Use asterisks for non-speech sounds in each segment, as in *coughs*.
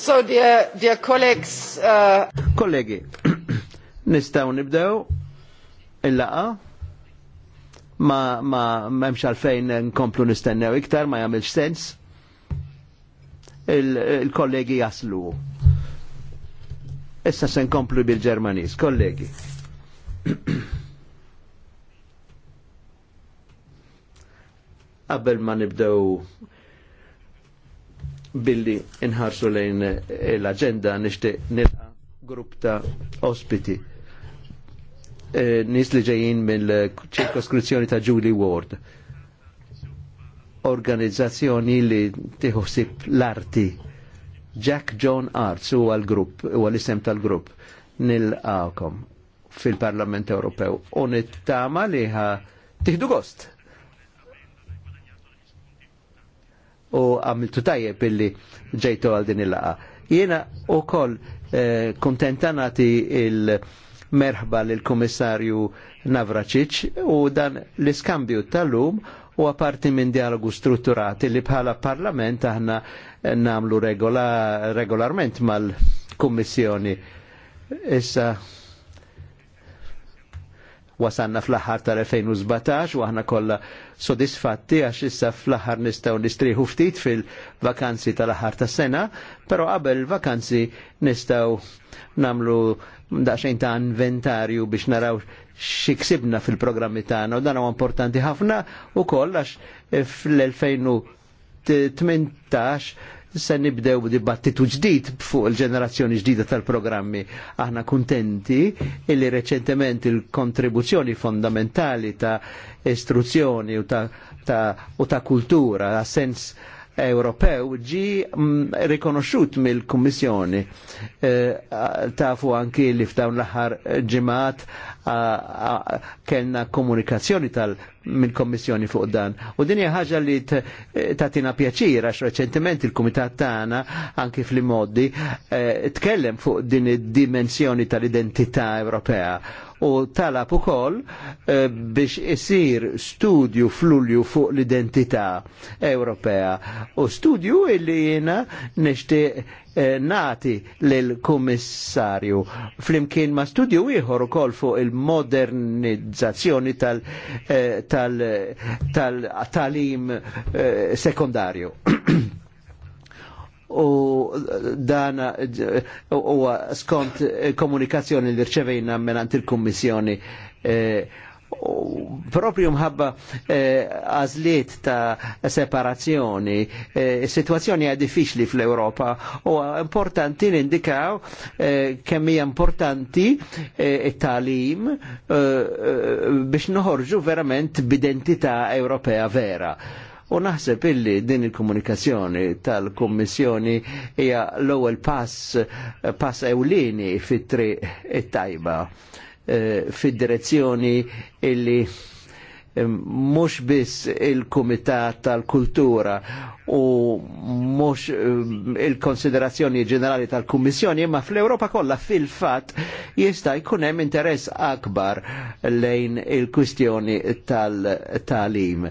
So, dear, dear colleagues... Uh... Kollegi, *clears throat* nistaw nibdew il-laqa ma ma memx għalfejn nkomplu nistennew iktar ma jagħmilx sens il-kollegi jaslu. Issa se nkomplu bil-Ġermaniż, kollegi. *clears throat* Qabel ma nibdew billi inħarsu lejn eh, l-agenda nishtiq nilqa grupp ta' ospiti. Eh, nis li ġejjin mill-ċirkoskrizzjoni ta' Julie Ward. Organizzazzjoni li tiħossib l-arti. Jack John Arts huwa l-grupp, huwa l-isem tal-grupp. Nilqakom fil-Parlament Ewropew. U nittama tiħdu gost u għamiltu tajjeb illi ġejtu għal din il-laqa. Jena u koll eh, kontentanati il-merħba l-Komissarju Navracic u dan l-iskambju tal-lum u għaparti minn dialogu strutturati li bħala parlament aħna namlu regolarment mal-Kommissjoni. Issa wasanna fl-aħħar tal-2017 u aħna kollha sodisfatti għax issa fl-aħħar nistgħu nistrieħu ftit fil-vakanzi tal-aħħar tas-sena, però qabel vakanzi nistgħu namlu daqsxejn ta' inventarju biex naraw xiksibna fil-programmi tagħna u dan huwa importanti ħafna ukoll għax fl-2018 se nibdew dibattitu ġdid fuq il-ġenerazzjoni ġdida tal-programmi. Aħna kuntenti illi reċentement il-kontribuzzjoni fondamentali ta' istruzzjoni u ta', ta, u ta kultura, ta' sens Ewropew ġi mm, rikonoxxut mill-Kummissjoni eh, tafu anki li f'dawn l-aħħar ġimgħat kellna komunikazzjoni tal minn kommissjoni fuq dan. U din hija ħaġa li eh, tatina pjaċir għax reċentement il-kumitat tagħna anki fl-modi eh, tkellem fuq din id-dimensjoni tal-identità Ewropea u talab ukoll eh, biex isir studju flulju fuq l-identità Ewropea u studju illi jiena nixtieq eh, nati lill-Kummissarju flimkien ma' studju ieħor ukoll fuq il-modernizzazzjoni eh, tal-talim tal, tal, tal, sekondarju u dan u skont komunikazzjoni li rċevejna menant il kommissjoni e, propju mħabba e, għazliet ta' separazzjoni, e, situazzjoni għad diffiċli fl-Europa u importanti nindikaw eh, kemm hija importanti it-talim biex noħorġu verament b'identità Ewropea vera. U naħseb illi din il-komunikazzjoni tal-Kommissjoni hija l-ewwel pass pass ewlieni fit tri tajba eh, fid-direzzjoni illi eh, mhux biss il-Kumitat tal-Kultura u mhux eh, il-konsiderazzjoni ġenerali tal-Kummissjoni, imma fl-Europa kollha fil fatt jista' jkun hemm interess akbar lejn il-kwistjoni tal-talim,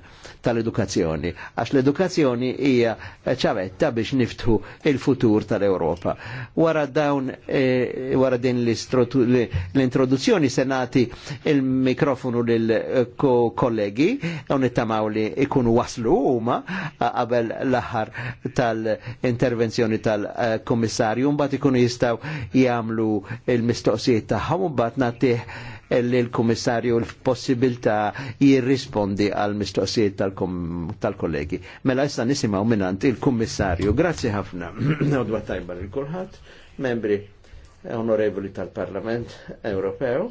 tal-edukazzjoni, għax l-edukazzjoni hija ċavetta biex niftħu il-futur tal-Europa. Wara dawn, e, wara din l-introduzzjoni senati il-mikrofonu lil-kollegi, e, għon it-tamaw li ikunu waslu huma qabel l-aħħar tal-intervenzjoni tal-komissarju, e, mbagħad ikunu jistgħu jagħmlu il-mistoqsijiet tagħhom u mbagħad nagħtih li l-Kummissarju l possibilta jirrispondi għal mistoqsijiet tal-kollegi. Mela issa nisimaw minnant il-Kummissarju. Grazie ħafna. *clears throat* Għodwa tajba lil kulħadd, membri onorevoli tal-Parlament Ewropew.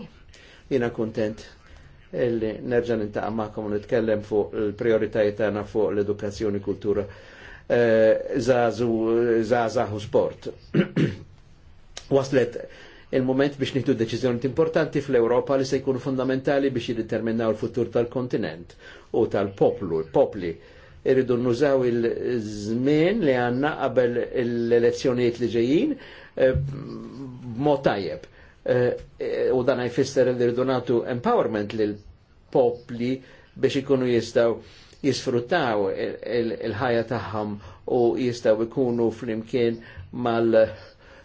Jina kontent illi nerġa' nintaqa' magħkom u nitkellem fuq l prijoritajiet għana fuq l-edukazzjoni, kultura, eh, zazu, zazahu sport. *clears throat* Waslet il-moment biex nieħdu deċiżjoni importanti fl-Ewropa li se jkunu fundamentali biex jiddeterminaw il-futur tal-kontinent u tal-poplu, popli. Irridu nużaw il-żmien li għanna qabel l-elezzjonijiet li ġejjin eh, b'mod tajjeb. Eh, u dan jfisser li rridu nagħtu empowerment lil popli biex ikunu jistaw jisfruttaw il-ħajja tagħhom u jistaw ikunu flimkien mal-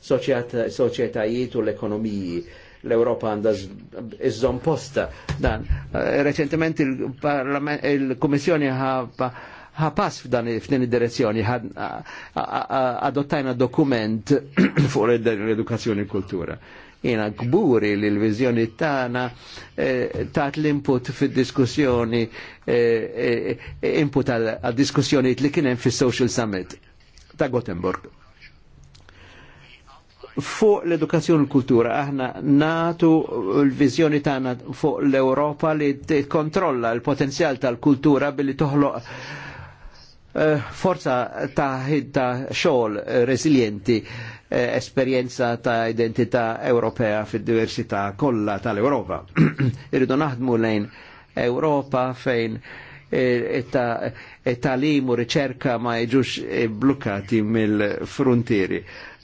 soċietajiet u l-ekonomiji l-Europa għanda iżżom posta. Dan, eh, reċentement il-Komissjoni ha pass f'dan f'din id-direzzjoni, adottajna dokument *clears throat* fuq l-edukazzjoni e kultura. Jena gburi li l-vizjoni tana eh, tat l-input fil-diskussjoni, eh, input għal-diskussjoni li kienem fil-Social Summit ta' Gothenburg fuq l-edukazzjoni u l-kultura. Aħna natu l-vizjoni tagħna fuq l-Ewropa li kontrolla l-potenzjal tal-kultura billi toħloq eh, forza ta' ħidda xogħol resilienti, eh, esperjenza ta' identità Ewropea fid-diversità kollha tal-Ewropa. *clears throat* Irridu naħdmu lejn Ewropa fejn talim u riċerka ma jġux blokkati mill-frontieri.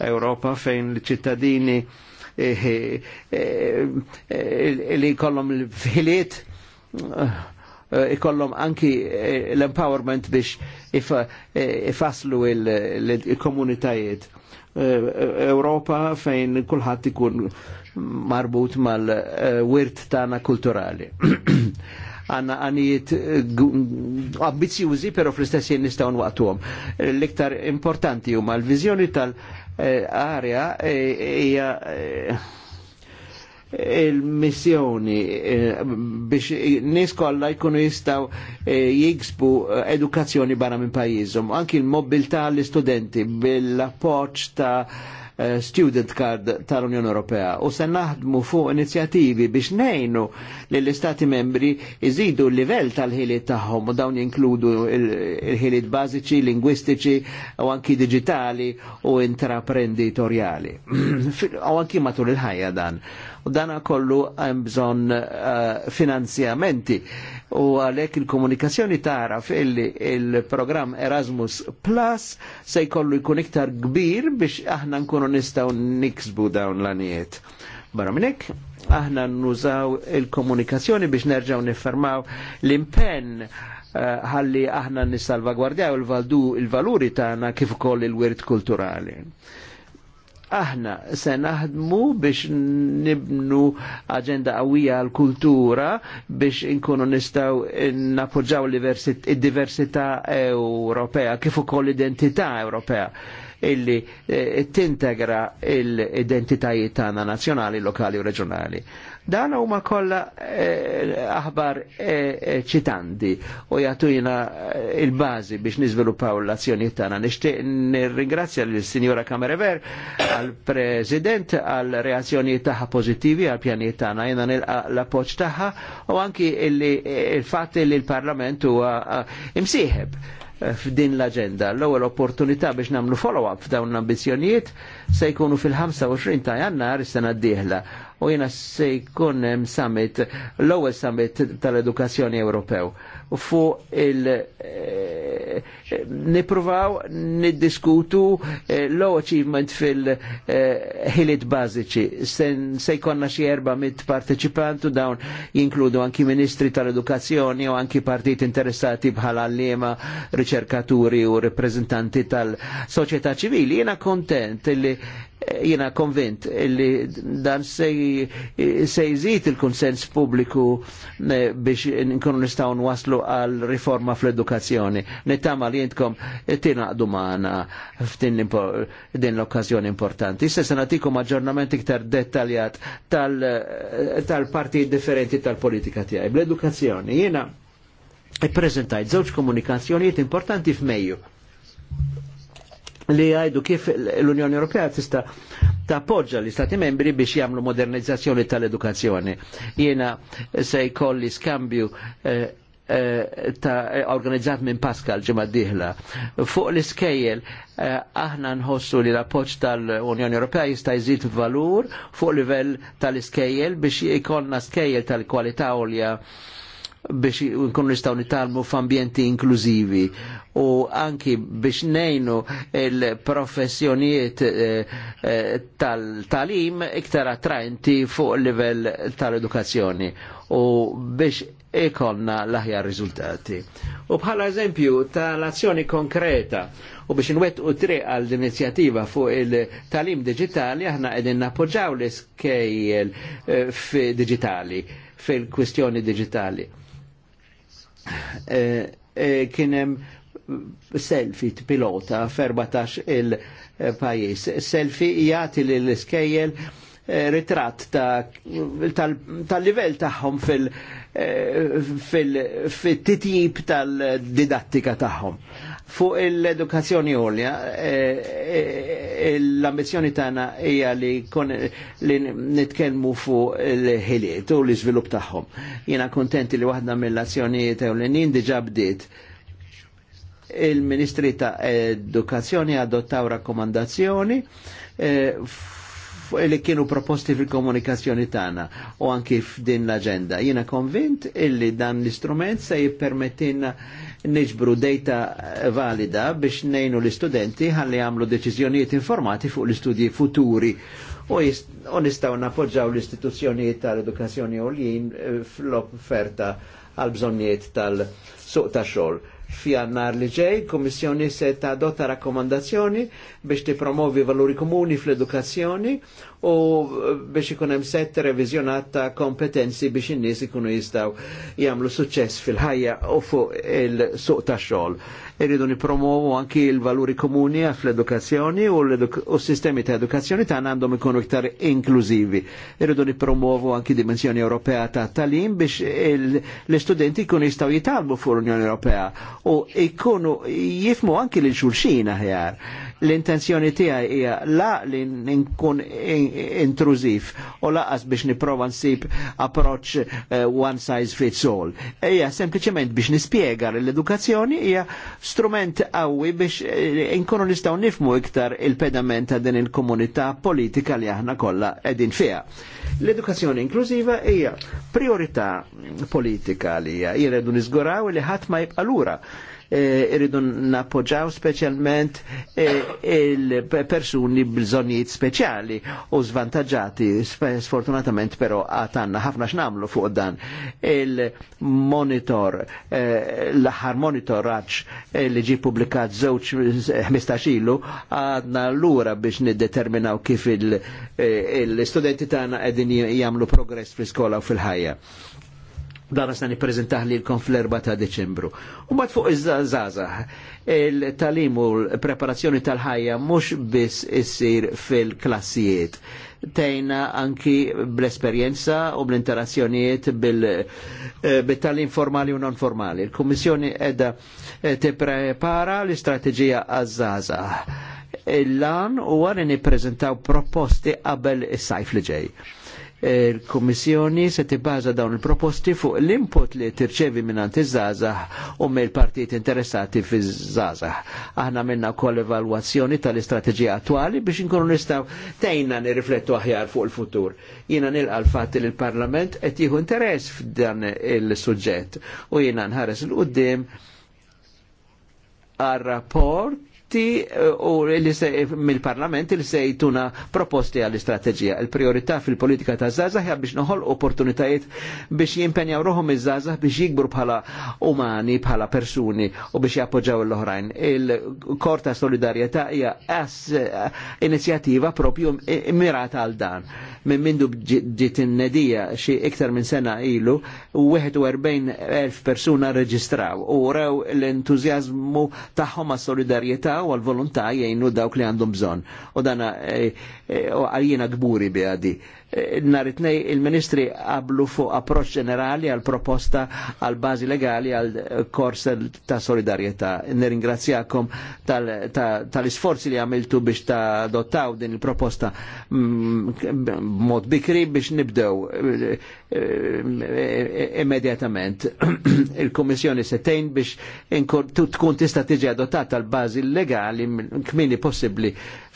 Europa fejn l-ċittadini e, e, e, li kollom l-filiet ikollom anki eh, l-empowerment biex ifaslu il-komunitajiet. Eh, Europa fejn kullħat ikun marbut mal-wirt eh, tana kulturali. *clears throat* għanna għanijiet eh, ambizjużi, pero fl-istess jien nistaw għom. L-iktar importanti huma l-viżjoni tal-area eh, hija eh, il-missjoni biex nis kollha jkunu jistaw jiksbu edukazzjoni barra minn pajjiżhom, anki l-mobilità l-istudenti bil-appoġġ ta' Eh, student card tal-Unjoni Ewropea u se naħdmu fuq inizjattivi biex nejnu li l-Istati membri iżidu l-livell tal-ħiliet tagħhom u dawn jinkludu il-ħiliet bażiċi, lingwistiċi u anki digitali u intraprenditorjali. *clears throat* u anki matul il-ħajja dan u dana kollu hemm bżonn uh, finanzjamenti. U għalhekk il-komunikazzjoni taraf illi il-programm Erasmus Plus se jkollu jkun iktar kbir biex aħna nkunu nistgħu niksbu dawn l-anijiet. Barra minnek, aħna nużaw il-komunikazzjoni biex nerġaw niffermaw l-impenn eh, ħalli uh, aħna nissalvagwardjaw il-valdu il-valuri tagħna kif ukoll il-wirt kulturali aħna se naħdmu biex nibnu aġenda qawwija għal kultura biex inkunu nistaw nappoġġaw id-diversità Ewropea kif ukoll identità Ewropea illi eh, tintegra l-identitajiet tagħna nazzjonali, lokali u reġjonali. Dan huma kollha eh, aħbar eh, eh, ċitandi u jagħtuna il-bażi biex niżviluppaw l-azzjonijiet tagħna. Nixtieq nirringrazzja lill-Sinjora Kamerever għall-President għall reazzjonijiet tagħha pożittivi għall pjanijiet tagħna jiena l-appoġġ tagħha u anki il-fatt li l-Parlament huwa imsieħeb f'din l-agenda. L-ewwel opportunità biex nagħmlu follow-up f'dawn l-ambizzjonijiet se jkunu fil-25 ta' jannar is-sena d-dieħla u jena se jkun hemm summit, l-ewwel summit tal-edukazzjoni Ewropew fuq il- eh, nipruvaw niddiskutu eh, low achievement fil-ħiliet eh, bażiċi. Se jkollna xi erba' mit partecipantu dawn jinkludu anki ministri tal-edukazzjoni u anki partit interessati bħala allima, riċerkaturi u rappresentanti tal-soċjetà ċivili. Jiena kontent li eh, jiena konvint li dan se jżid il-konsens pubbliku biex nkunu nistgħu waslu għal riforma fl-edukazzjoni. Nittama li klientkom e, tinaqdu maħna f'din l-okkazjoni importanti. Issa se natikom aġġornament iktar dettaljat e, tal-parti differenti tal-politika tijaj. Bl-edukazzjoni jiena prezentajt żewġ komunikazzjonijiet importanti f'Mejju li għajdu kif l-Unjoni Ewropea tista tappoġġa li stati membri biex jagħmlu modernizzazzjoni tal-edukazzjoni. Jiena se jkolli skambju eh, Eh, ta' organizzat minn Pascal ġimma diħla. Fuq l-iskejjel, eh, aħna nħossu li l-appoċ tal-Unjoni Ewropea jista' jżid valur fuq livell tal-iskejjel biex ikonna skejjel tal-kwalità olja biex nkunu nistgħu nitalmu f'ambjenti inklużivi u anki biex nejnu il-professjonijiet eh, tal-talim iktar attraenti fuq il livell tal-edukazzjoni u biex ikonna e l-aħjar riżultati. U bħala eżempju tal-azzjoni konkreta u biex nwet u triq għal inizjativa fuq il-talim digitali aħna qegħdin nappoġġaw l-iskejjel eh, digitali fil-kwistjoni digitali. Eh, eh, Kienem selfie pilota ferbatax il-pajis. Selfie jagħti l-iskejjel ritratt tal-livell taħħom tagħhom fil- fil-titjib tal-didattika tagħhom. Fuq l-edukazzjoni għolja, eh, eh, l-ambizjoni tagħna hija li kon li nitkellmu fuq il-ħiliet u l-iżvilupp tagħhom. Jiena kontenti li waħda mill-azzjonijiet ewlenin diġà bdiet il-Ministri ta' Edukazzjoni adottaw rakkomandazzjoni eh, li kienu proposti fil-komunikazzjoni tagħna u anki f'din l-aġenda. Jiena konvint illi dan l-istrument se jippermettinna niġbru data valida biex nejnu l-istudenti ħalli għamlu deċiżjonijiet informati fuq l-istudji futuri u nistaw napoġġaw l-istituzzjonijiet tal-edukazzjoni u l-jien eh, fl-offerta għal bżonnijiet tal-suq ta' xogħol nar li ġej, kommissjoni se ta' dotta rakkomandazzjoni biex ti promovi valuri komuni fl-edukazzjoni u biex ikun hemm set revizjonat ta' kompetenzi biex in-nies ikunu jistgħu jagħmlu suċċess fil-ħajja u fuq il-suq tax-xogħol irridu nipromovu anki l-valuri komuni fl-edukazzjoni u l-sistemi ta' edukazzjoni ta' għandhom ikunu iktar inklużivi. Irridu nipromovu anki dimensjoni Ewropea ta' talim biex l-istudenti jkunu jistaw jitalbu fuq l-Unjoni Ewropea u jkunu jifmu anki l-xulxin aħjar L-intenzjoni tiegħi hija la li nkun intrużiv u laqas biex nipprova nsib approċċ uh, eh, one size fits all. Hija sempliċement biex nispjega l-edukazzjoni hija strument qawwi biex eh, nkunu nistgħu nifmu iktar il-pedament ta' din il-komunità politika li aħna kollha qegħdin fiha. L-edukazzjoni inklużiva hija priorità politika li hija jiredu nizguraw li ħadd ma jibqa' lura Eh, irridu nappoġġaw speċjalment eh, il-persuni bżonijiet speċjali u zvantagġati. Sfortunatament però għatanna ħafna x'namlu fuq dan. Il-monitor, eh, l-aħħar monitoraġġ li ġi publikat żewġ 15 ilu għadna l-ura biex niddeterminaw kif il-studenti tagħna qegħdin jagħmlu progress fil skola u fil-ħajja dan għasna niprezentaħ li l-kon fl-4 ta' Deċembru. U mat fuq iż-żaza, il-talim u l-preparazzjoni tal-ħajja mux biss issir fil-klassijiet. Tejna anki bl-esperienza u bl-interazzjonijiet bil-talim eh, formali u non formali. Il-Kommissjoni Edda eh, te prepara l istrategija għaz-żaza. Il-lan u għan prezentaw proposti qabel is-sajf li ġej Il-Kummissjoni se tibbaża dawn il-proposti fuq l-input li tirċevi minnant iż-żgħażagħ u mill-partijiet interessati fiż-żgħażagħ. Aħna minna wkoll evalwazzjoni tal-istrateġija attwali biex inkunu nistgħu tejna nirriflettu aħjar fuq il-futur. Jiena nilqa' l-fatt li l-Parlament qed jieħu interess f'dan il-suġġett u jiena nħares l-qudiem għal rapport esperti eh, u mill-parlament li se jtuna proposti għall-istrateġija. Il-priorità fil-politika ta' zazah hija biex noħol opportunitajiet biex jimpenjaw ruħom iż-żazah biex jikbru bħala umani, bħala persuni u biex jappoġġaw l-oħrajn. Il-Korta Solidarjetà hija eh, inizjattiva propju mirata għal dan minn mindu ġiet innedija xi iktar minn sena ilu, 41,000 persuna reġistraw u raw l-entużjażmu tagħhom għas solidarjetà u għal volontà jgħinu dawk li għandhom bżonn. U dana eh, eh, għaljina gburi bi għadi naritnej il-Ministri qablu fuq approċ ġenerali għal proposta għal bazi legali għal kors ta' solidarieta. Neringrazzjakom tal-isforzi li għamiltu biex ta' dottaw din il-proposta mm, mod bikri biex nibdew eh, eh, immedjatament. *clears throat* Il-Komissjoni setejn biex tkun tista' tiġi adottata għal bazi legali kmini possibli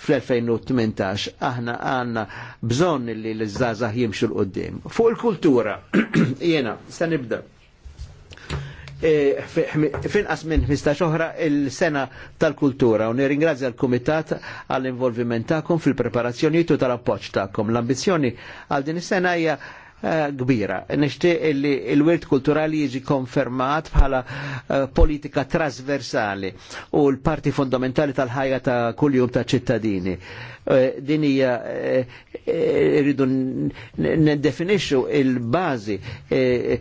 fl-2018 aħna għanna bżon li l-żazah jimxu l-qoddim. Fuq il-kultura, *clears throat* jena, sta nibda. E, fin qasmin minn 15 oħra il-sena tal-kultura u nirringrazzja l-Kumitat għall-involviment tagħkom fil-preparazzjonijiet u tal-appoġġ tagħkom. L-ambizzjoni għal din is-sena hija kbira. Nixtieq li l-wirt kulturali jiġi konfermat bħala eh, politika trasversali u l-parti fondamentali tal-ħajja ta' kuljum ta' ċittadini dinija hija rridu ndefinixxu il-bażi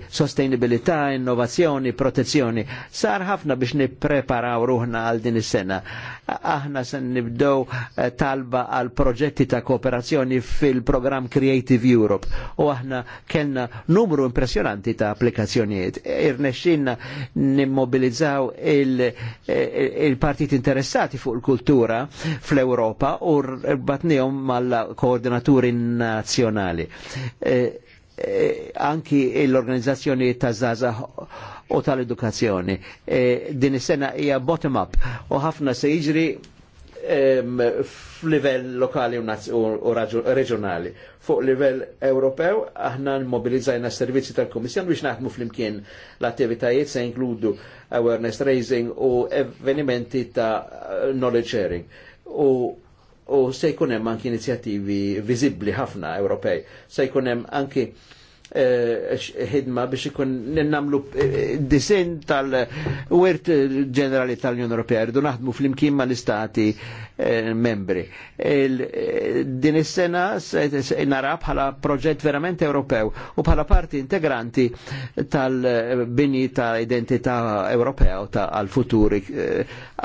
sostenibilità, innovazzjoni, protezzjoni. Sar ħafna biex nippreparaw ruħna għal din is-sena. Aħna se nibdew talba għal proġetti ta' kooperazzjoni fil-programm Creative Europe u aħna kellna numru impressjonanti ta' applikazzjonijiet. Irnexxinna nimmobilizzaw il-partit interessati fuq il-kultura fl-Europa u batnijom mal-koordinaturi nazjonali. E, e, anki l-organizzazzjoni ta' Zaza u tal-edukazzjoni. E, din is-sena hija bottom-up u ħafna se jiġri f'livell lokali u reġjonali. Fuq livell Ewropew aħna mobilizzajna s-servizzi tal-Komissjon biex naħdmu flimkien l-attivitajiet se inkludu awareness raising u avvenimenti ta' knowledge sharing. U u se jkunem anki inizjattivi vizibli ħafna Ewropej, se jkunem anki eh, ħidma biex ikun nennamlu eh, disin tal-wirt ġenerali tal-Unjoni Ewropea, rridu naħdmu fl-imkien ma l istati eh, membri. Din is-sena nara bħala proġett verament Ewropew u bħala parti integranti tal-bini ta' identità Ewropea u ta' għal futuri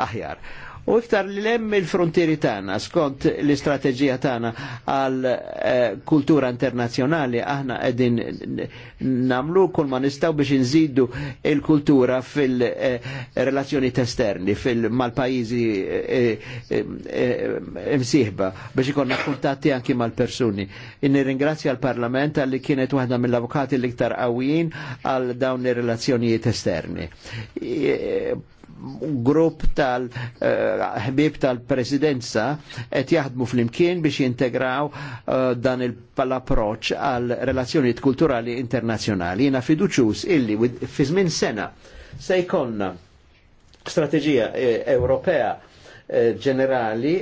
aħjar u iktar li lemm il-frontieri tagħna skont l-istrateġija tagħna għal eh, kultura internazzjonali aħna qegħdin namlu kull ma nistgħu biex inżidu il-kultura fil-relazzjoni eh, esterni mal-pajjiżi imsieħba eh, biex ikollna kuntatti anki mal-persuni. Inni ringrazzja l-Parlament għalli kienet waħda mill-avukati l-iktar qawwin għal dawn ir-relazzjonijiet esterni grupp tal-ħbib eh, tal-presidenza qed jaħdmu fl-imkien biex jintegraw eh, dan l-approċ għal relazzjonijiet kulturali internazzjonali. Jiena fiduċus illi fi żmien sena se jkollna strateġija eh, Ewropea ġenerali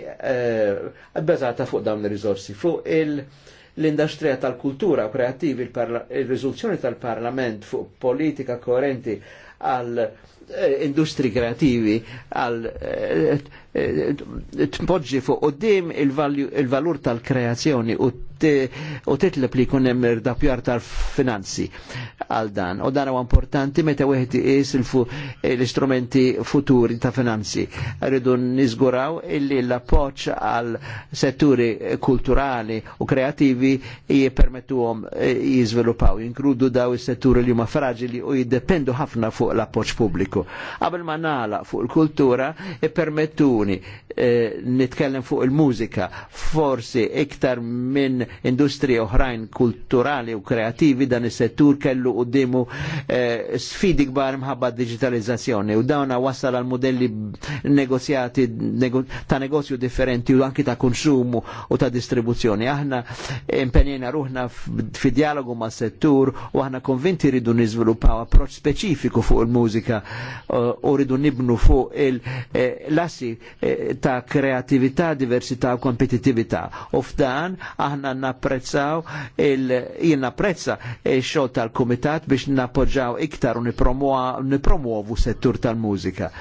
bbażata fuq dawn ir-riżorsi, fuq il- l-industrija tal-kultura kreativi il-riżoluzzjoni tal-Parlament fuq politika koerenti għal industri kreativi għal tpoġġi fuq qoddim il-valur tal-kreazzjoni u u titlib li jkun hemm irdapjar tal-finanzi għal dan. U dan huwa importanti meta wieħed iqis l-istrumenti futuri ta' finanzi. Rridu niżguraw illi l-appoġġ għal setturi kulturali u kreativi jippermettuhom eh, jiżviluppaw, jinkludu daw is-setturi li huma fraġili u jiddependu ħafna fuq l-appoġġ pubbliku. Qabel ma nagħlaq fuq il-kultura, permettuni eh, nitkellem fuq il-mużika forsi iktar minn industriji oħrajn kulturali u kreativi dan is-settur kellu qudiemu eh, sfidi kbar mħabba digitalizzazzjoni u dawna wasal għal modelli negozjati ta' negozju differenti u anki ta' konsumu u ta' distribuzzjoni. Aħna impenjena ruħna fi dialogu ma' settur u aħna konvinti ridu niżviluppaw approċ speċifiku fuq il-mużika eh, u ridu nibnu fuq il-lassi eh, ta' kreatività, diversità u kompetitività. U f'dan aħna napprezzaw il jien napprezza x-xogħol tal-Kumitat biex nappoġġaw iktar u nipromuovu settur tal-mużika.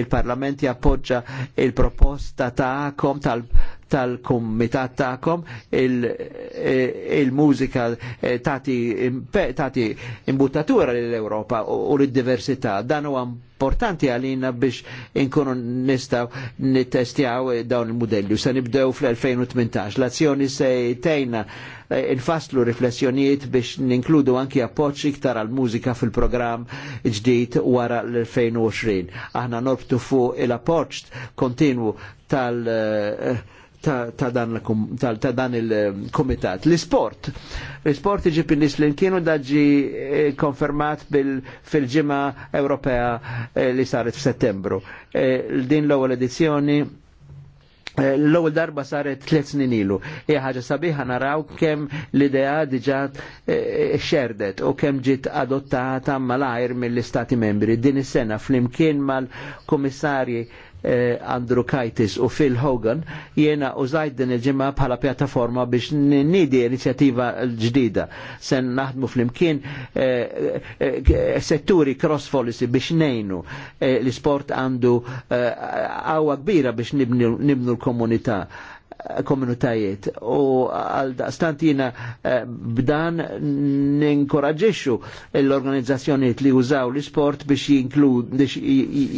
Il-Parlament jappoġġa il-proposta ta'kom tal tal-kummitat ta'kom eh, il-mużika eh, tati imbuttatura l-Europa u l-diversità. Dan huwa importanti għalina biex inkunu nistaw nittestjaw dawn il-modelli. U se nibdew fl-2018. L-azzjoni se tejna eh, infaslu riflessjonijiet biex ninkludu anki appoċ iktar għal mużika fil-programm ġdid wara l-2020. Aħna norbtu fuq il-appoċ kontinwu tal- uh, ta, ta' dan, ta, ta dan il-komitat. Um, L-sport. L-sport iġib il l-inkienu daġi eh, konfermat fil ġima Ewropea eh, li saret f'Settembru. Eh, din l-ewwel edizzjoni l-ewwel darba saret tliet snin ilu. ħaġa sabiħa naraw kem l-idea diġà xerdet u kemm ġiet adottata malajr mill-Istati membri. Din is-sena flimkien mal-Kummissarji Eh, Andrew kajtis u Phil Hogan jena użajt din il-ġimma bħala pjattaforma biex nidi inizjattiva ġdida. Sen naħdmu fl-imkien eh, eh, setturi cross policy biex nejnu l-sport għandu għawa kbira biex nibnu l-komunità komunitajiet u għal daqstant jina eh, b'dan ninkoraġġixxu l organizzazzjoniet li użaw l sport biex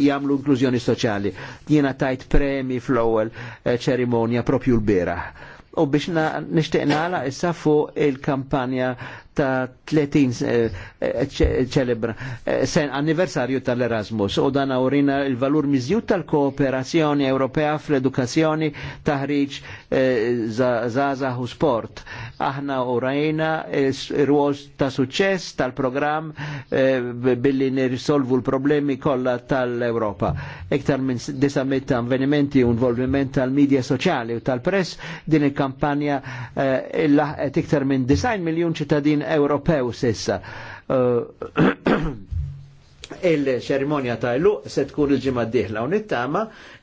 jagħmlu inklużjoni soċjali. Jina tajt premi fl-ewwel eh, ċerimonja propju l bira u biex nishtiqna għala issa fuq il-kampanja ta' 30 ċelebra sen anniversarju tal-Erasmus u dan awrina il-valur mizjut tal-kooperazzjoni Ewropea fl-edukazzjoni taħriġ eh, zaza u sport. Aħna u rajna eh, ruol ta' suċess tal-programm eh, billi nirsolvu l-problemi kollha tal ewropa Iktar minn disamit ta' avvenimenti u involviment tal-medja soċjali u tal-press din il-kampanja il-laħqet iktar minn 9 miljun ċittadin Ewropew sissa. Uh, *clears throat* il-ċerimonja ta' l se tkun il-ġimma d-dihla u nittama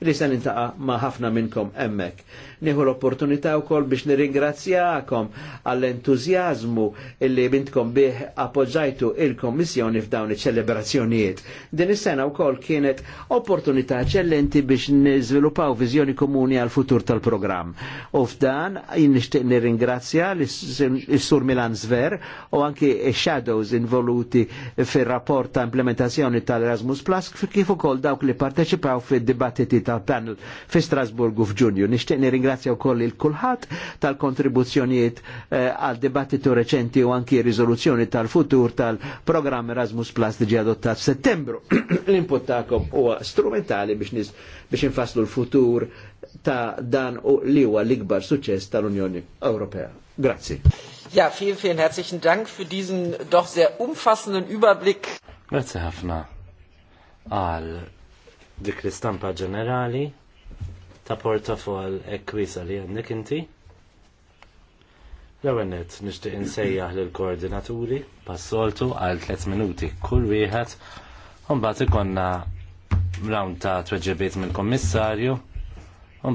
li se nintaqa ma' ħafna minnkom emmek nieħu l-opportunità wkoll biex nirringrazzjakom għall-entużjażmu illi bintkom bih appoġġajtu il-Kommissjoni f'dawn iċ-ċelebrazzjonijiet. Din is-sena wkoll kienet opportunità eċċellenti biex niżviluppaw viżjoni komuni għal futur tal-programm. U f'dan nixtieq nirringrazzja l-Sur Milan Zver u anki shadows involuti fir-rapport ta' implementazzjoni tal-Erasmus Plus kif ukoll dawk li parteċipaw fid-dibattiti tal-panel fi Strasburgu f'Ġunju. Nixtieq ringrazja u koll il kulħat tal kontribuzzjoniet eh, għal dibattitu reċenti u anki rizoluzzjoni tal-futur tal-programm Erasmus Plus diġi adottat settembru. *clears throat* L-input ta'kom huwa strumentali biex biex infaslu l-futur ta' dan u li huwa l-ikbar suċess tal-Unjoni Ewropea. Grazie. Ja, vielen, vielen herzlichen Dank für diesen doch sehr umfassenden Überblick. Grazie Hafna. Al, dik l-istampa ġenerali ta' portafol ekwisa li għandek inti. L-għennet nishtiq insejjaħ l-koordinaturi passoltu għal 3 minuti kull wieħed bat ikonna round ta' tweġibiet mill-kommissarju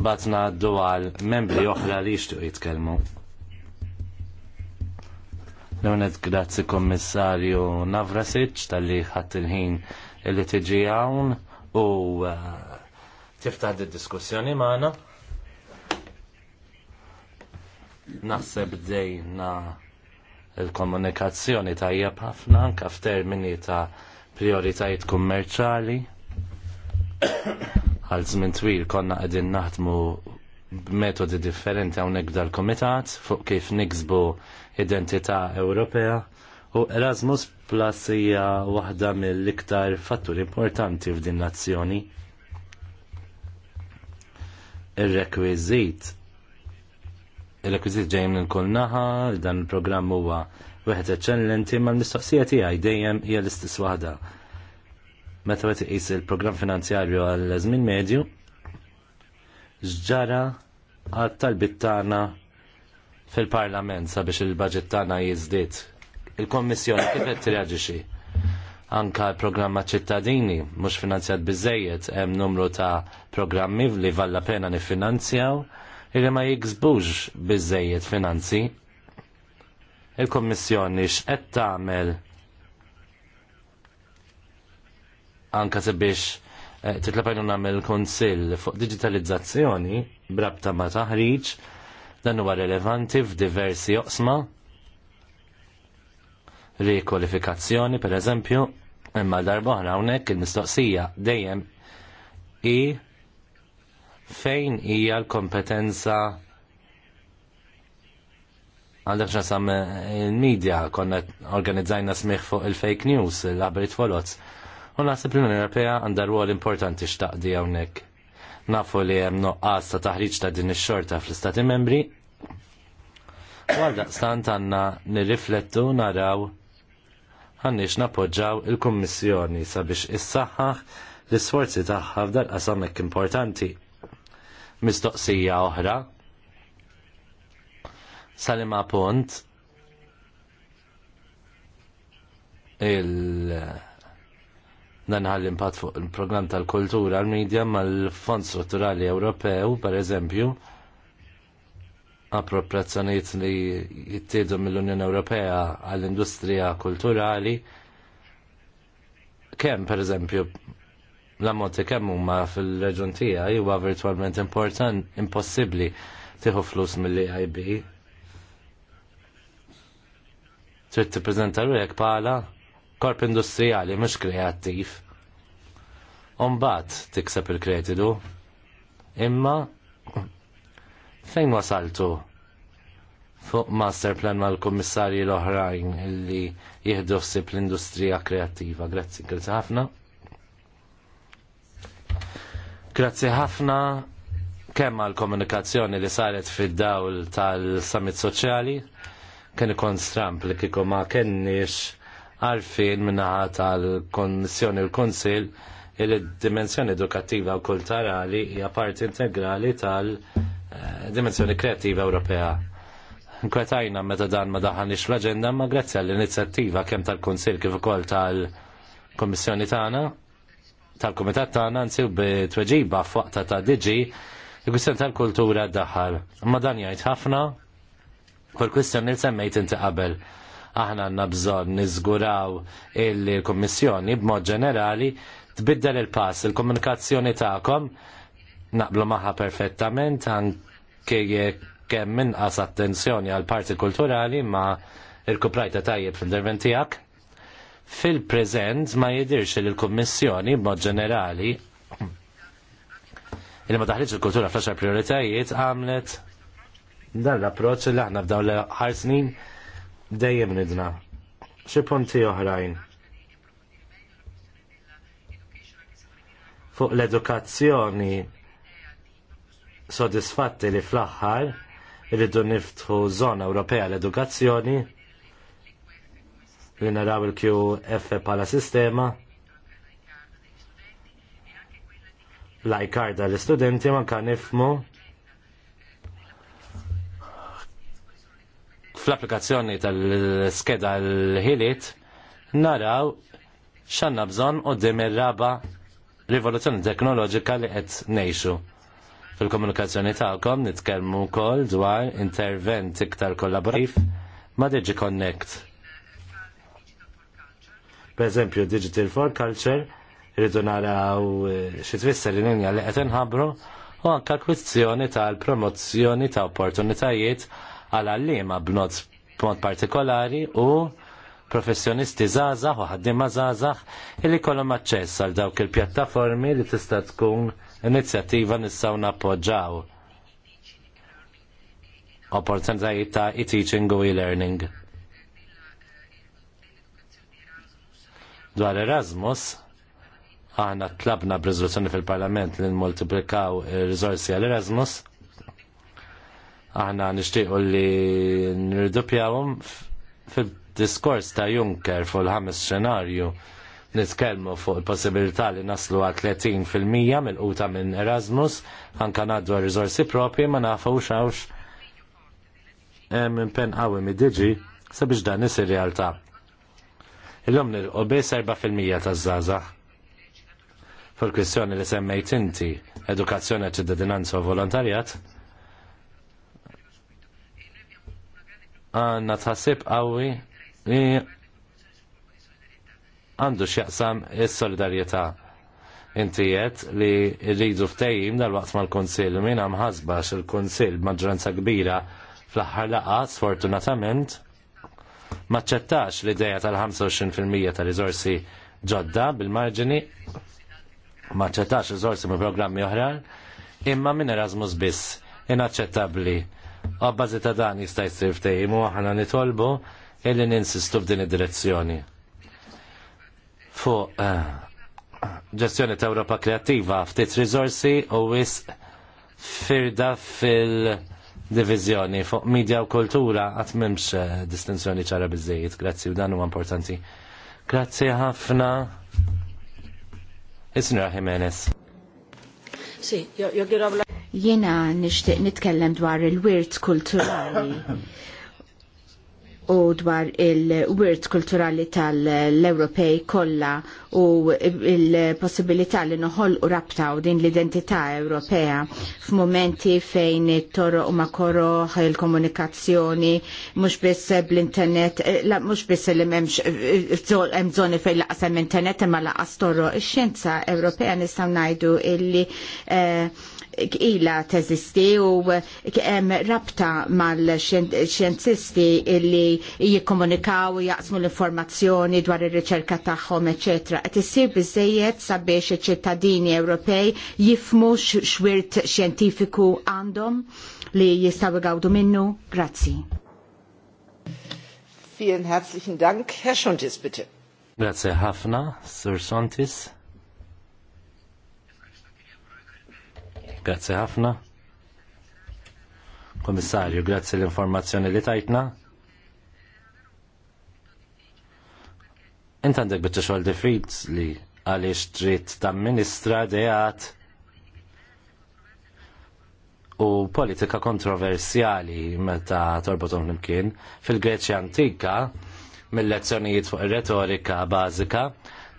bat naddu għal membri oħra li jixtiequ jitkellmu. Leonet, grazzi kommissarju Navrasic tal-li ħat il-ħin li tiġi hawn u uh, tiftaħ id-diskussjoni maħna. Naħseb dejna il-komunikazzjoni tajjeb ħafna anke f'termini ta' prioritajiet kummerċali. *coughs* Għal żmien twil konna qegħdin naħdmu b'metodi differenti hawnhekk dal-kumitat fuq kif niksbu identità Ewropea u Erasmus Plus hija waħda mill-iktar fatturi importanti f'din nazzjoni ir-rekwiżit il-rekwizit ġej minn kull dan il-programm huwa wieħed eċċellenti, ma l-mistoqsija tiegħi dejjem hija l-istess waħda. Meta qed iqis il-programm finanzjarju għal żmien medju, ġġara għat talbit tagħna fil-Parlament sabiex il-baġġett tagħna jiżdied. Il-Kommissjoni kif qed tirreaġixxi? anka l-programma ċittadini, mhux finanzjat biżejjed hemm numru ta' programmi li valla pena nifinanzjaw illi ma jiksbux biżejjed finanzi. Il-Kommissjoni x'qed tagħmel anka sabiex eh, titlapajnu namel konsil fuq digitalizzazzjoni brabta ma taħriġ dan huwa relevanti f'diversi oqsma rekwalifikazzjoni, per eżempju, imma ħna hawnhekk il-mistoqsija dejjem i fejn hija l-kompetenza għandek ċasam eh, il-medja konna organizzajna smiħ fuq il-fake news, l abrit folots. U naħseb l-Unjoni Ewropea għandha rwol importanti xtaqdi hawnhekk. Nafu li hemm noqqas ta' taħriġ ta' din ix-xorta fl-Istati Membri. Għal daqstant għandna nirriflettu naraw ħanniex napoġġaw il-Kummissjoni sabiex issaħħaħ l-isforzi tagħha f'dar qasam importanti. Mistoqsija oħra salima punt il dan l fuq il-programm tal-kultura għal-medja mal-Fond Strutturali Ewropew, per eżempju, appropriazzjonijiet li jittiedu mill-Unjoni Ewropea għall-industrija kulturali kemm pereżempju l-ammonti kemm huma fil-reġun tiegħi huwa virtwalment important impossibbli tieħu flus mill-EIB. Trid tippreżenta ruhek bħala korp industrijali mhux kreattiv. mbagħad tikseb il-kreditu. Imma Fejn wasaltu? Fuq master plan mal kummissarji l-oħrajn li jieħdu f'sib l-industrija kreattiva. Grazzi, grazzi ħafna. Grazzi ħafna kemm għal komunikazzjoni li saret fid-dawl tal-summit soċjali kien ikon stramp li kiko ma kenniex għalfin minnaħa tal-Konnessjoni l-Konsil il-dimensjoni edukattiva u kulturali hija parti integrali tal- dimensjoni kreativa Ewropea. Nkwetajna meta dan ma daħanix fl-agenda ma grazzi għall-inizjattiva kemm tal-Konsil kif ukoll tal komissjoni tagħna tal-Kumitat tagħna nsiw tweġiba f'waqta ta' diġi il-kwistjoni tal-kultura daħal. Ma dan jgħid ħafna u l-kwistjoni li semmejt inti qabel. Aħna għandna bżonn niżguraw il-Kummissjoni b'mod ġenerali tbiddel il-pass, il-komunikazzjoni tagħkom naqblu maħa perfettament anke kemm minqas attenzjoni għal parti kulturali ma irkuprajta tajjeb fil-derven tiegħek. Fil-preżent ma jidirx li l-Kummissjoni b'mod ġenerali *clears throat* il ma taħriġ il-kultura fl axar prioritajiet għamlet dan l-approċ li aħna f'dawn l-ħar snin dejjem nidna. Xi punti oħrajn? Fuq l-edukazzjoni sodisfatti li fl-aħħar rridu niftħu zona Ewropea l-edukazzjoni li naraw il-QF pala sistema lajkarda l-istudenti ma kan nifmu fl-applikazzjoni tal-skeda l-ħiliet naraw xanna bżon u dim il-raba rivoluzzjoni teknoloġika li qed nejxu Fil-komunikazzjoni tagħkom nitkellmu wkoll dwar intervent iktar kollaborativ ma' Digi Connect. Per eżempju, Digital for Culture rridu naraw eh, xi tfisser li linja li qed inħabbru u anke kwistjoni tal-promozzjoni ta' opportunitajiet għal għallima b'nod mod partikolari u professjonisti zazax u ħaddiema zazax illi jkollhom aċċess għal dawk il-pjattaformi li tista' tkun inizjattiva nistgħu nappoġġaw opportunitajiet ta' e-teaching u e-learning. Dwar Erasmus, għana tlabna b'rizoluzzjoni fil-Parlament li n-multiplikaw rizorsi għal Erasmus, għana nishtiqu li nirdupjawum fil-diskors ta' Juncker fuq l ħames xenarju nitkellmu fuq il-possibilità li naslu għal 30% mill-quta minn Erasmus, anka naddu għal rizorsi propri ma nafu xawx minn pen għawi mid diġi sabiex dan isir realtà. Illum nil biss 4% taż zaza. Fur kwistjoni li semmejt inti, edukazzjoni ċittadinanza u volontarjat, għanna tħassib għawi għandu x'jaqsam is-solidarjetà. Inti qed li rridu ftejim dal-waqt mal-Kunsill u minn ħasbax il-Kunsill maġranza kbira fl-aħħar laqgħa sfortunatament maċċettax l-idea tal-25% ta' rizorsi ġodda bil-marġini maċċettax rizorsi ma' programmi oħra imma minn Erasmus biss inaċċettabbli. Għabbażi ta' dan jista' jsir ftejim u aħna nitolbu illi ninsistu f'din id-direzzjoni fuq eh, ġestjoni ta' Ewropa kreattiva ftit risorsi u wis firda fil-divizjoni fuq media u kultura għat memx eh, distinzjoni ċara bizzejiet. Grazzi u dan huwa importanti. Grazzi ħafna. Isnura Jimenez. Si, jo, jo, Jena nishtiq nitkellem dwar il-wirt kulturali. *coughs* *coughs* u dwar il-wirt kulturali tal-Ewropej kollha u il-possibilità li noħol u raptaw din l-identità Ewropea f'momenti fejn it-toro u makoro il-komunikazzjoni mhux biss bl-internet, mhux biss li memx emżoni eh, fejn laqas internet imma laqas toro. Ix-xjenza Ewropea nistgħu ngħidu illi eh, ila teżisti u hemm rabta mal-xjenzisti illi jikkomunikaw u jaqsmu l-informazzjoni dwar ir-riċerka tagħhom, eċetera. Qed issir biżejjed sabiex iċ-ċittadini Ewropej jifmu xwirt xjentifiku għandhom li jistgħu jgawdu minnu. Grazzi. Vielen herzlichen Dank, Herr Schontis, bitte. Grazie ħafna, Sir Sontis. Grazzi ħafna. Komissarju, grazzi l-informazzjoni li tajtna. Intandek għandek bieċa xogħol defid li għaliex trid Ministra dejat u politika kontroversjali meta torbotom flimkien fil-Greċja antika mill-lezzjonijiet fuq ir-retorika bażika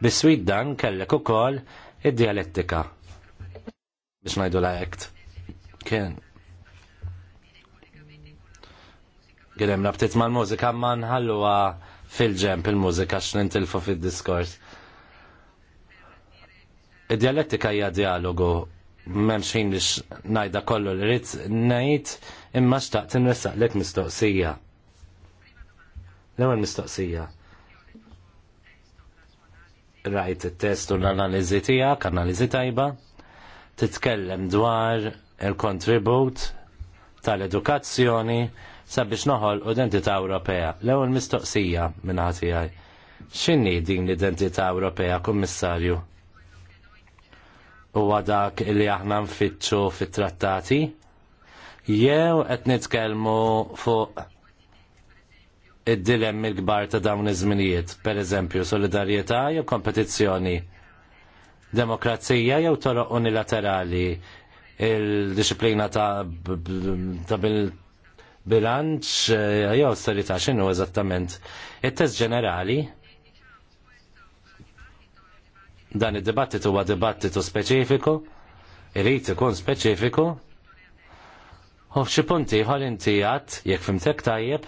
bis-Swiddan kellek ukoll id-dialettika biex najdu la ekt. Kien. Għidem rabtit ma l-mużika ma nħalluwa fil-ġemp il-mużika x'nintilfu fil-diskors. Id-dialettika hija dialogu m'hemmx ħin biex ngħidha kollu l-rit ngħid imma xtaqt inressaqlek mistoqsija. L-ewwel mistoqsija rajt il-test u l-analizi tijak, analizi tajba titkellem dwar il-kontribut tal-edukazzjoni sabiex noħol identità Ewropea. L-ewwel mistoqsija minn ħatijaj. X'inhi din l-identità Ewropea, Kummissarju? Huwa dak li aħna nfittxu fit-trattati? Jew qed nitkellmu fuq id-dilemmi l-kbar ta' dawn iż-żminijiet, pereżempju solidarjetà jew kompetizzjoni demokrazija jew toroq unilaterali il-disciplina ta' bil-bilanċ eh, jew s-sarita xinu eżattament. Il-test ġenerali dan id-dibattitu huwa dibattitu speċifiku, irid ikun speċifiku, u f'xi punti ħol inti għat, jekk fimtek tajjeb,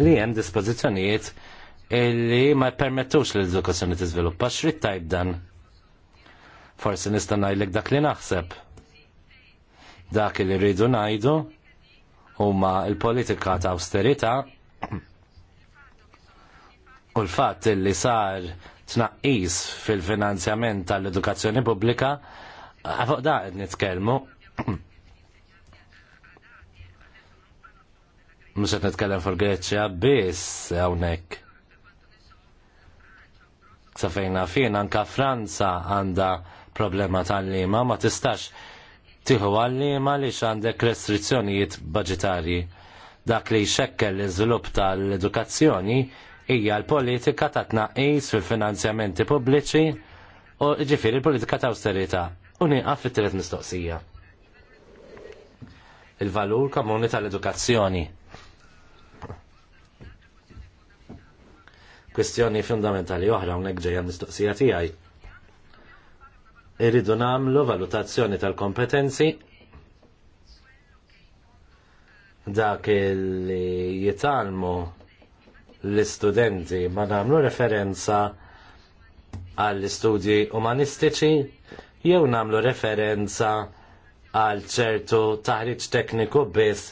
li hemm dispożizzjonijiet illi ma permettux li l-edukazzjoni tiżviluppa xrid tajb dan. Forsi nista' ngħidlek dak li naħseb. Dak li rridu ngħidu huma l-politika ta' austerità *clears throat* u l-fatt li sar tnaqqis fil-finanzjament tal-edukazzjoni pubblika fuq da qed nitkellmu. *clears throat* Mhux qed nitkellem fuq Greċja biss hawnhekk Sa fejna fin anka Franza għandha problema tal-lima ma tistax tiħu għal-lima li għandek restrizzjonijiet budgetarji. Dak li jxekkel l-iżvilupp tal-edukazzjoni hija l-politika ta' tnaqqis fil-finanzjamenti pubbliċi u ġifiri l-politika ta' austerita. nieqaf fit-tret mistoqsija. Il-valur komuni tal-edukazzjoni kwestjoni fundamentali oħra unek ġeja mistoqsija tiegħi. Irridu nagħmlu valutazzjoni tal-kompetenzi dak li jitalmu l-istudenti ma nagħmlu referenza għall-istudji umanistiċi jew nagħmlu referenza għal ċertu taħriġ tekniku biss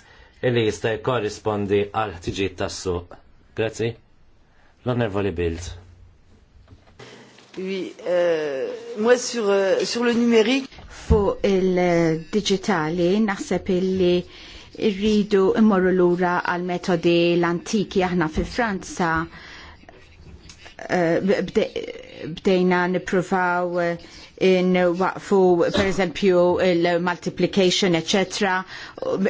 li jista' jkorrispondi għal ħtiġijiet tas-suq. Grazzi. L-Onorevoli Bild. Oui, euh, moi sur, euh, sur le numérique. Fu il-digitali naħseb illi irridu immorru lura għal metodi l-antiki aħna fi Franza uh, bdejna niprofaw uh, eh, in eh, waqfu per eżempju il-multiplication, etc.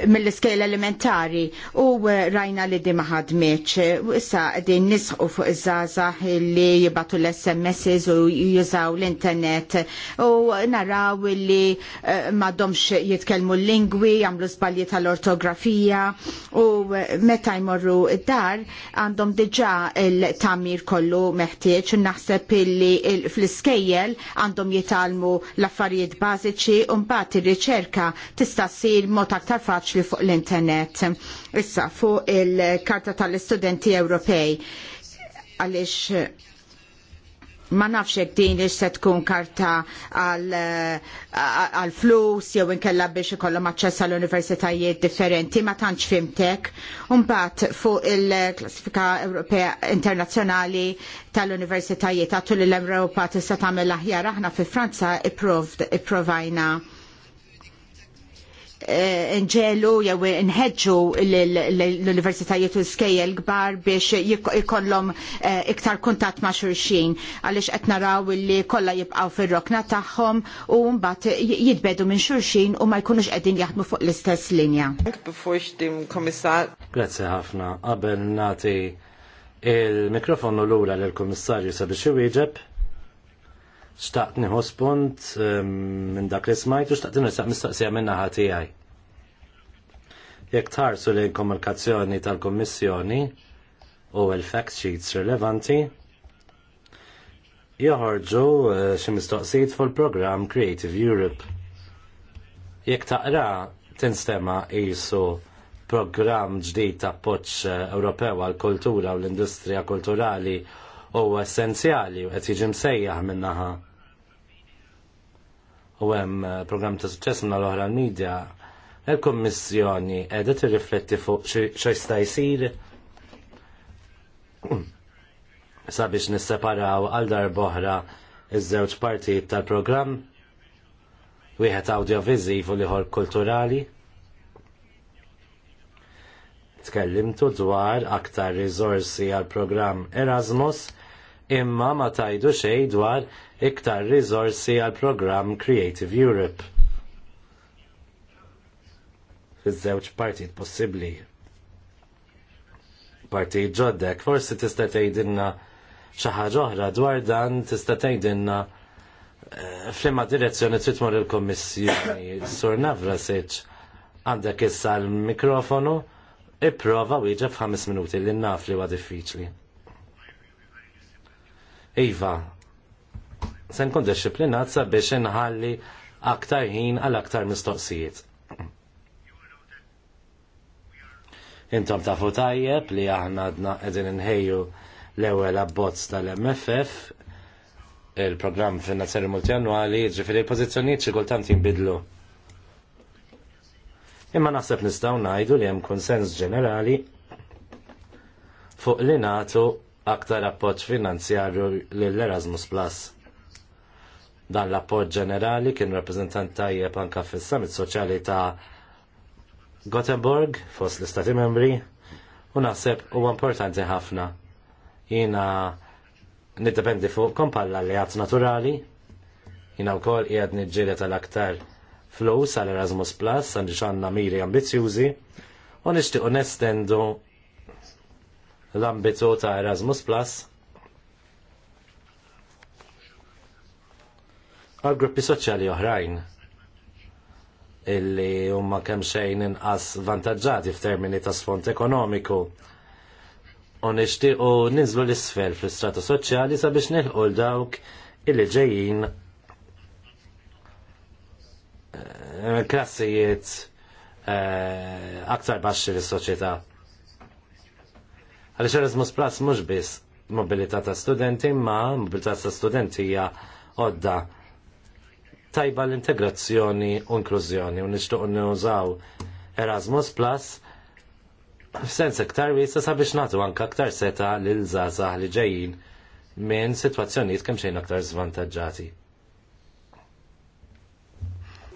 mill-iskejl elementari u eh, rajna li di u Issa din nisħu fuq iż żaza li jibatu l-SMS u jużaw l-internet u naraw li eh, madomx jitkelmu l-lingwi, jamlu zbalji tal-ortografija u meta jmorru id-dar għandhom diġa il-tamir kollu meħtieġ u naħseb illi fl-iskejjel għandhom jitgħu jitalmu l-affarijiet bażiċi u mbagħad ir-riċerka tista' ssir mod aktar faċli fuq l-internet. Issa fuq il-Karta tal-Istudenti Ewropej għaliex ma nafx jekk din li se tkun karta eh, għal flus jew inkella biex ikollhom aċċess għall universitajiet differenti ma tantx fimtek. Mbagħad fuq il-klassifika Ewropea Internazzjonali tal-Universitajiet għatu l-Ewropa tista' tagħmel aħjar aħna fi Franza ipprovajna. Eh, nġelu jew inħeġġu l-universitajiet u skejjel kbar biex jkollhom eh, iktar kuntatt ma' xulxin għaliex qed naraw li kollha jibqgħu fir-rokna tagħhom u mbagħad jitbedu minn xulxin u ma jkunux qegħdin jaħdmu fuq l-istess linja. Grazzi ħafna. Qabel nagħti il-mikrofonu lura lill-Kummissarju sabiex iwieġeb Xtaqt hospont ehm, minn dak li smajtu xtaqt nistaq mistaqsija minna naħa tiegħi. Jekk tħarsu li komunikazzjoni tal-Kummissjoni u l-fact sheets rilevanti, joħorġu eh, xi mistoqsijiet fuq il-programm Creative Europe. Jekk taqra tinstema qisu programm ġdid ta' appoġġ eh, Ewropew għall kultura u l-industrija kulturali huwa essenzjali u qed jiġi msejjaħ minnaħa. U hemm eh, programm ta' suċċess minna l-oħra l-medja, il-Kommissjoni qiegħda tirrifletti fuq x'jista' jsir *clears throat* sabiex nisseparaw għal darboħra iż-żewġ partijiet tal-programm wieħed awdjoviżiv u liħor kulturali. Tkellimtu dwar aktar rizorsi għal programm Erasmus imma ma tajdu xej dwar iktar rizorsi għal programm Creative Europe. Fiż-żewġ partit possibbli. Partit ġoddek, forsi tista' tgħidilna xi ħaġa oħra dwar dan tista' tgħidilna eh, flimma direzzjoni trid tmur il kummissjoni Sur Navra Navrasic għandek issa l-mikrofonu ipprova wieġeb f'5 minuti li naf li huwa diffiċli. Iva, se nkun disciplinat sabiex inħalli aktar ħin għal aktar mistoqsijiet. Intom tafu tajjeb li aħna għadna qegħdin inħejju l-ewwel abbozz tal-MFF il-programm finanzjari multianwali, ġifiri l-pożizzjonijiet xi jinbidlu. Imma naħseb nistgħu ngħidu li hemm konsens ġenerali fuq li nagħtu aktar appoġġ finanzjarju lill-Erasmus Plus. Dan l-appoġġ ġenerali kien rappreżentant tajjeb anka fis-Summit Soċjali ta' Gothenburg fost l-Istati Membri u naħseb huwa importanti ħafna. Jiena niddependi fuq kompalla li għat naturali, jina u kol jgħad nġiri tal-aktar flus għal Erasmus Plus, għandix għandna miri ambizjużi, u nishtiq nestendu l-ambitu ta' Erasmus Plus għal gruppi soċjali oħrajn illi huma kemm xejn inqas vantaġġati f'termini ta' sfond ekonomiku u nixtiequ ninżlu l-isfel fl-istrata soċjali sabiex nilħu dawk illi ġejjin eh, klassijiet eh, aktar baxxi lis soċjetà Għaliex Erasmus Plus mhux biss mobilità ta' studenti, ma mobilità ta' studenti hija odda tajba l-integrazzjoni u inklużjoni u nixtuq nużaw Erasmus Plus f'sens iktar wisa sabiex nagħtu anke aktar seta lil zazah li ġejjin minn sitwazzjonijiet kemm xejn aktar żvantaġġati.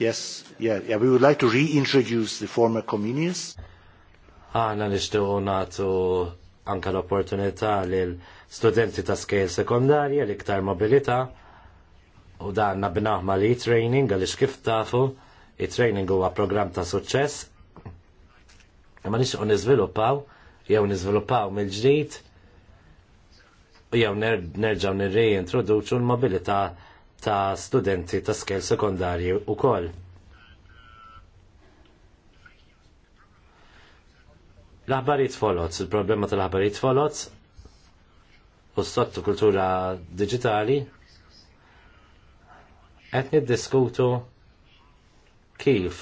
Yes, yeah, yeah, we would like to reintroduce the former communists. Għana nixtiequ nagħtu anka l-opportunità lil studenti ta' skejl sekondarja li iktar mobilità u danna binaħ ma li training għal kif tafu e training huwa program ta' suċċess ma nix u nizviluppaw jew nizviluppaw mill-ġdid jew nerġaw nirrejintroduċu l-mobilità ta' studenti ta' skel sekondarji u koll. L-aħbarijiet folots, il-problema tal-aħbarijiet folots u s-sottu kultura digitali qed niddiskutu kif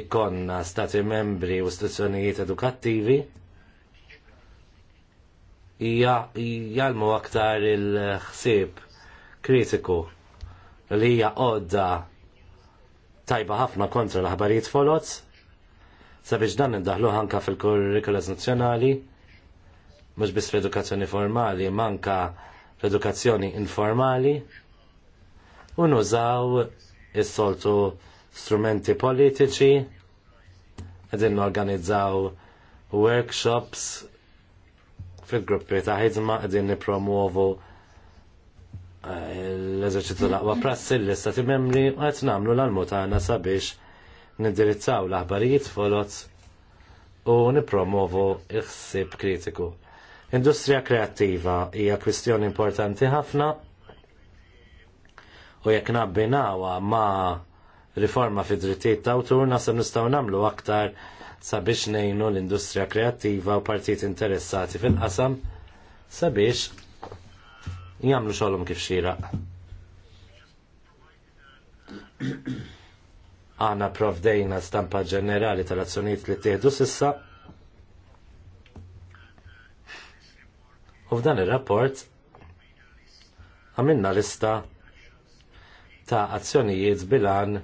ikkonna stati membri u istituzzjonijiet edukattivi jgħalmu aktar il-ħsieb kritiku li hija għodda tajba ħafna kontra l-aħbarijiet folots sabiex dan indaħlu ħanka fil-kurrikulas nazzjonali, mhux biss fl-edukazzjoni formali, manka fl-edukazzjoni informali, u nużaw is-soltu strumenti politiċi, għedin organizzaw workshops fil-gruppi ta' ħidma għedin nipromuovu eh, l-eżerċitu l-aqwa prassi l-istati membri u għet namlu l-almu tagħna sabiex nindirizzaw l-aħbarijiet folot u nipromovu il-ħsib kritiku. Industrija kreattiva hija kwistjoni importanti ħafna u jekk nabbinawa ma' riforma fi drittijiet ta' awtur nasa nistgħu nagħmlu aktar sabiex ngħinu l-industrija kreattiva u partit interessati fil-qasam sabiex jagħmlu xogħolhom kif xieraq għana provdejna stampa ġenerali tal-azzjoniet li tieħdu sissa. U f'dan ir-rapport għamilna lista ta' azzjonijiet bilan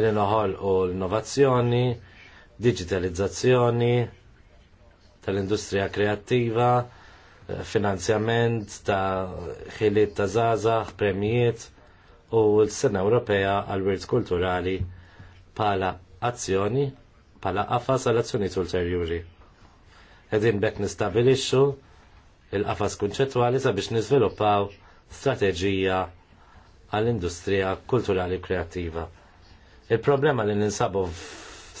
il noħol u l-innovazzjoni, digitalizzazzjoni tal-industrija kreattiva, eh, finanzjament ta' ħiliet ta' zazax, premijiet u l-Sena Ewropea għal-Wirt Kulturali pala azzjoni pala qafas għal azzjonijiet ulterjuri. Edin bekk nistabilixxu il-qafas kunċettwali sabiex nizviluppaw strateġija għall-industrija kulturali kreattiva. Il-problema li ninsabu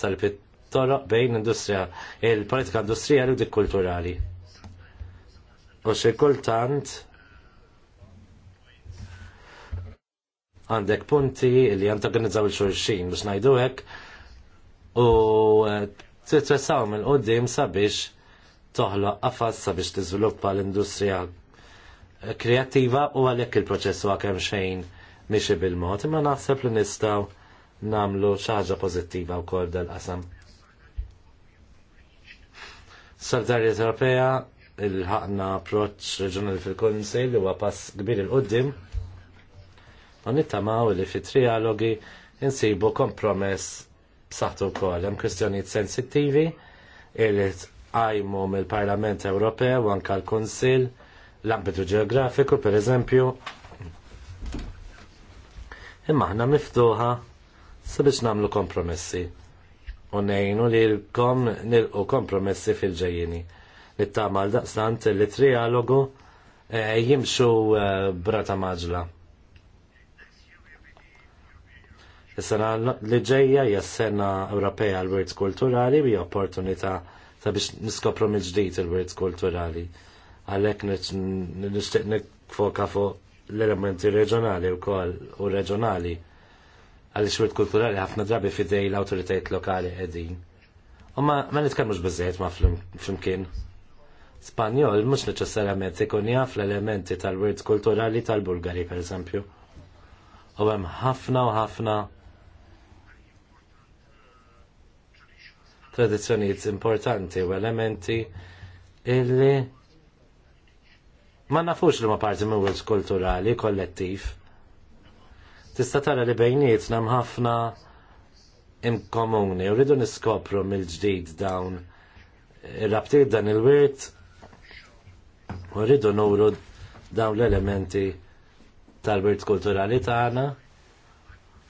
salpit toroq bejn industrija, il-politika industrijali u dik kulturali. U xi kultant għandek punti li jantagonizzaw il-xurxin biex najdu hekk u eh, titwessaw mill qoddim sabiex toħloq qafas sabiex tiżviluppa l-industrija kreattiva u għalhekk il proċessu għakem kemm xejn mixi bil-mod, imma naħseb li nistgħu nagħmlu xi ħaġa pożittiva wkoll dal-qasam. Solidarjetà Ewropea il-ħakna approċ reġjonali fil konsil li huwa pass kbir il qudiem Ma nittamaw li fit trialogi insibu kompromess b'saħħtu wkoll hemm kwistjonijiet sensittivi li tqajmu mill-Parlament Ewropew u anke l-Kunsill l-ambitu ġeografiku pereżempju. Imma aħna miftuħa sabiex nagħmlu kompromessi u ngħinu li l-kom nilqu kompromessi fil-ġejjini. Nittamal daqstant li trialogu eh, jimxu eh, brata maġla. Is-sena li ġejja hija s-sena Ewropea għall-words kulturali u hija opportunità sabiex niskopru mill-ġdid il words kulturali. Għalhekk nixtieq nikfoka fuq l-elementi reġjonali wkoll u reġjonali għaliex wirt kulturali ħafna drabi fidej l-awtoritajiet lokali qegħdin. U ma nitkellmux biżejjed ma flimkien. Spanjol mhux neċessarjament ikun jaf l-elementi tal-wirt kulturali tal-Bulgari pereżempju. U hemm ħafna u ħafna tradizzjonijiet importanti u elementi illi ma nafux li ma parti minn wirt kulturali kollettiv. Tista' tara li nam ħafna imkomuni u ridu niskopru mill-ġdid dawn ir-rabtiet dan il-wirt u rridu nuru dawn l-elementi tal-wirt kulturali tagħna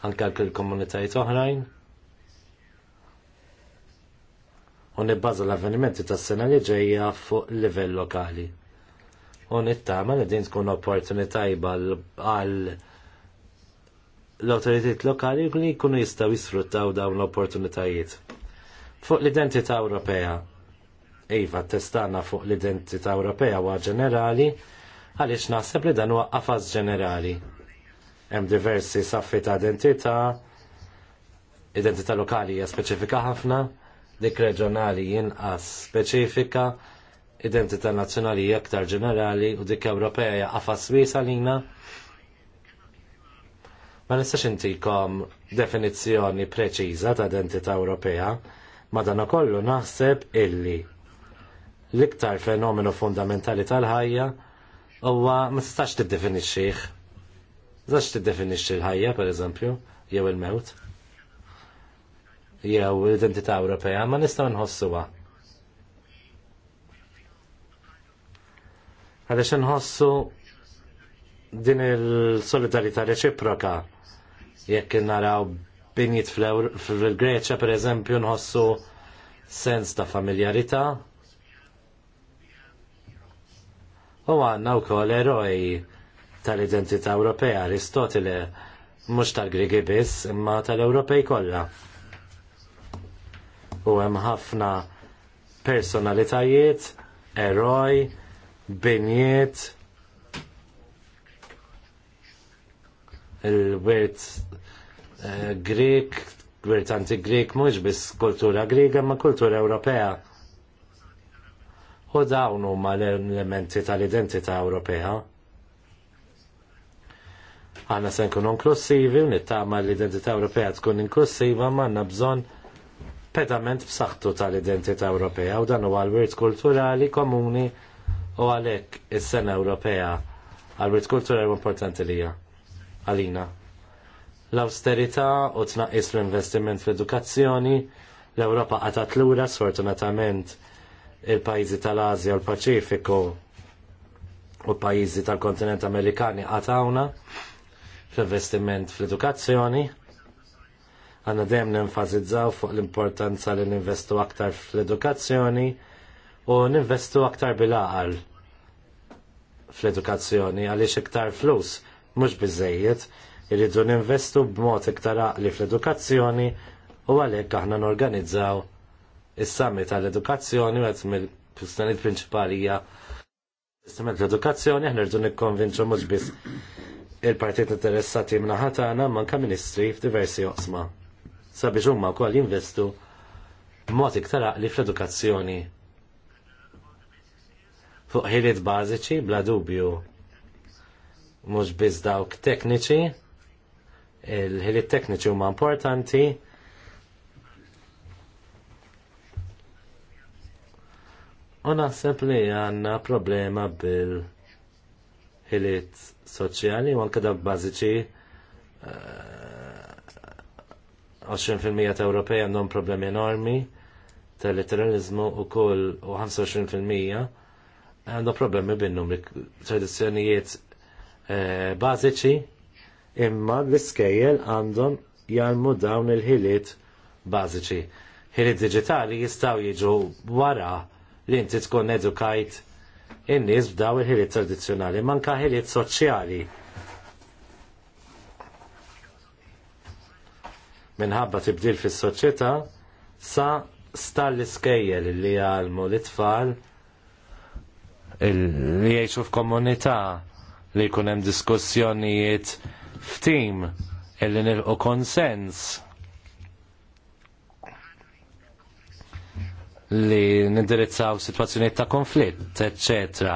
anke l-komunitajiet oħrajn. u nibbażu l-avvenimenti tas-sena li ġejja fuq livell lokali. U nittama li din tkun opportunità għal l-autoritet lokali li jkunu jistaw jisfruttaw dawn l-opportunitajiet. Fuq l-identità Ewropea, Iva testana fuq l-identità Ewropea wa ġenerali, għaliex naħseb li dan huwa qafas ġenerali. Hemm diversi saffi ta' identità, identità lokali hija speċifika ħafna, dik reġjonali jinqas speċifika, identità nazzjonali aktar ġenerali u dik Ewropea jaqafa swisa lina. Ma nistax intikom definizzjoni preċiża ta' identità Ewropea, madankollu naħseb illi l-iktar fenomenu fundamentali tal-ħajja huwa ma tistax tiddefinixxih. Zax tiddefinixxi l-ħajja, pereżempju, jew il-mewt jew l-identità Ewropea ma nistgħu nħossuha. Għaliex nħossu din il-solidarità reċiproka jekk naraw binjiet fil-Greċja per eżempju nħossu sens ta' familjarità. U għanna u kol eroj tal-identità Ewropea Aristotile mhux tal-Grigi biss imma tal-Ewropej kollha u hemm ħafna personalitajiet, eroj, binjiet, il-wirt uh, Grek, wirt anti-Grek mhux biss kultura grega ma kultura Ewropea. U dawn huma l-elementi tal-identità Ewropea għanna se nkun inklusivi, nittama l-identità Ewropea tkun inklusiva, ma għanna bżon pedament b'saħħtu tal-identità Ewropea u dan huwa l-wirt kulturali komuni u għalhekk is-sena Ewropea għal-wirt kulturali importanti lija għalina. L-austerità u tnaqqis l-investiment fl-edukazzjoni l-Ewropa qatat lura sfortunatament il-pajjiżi tal-Asja u l-Paċifiku u pajjiżi tal-kontinent Amerikani għatawna fl-investiment fl-edukazzjoni Għanna dejjem nenfasizzaw fuq l-importanza li ninvestu aktar fl-edukazzjoni u ninvestu aktar bil-aqal fl-edukazzjoni għaliex iktar flus mhux biżejjed irridu ninvestu b'mod iktar aqli fl-edukazzjoni u għalhekk aħna norganizzaw is-summit tal-edukazzjoni u għed mill-kustanit prinċipalija Istament l-edukazzjoni aħna rridu nikkonvinċu mhux biss il-partit interessati ħatana manka ministri f'diversi oqsma sabiex huma wkoll jinvestu b'mod iktar aqli fl-edukazzjoni. Fuq ħiliet bażiċi bla dubju mhux biss dawk tekniċi, il-ħiliet tekniċi huma importanti, U naħseb li għanna problema bil-ħiliet soċjali u anke dawk bażiċi eh, 20% ta' Ewropej għandhom problemi enormi tal-literalizmu u koll u 25% għandhom problemi binnum tradizzjonijiet e, bażiċi imma l-iskejjel għandhom jarmu dawn il-ħiliet bażiċi. Ħiliet digitali jistaw jiġu wara li inti tkun edukajt in-nies b'daw il-ħiliet tradizzjonali, manka ħiliet soċjali minħabba tibdil fis soċjetà sa stall l-iskejjel li għalmu l-tfal li jgħixu f'komunità li jkun hemm diskussjonijiet f'tim illi nilqu konsens li nindirizzaw situazzjoniet ta' konflitt, etc.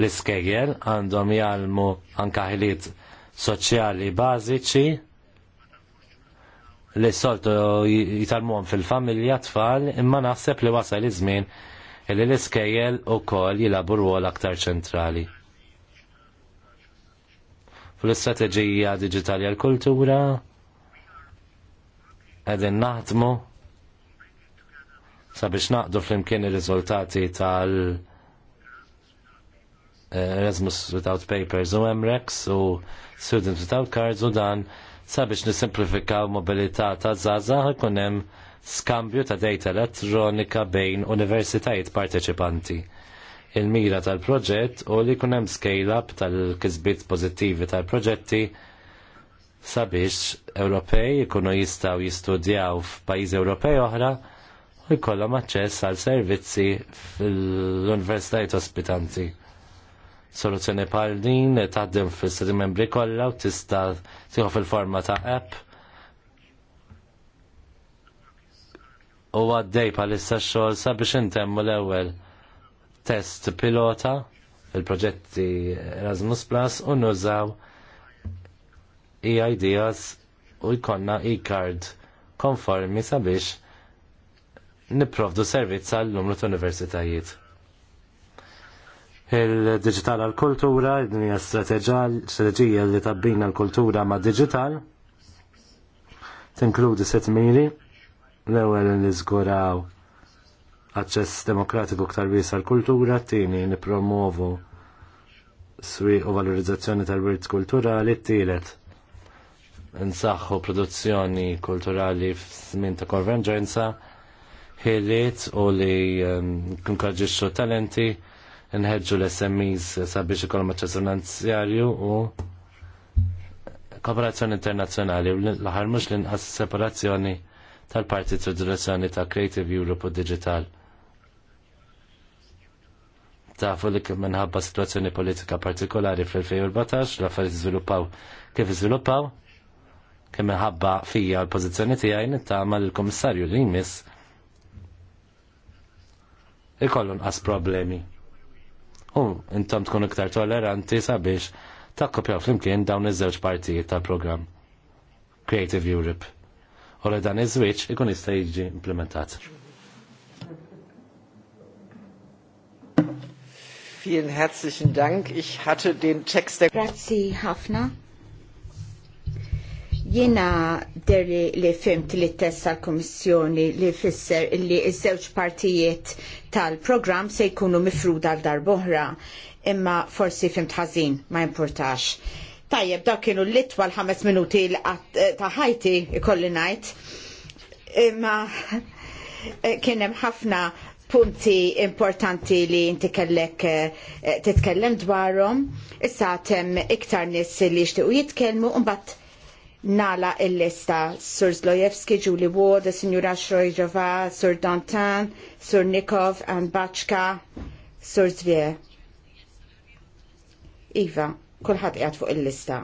l iskejjel għandhom jgħalmu anka ħiliet soċjali bażiċi li soltu jitalmuhom fil-familja tfal imma naħseb li wasal iż-żmien li l-iskejjel ukoll jilabu rwol aktar ċentrali. Fl-istrateġija digitali għal-kultura qegħdin naħdmu sabiex naqdu flimkien ir-riżultati tal eh, Erasmus Without Papers u MREX u Students Without Cards u dan sabiex nisimplifikaw mobilità ta' zaza ikun hemm skambju ta' data elettronika bejn universitajiet parteċipanti. Il-mira tal-proġett u li jkun hemm scale-up tal kisbiet pożittivi tal-proġetti sabiex Ewropej ikunu jistgħu jistudjaw f'pajjiżi Ewropej oħra u jkollhom aċċess għal servizzi fl-universitajiet ospitanti soluzzjoni bħal din taħdem fil sedi membri kollha u tista' tieħu fil-forma ta' app. U għaddej bħalissa xogħol sabiex intemmu l-ewwel test pilota fil proġetti Erasmus Plus u nużaw e-ideas u jkonna e-card konformi sabiex niprovdu servizz għall-numru ta' universitajiet il-digital għal-kultura, id-dinja strategija li tabbina l-kultura ma' digital, tinkludi set miri, l-ewel li zguraw aċċess demokratiku ktar wiesa l-kultura, t-tini nipromovu swi u valorizzazzjoni tal-wirt kulturali, t-tielet nsaħħu produzzjoni kulturali f'żmien ta' konverġenza, ħiliet u li ehm, nkunkaġġixxu talenti, nħedġu l-SMEs sabiex ikollhom aċċess finanzjarju u kooperazzjoni internazzjonali u l-aħħar mhux l-inqas separazzjoni tal-parti tradizzjoni ta' Creative Europe u Digital. Tafu li minħabba situazzjoni politika partikolari fil-2014 l-affarijiet żviluppaw kif iżviluppaw kemm minħabba fija l-pożizzjoni tiegħi nittama l-Kummissarju li jmiss ikollhom qas problemi u intom tkun iktar toleranti sabiex takkopjaw flimkien dawn iż-żewġ partijiet tal-programm Creative Europe. U li dan iż-żwieġ ikun jista' jiġi implementat. Vielen herzlichen Dank. Ich hatte den Text der Grazie Hafner. Jiena deri li fimt li tessa l-Komissjoni li fisser li iż-żewġ partijiet tal-programm se jkunu mifruda għal darboħra imma forsi fimt ħażin ma importax. Tajjeb, dak kienu l-litwa l-ħames minuti eh, ta' ħajti ikolli ngħid. Imma eh, kien hemm ħafna punti importanti li inti kellek eh, titkellem dwarhom. Issa tem iktar nies li jixtiequ jitkellmu u mbagħad nala il-lista Sir Zlojevski, Julie Ward, Signora Shrojova, Sir Dantan, Sir Nikov, and Bachka, Sir Zvier. Iva, kullħat jgħat fuq il-lista.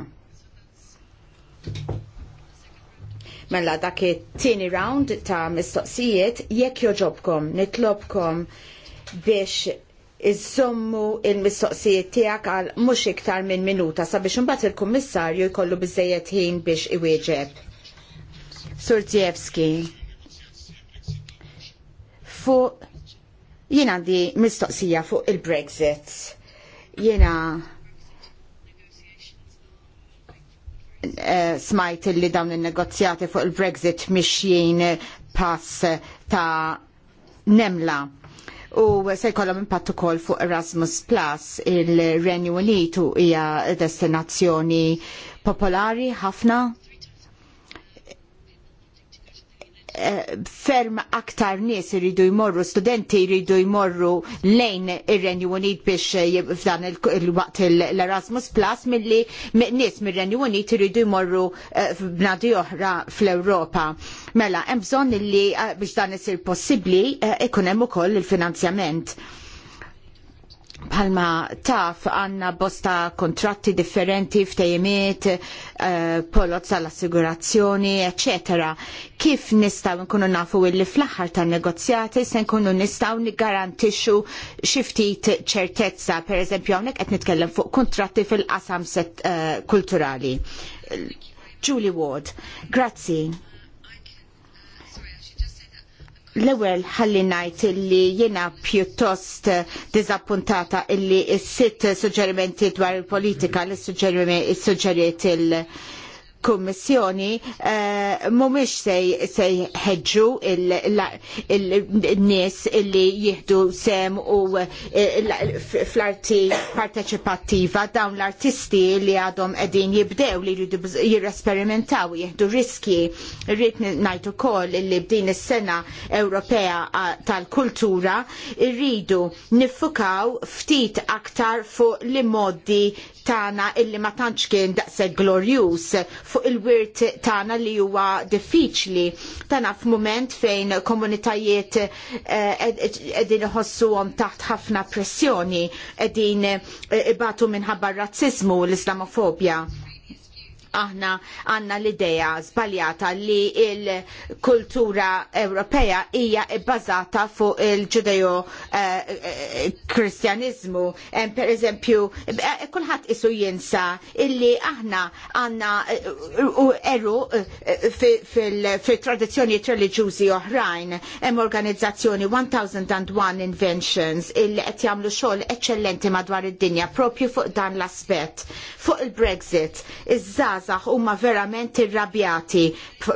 Mella dak it-tieni round ta' mistoqsijiet jekk joġobkom, nitlobkom biex iżommu il-mistoqsijiet tiegħek għal mhux iktar minn minuta sabiex imbagħad il-kummissarju jkollu biżejjed ħin biex iwieġeb. Surtievski. Fuq jien għandi mistoqsija fuq il-Brexit. Jiena eh, smajt li dawn il-negozjati fuq il-Brexit mixjien pass ta' nemla u se jkollhom impatt ukoll fuq Erasmus Plus il-Renju Unitu hija destinazzjoni popolari ħafna Eh, ferm aktar nies iridu jmorru, studenti jridu jmorru lejn ir-Renju Unit biex eh, f'dan il-waqt l-Erasmus Plus milli nies mir-Renju Unit iridu jmorru eh, f'bnadi oħra fl-Ewropa. Mela, hemm bżonn li biex dan isir possibbli ikun hemm ukoll il-finanzjament. il finanzjament Palma taf għanna bosta kontratti differenti ftejimiet, uh, eh, polozz għall-assigurazzjoni, eccetera. Kif nistaw nkunu nafu illi fl-axar ta' negozjati se nkunu nistaw nigarantixu xiftit ċertezza, per eżempju għonek qed nitkellem fuq kontratti fil-qasam set uh, kulturali. Julie Ward, grazie. L-ewel ħalli najt illi jena pjuttost dizappuntata illi s-sitt suġġerimenti dwar il-politika li suġġeriet il-, il kummissjoni eh, mhumiex se jħeġġu il-nies illi jieħdu sem u eh, fl-arti parteċipattiva dawn l-artisti li għadhom qegħdin jibdew li jridu jirresperimentaw jieħdu riski Irrid ngħid ukoll li b'din is-sena Ewropea tal-kultura rridu niffukaw ftit aktar fuq l-immoddi tagħna illi ma tantx kien daqshekk glorjuż fuq il-wirt tagħna li huwa diffiċli. Tana f'mument fejn komunitajiet qegħdin eh, iħossuhom taħt ħafna pressjoni qegħdin eh, ibatu minħabba r-razziżmu u l-Islamofobja aħna għandna l-idea żbaljata li l kultura Ewropea hija bbażata fuq il-ġudeo eh, eh, kristjaniżmu hemm pereżempju eh, kulħadd isu jinsa illi aħna għandna eru fil-tradizzjonijiet reliġjużi oħrajn hemm organizzazzjoni 1001 Inventions illi qed jagħmlu xogħol eċċellenti madwar id-dinja propju fuq dan l-aspett fuq il-Brexit iż-żaż żgħażagħ huma verament irrabjati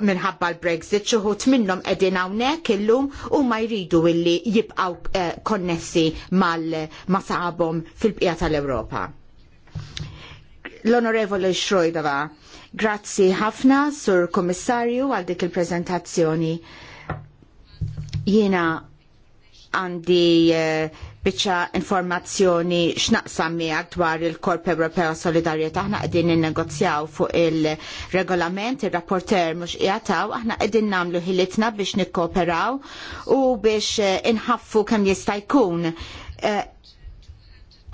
minħabba l-Brexit xi ħut minnhom qegħdin hawnhekk illum huma jridu illi jibqgħu eh, konnessi mal saħabhom fil-bqija tal-Ewropa. L-Onorevoli Schroidova, grazzi ħafna sur Kommissarju għal dik il-preżentazzjoni. Jiena għandi uh, biċċa informazzjoni x'naqsam miegħek dwar il-Korp Ewropea Solidarjetà aħna qegħdin innegozjaw fuq il-regolament, ir-rapporter mhux qiegħataw, aħna qegħdin nagħmlu ħilitna biex nikkooperaw u biex eh, inħaffu kemm jista' jkun eh,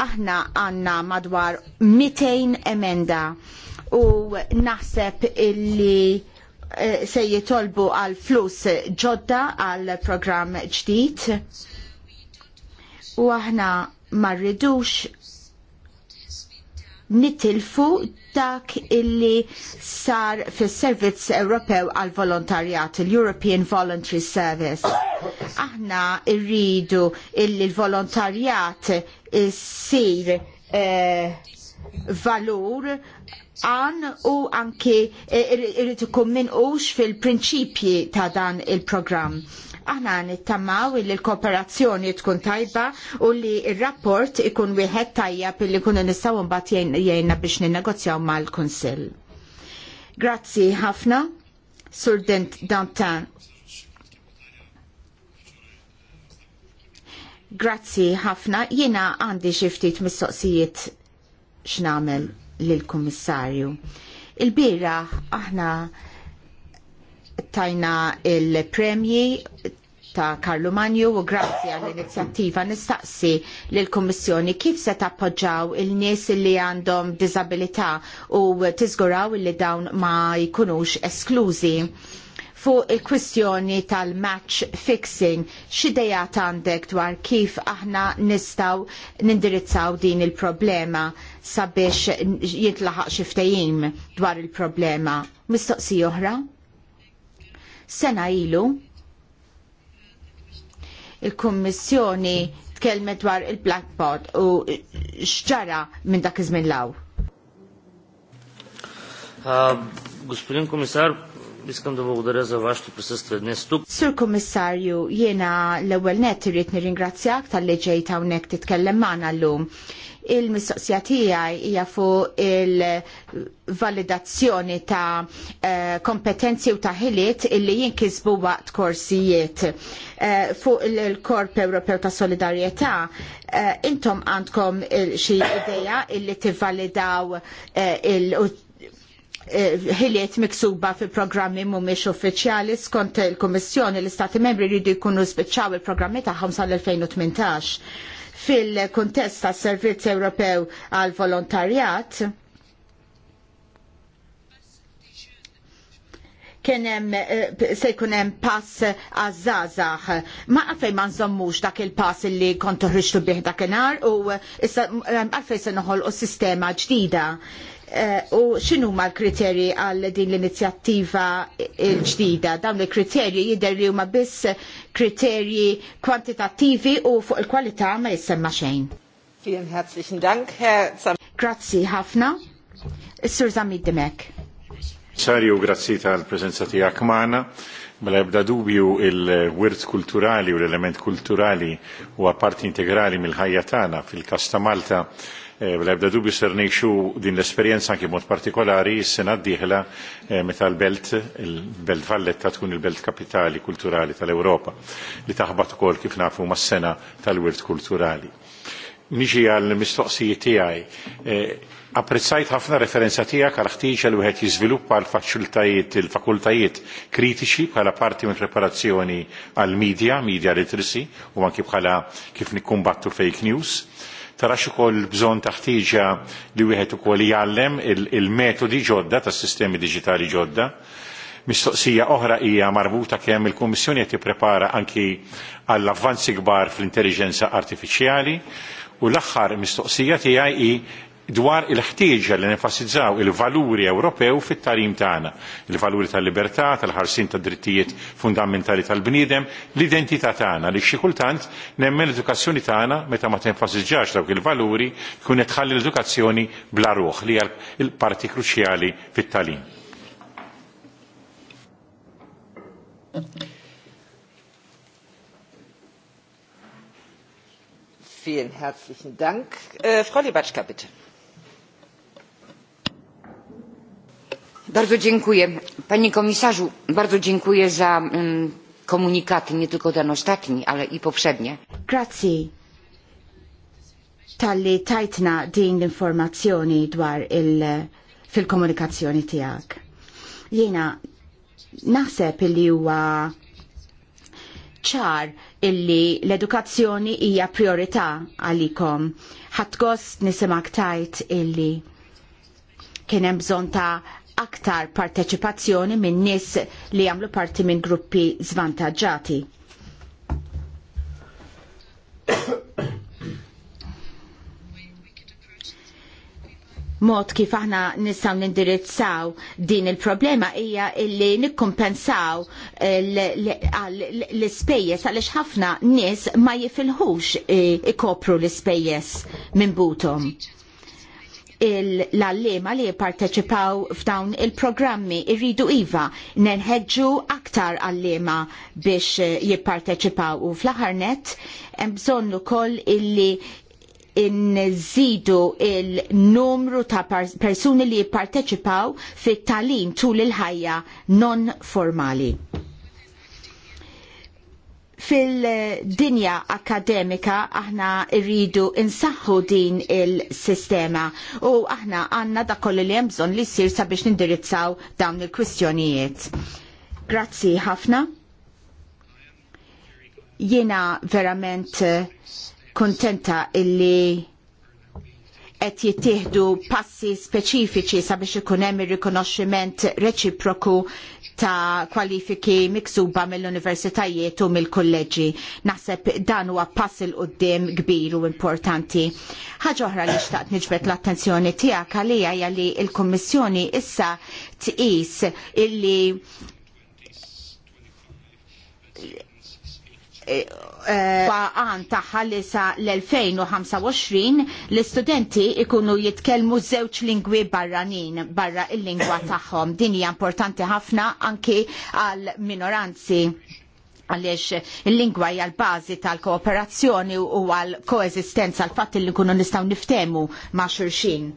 aħna għanna madwar 200 emenda u naħseb illi eh, se jitolbu għal flus ġodda għal program ġdid u aħna ma rridux nitilfu dak illi sar fis servizz Ewropew għal volontarjat, il-European Voluntary Service. Aħna rridu illi l-volontarjat issir eh, valur għan u anke eh, irrid ikun minqux fil-prinċipji ta' dan il-programm Aħna nittamaw li l-kooperazzjoni tkun tajba u li il-rapport ikun wieħed tajjeb li kunu nistaw mbagħad jgħinna biex ninnegozjaw mal-Kunsill. Grazzi ħafna, Sur Dantan. Grazzi ħafna, jiena għandi xi ftit mistoqsijiet x'namel lill-Kummissarju. Il-bira aħna tajna il-premji ta' Karlu Manju u grazzi għall-inizjattiva nistaqsi lill kummissjoni kif se tappoġġjaw il-nies li għandhom diżabilità u tiżguraw li dawn ma jkunux esklużi. Fuq il-kwistjoni tal-match fixing, xidejat għandek dwar kif aħna nistaw nindirizzaw din il-problema sabiex jitlaħaq xiftejim dwar il-problema. Mistoqsi oħra? Sena ilu il-Kummissjoni tkellmet dwar il-Blackpot u xġara minn dak iż-żmien law. Um, Gospodin комисар, Iskam da za за вашето присъствие днес тук. Sur Kommissarju, jena l-ewel net irrit nirringrazzjak tal-li ġejt hawnhekk titkellem man llum. Il-mistoqsija tiegħi hija fuq il-validazzjoni ta' kompetenzi u ta' ħiliet illi jinkisbu waqt korsijiet. Fuq il-Korp Ewropew ta' Solidarjetà intom għandkom xi idea illi tivvalidaw il- Eh, ħiliet miksuba fi programmi mhumiex uffiċjali skont il-Kummissjoni l-Istati Membri jridu jkunu spiċċaw il-programmi tagħhom sal-2018 fil-kuntest tas Servizz Ewropew għal Volontarjat Kien hemm eh, se jkun hemm pass għaż-żgħażagħ, Ma għalfej ma nżommux dak il-pass li kont ħriġtu bih dakinhar, u eh, għalfej se noħolqu sistema ġdida. Eh, u xinu ma l-kriterji għal din l-inizjattiva l-ġdida? Dawn l-kriterji jider li huma biss kriterji kwantitattivi u fuq il-kwalità ma jissemma xejn. Vielen herzlichen Dank, Herr Zam. Grazzi ħafna. Sur Zamid Demek. Sarju, grazzi tal-prezenza tijak maħna. Mela ebda dubju il-wirt kulturali u l-element kulturali huwa parti integrali mill-ħajja tagħna fil-Kasta Malta bl-ebda eh, dubju ser nejxu din l-esperienza anki mod partikolari s-sena d-dieħla eh, meta l-belt, il-belt valletta tkun il-belt kapitali kulturali tal-Europa li taħbat ukoll kif nafu ma s-sena tal-wirt kulturali. Niġi għal-mistoqsijiet tiegħi. Eh, apprezzajt ħafna referenza tiegħek għal ħtieġ li wieħed jiżviluppa l-faċiltajiet il-fakultajiet kritiċi bħala parti minn preparazzjoni għal media, media literacy u anki bħala kif nikkumbattu fake news tarax ukoll bżonn taħtieġa li wieħed ukoll jgħallem il-metodi ġodda tas-sistemi diġitali ġodda. Mistoqsija oħra hija marbuta kemm il-Kummissjoni qed tipprepara anki għall-avvanzi kbar fl-intelligenza artifiċjali u l-aħħar mistoqsija tiegħi hi dwar il-ħtieġa li nenfasizzaw il-valuri Ewropew fit-tarim tagħna, il-valuri tal-libertà, tal-ħarsin tad-drittijiet fundamentali tal-bniedem, l-identità tagħna li xi kultant nemmen l-edukazzjoni tagħna meta ma tenfasizzax dawk il-valuri kun qed tħalli l-edukazzjoni bla ruħ li hija l-parti kruċjali fit-talim. Vielen herzlichen Dank. Äh, Frau Libatschka, bitte. Bardzo dziękuję. Panie komisarzu, bardzo dziękuję za um, komunikaty, nie tylko ten ostatni, ale i poprzednie. Grazie. Talli tajtna din l-informazzjoni dwar il- fil-komunikazzjoni tijak. Jena naħseb li huwa ċar illi l-edukazzjoni hija priorità għalikom. Ħadd gost nisimgħak tajt illi kien hemm bżonn ta' aktar parteċipazzjoni minn nies li jagħmlu parti minn gruppi zvantaġġati. mod kif aħna nistgħu nindirizzaw din il-problema hija illi nikkumpensaw l-ispejjeż għaliex ħafna nies ma jifilħux eh, ikopru l-ispejjeż minn butom l-allema li jipparteċipaw f'dawn il-programmi irridu iva nenħeġġu aktar allema biex eh, jipparteċipaw u fl-ħarnet hemm bżonn ukoll illi inżidu il-numru ta' persuni li jipparteċipaw fit-talim tul il-ħajja non formali. Fil-dinja akademika aħna rridu insaħħu din il-sistema u aħna għanna da kollu li jemżon li sir sabiex nindirizzaw dawn il-kwistjonijiet. Grazzi ħafna. Jena verament kontenta illi qed jittieħdu passi speċifiċi sabiex ikun hemm ir-rikonoxximent reċiproku ta' kwalifiki miksuba mill-universitajiet u mill-kolleġi. Naħseb dan huwa pass il qudiem kbir u importanti. Ħaġa oħra li xtaqt niġbed l-attenzjoni tiegħek għalija hija li l-Kummissjoni issa tqis illi Eh, għan taħħa li sa l-2025 l-istudenti ikunu jitkellmu żewġ lingwi barranin barra il-lingwa tagħhom. Din hija importanti ħafna anki għal minoranzi għaliex il-lingwa hija l-bażi tal-kooperazzjoni u għal koeżistenza l-fatt li nkunu nistgħu niftemu ma' xulxin.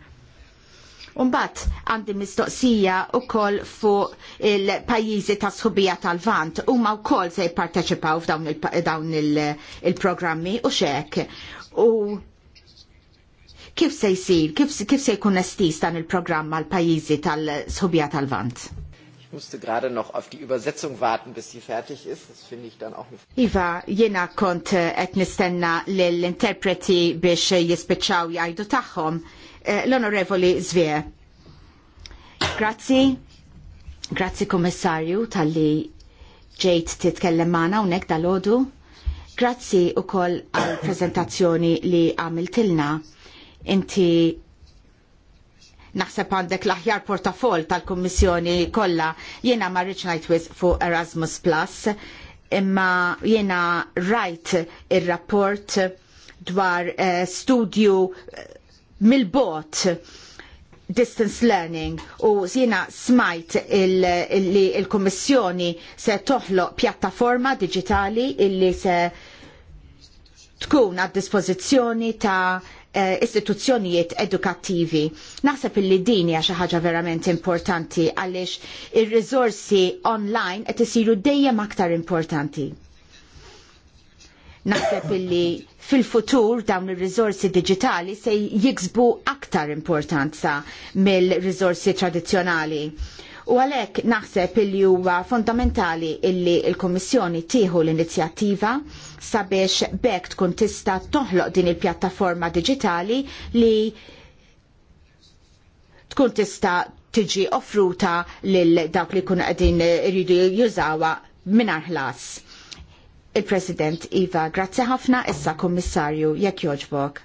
Umbat għandi mistoqsija u koll fuq il-pajizi ta' sħubija tal-vant huma wkoll u koll se jipparteċipaw f'dawn il-programmi il programmi u xek. U kif se jisir, kif, se jkun estis dan il-programm għall pajizi tal-sħubija tal-vant? Ich musste gerade noch auf die Übersetzung warten, bis sie fertig ist. Das finde ich dann auch nicht. Iva, jena kont eh, etnistenna nistenna l-interpreti biex jispeċaw jajdu taħħom Eh, l-Onorevoli Zvier. Grazzi, grazzi Kommissarju tal-li ġejt titkellem magħna hawnhekk dal-għodu. Grazzi wkoll għall prezentazzjoni li għamiltilna. Inti naħseb għandek l-aħjar portafol tal-Kommissjoni kollha jiena ma Rich Nightwiz fuq Erasmus Plus imma jiena rajt ir-rapport dwar eh, studju eh, mill-bot distance learning u jiena smajt li il kummissjoni se toħloq pjattaforma digitali illi se tkun għad dispożizzjoni ta' eh, istituzzjonijiet edukattivi. Naħseb illi din hija xi ħaġa verament importanti għaliex ir-riżorsi online qed isiru dejjem aktar importanti. Naħseb illi fil-futur dawn ir rizorsi digitali se jiksbu aktar importanza mill rizorsi tradizzjonali. U għalhekk naħseb illi huwa fondamentali illi l-Kummissjoni il tieħu l-inizjattiva sabiex bekk tkun tista' toħloq din il-pjattaforma digitali li tkun tista' tiġi offruta lil dawk li kun qegħdin iridu jużawha mingħajr ħlas. Il-President Iva, grazzi ħafna issa Kommissarju jekk joġbok.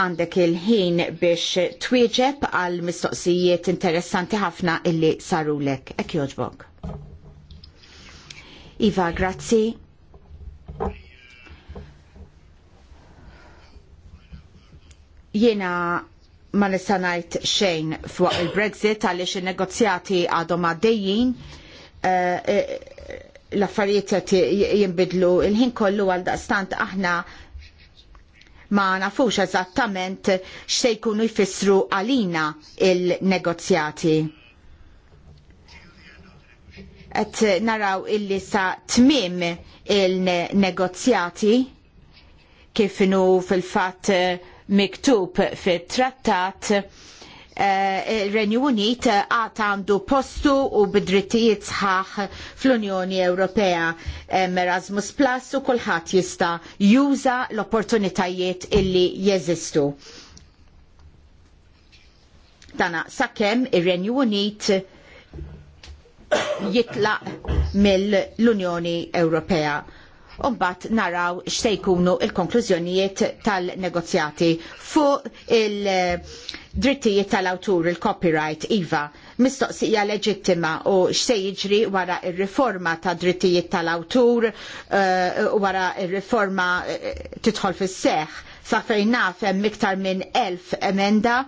Għandek il-ħin biex twieġeb għal mistoqsijiet interessanti ħafna illi sarulek. Ek joġbok. Iva, grazzi. Jena ma nistanajt xejn fuq il-Brexit għaliex il-negozjati għadhom għaddejjin. Uh, l-affarijiet jinbidlu il-ħin kollu għal daqstant aħna ma nafux eżattament x'se jkunu jfissru għalina il-negozjati. Et naraw illi sa tmim il-negozjati kif kifinu fil-fat miktub fit-trattat Eh, il-Renju Unit eh, għad għandu postu u bidrittijiet sħaħ fl-Unjoni Ewropea. Erasmus Plus u kulħadd jista juża l-opportunitajiet illi jeżistu. Tana sakemm ir-Renju Unit jitlaq mill-Unjoni Ewropea. Umbat naraw x'se jkunu il-konklużjonijiet tal-negozjati fuq il- drittijiet tal-awtur il-copyright iva mistoqsija leġittima u x'se jiġri wara il riforma ta' drittijiet tal-awtur uh, wara ir-riforma eh, tidħol fis-seħħ sa fejn naf hemm iktar minn elf emenda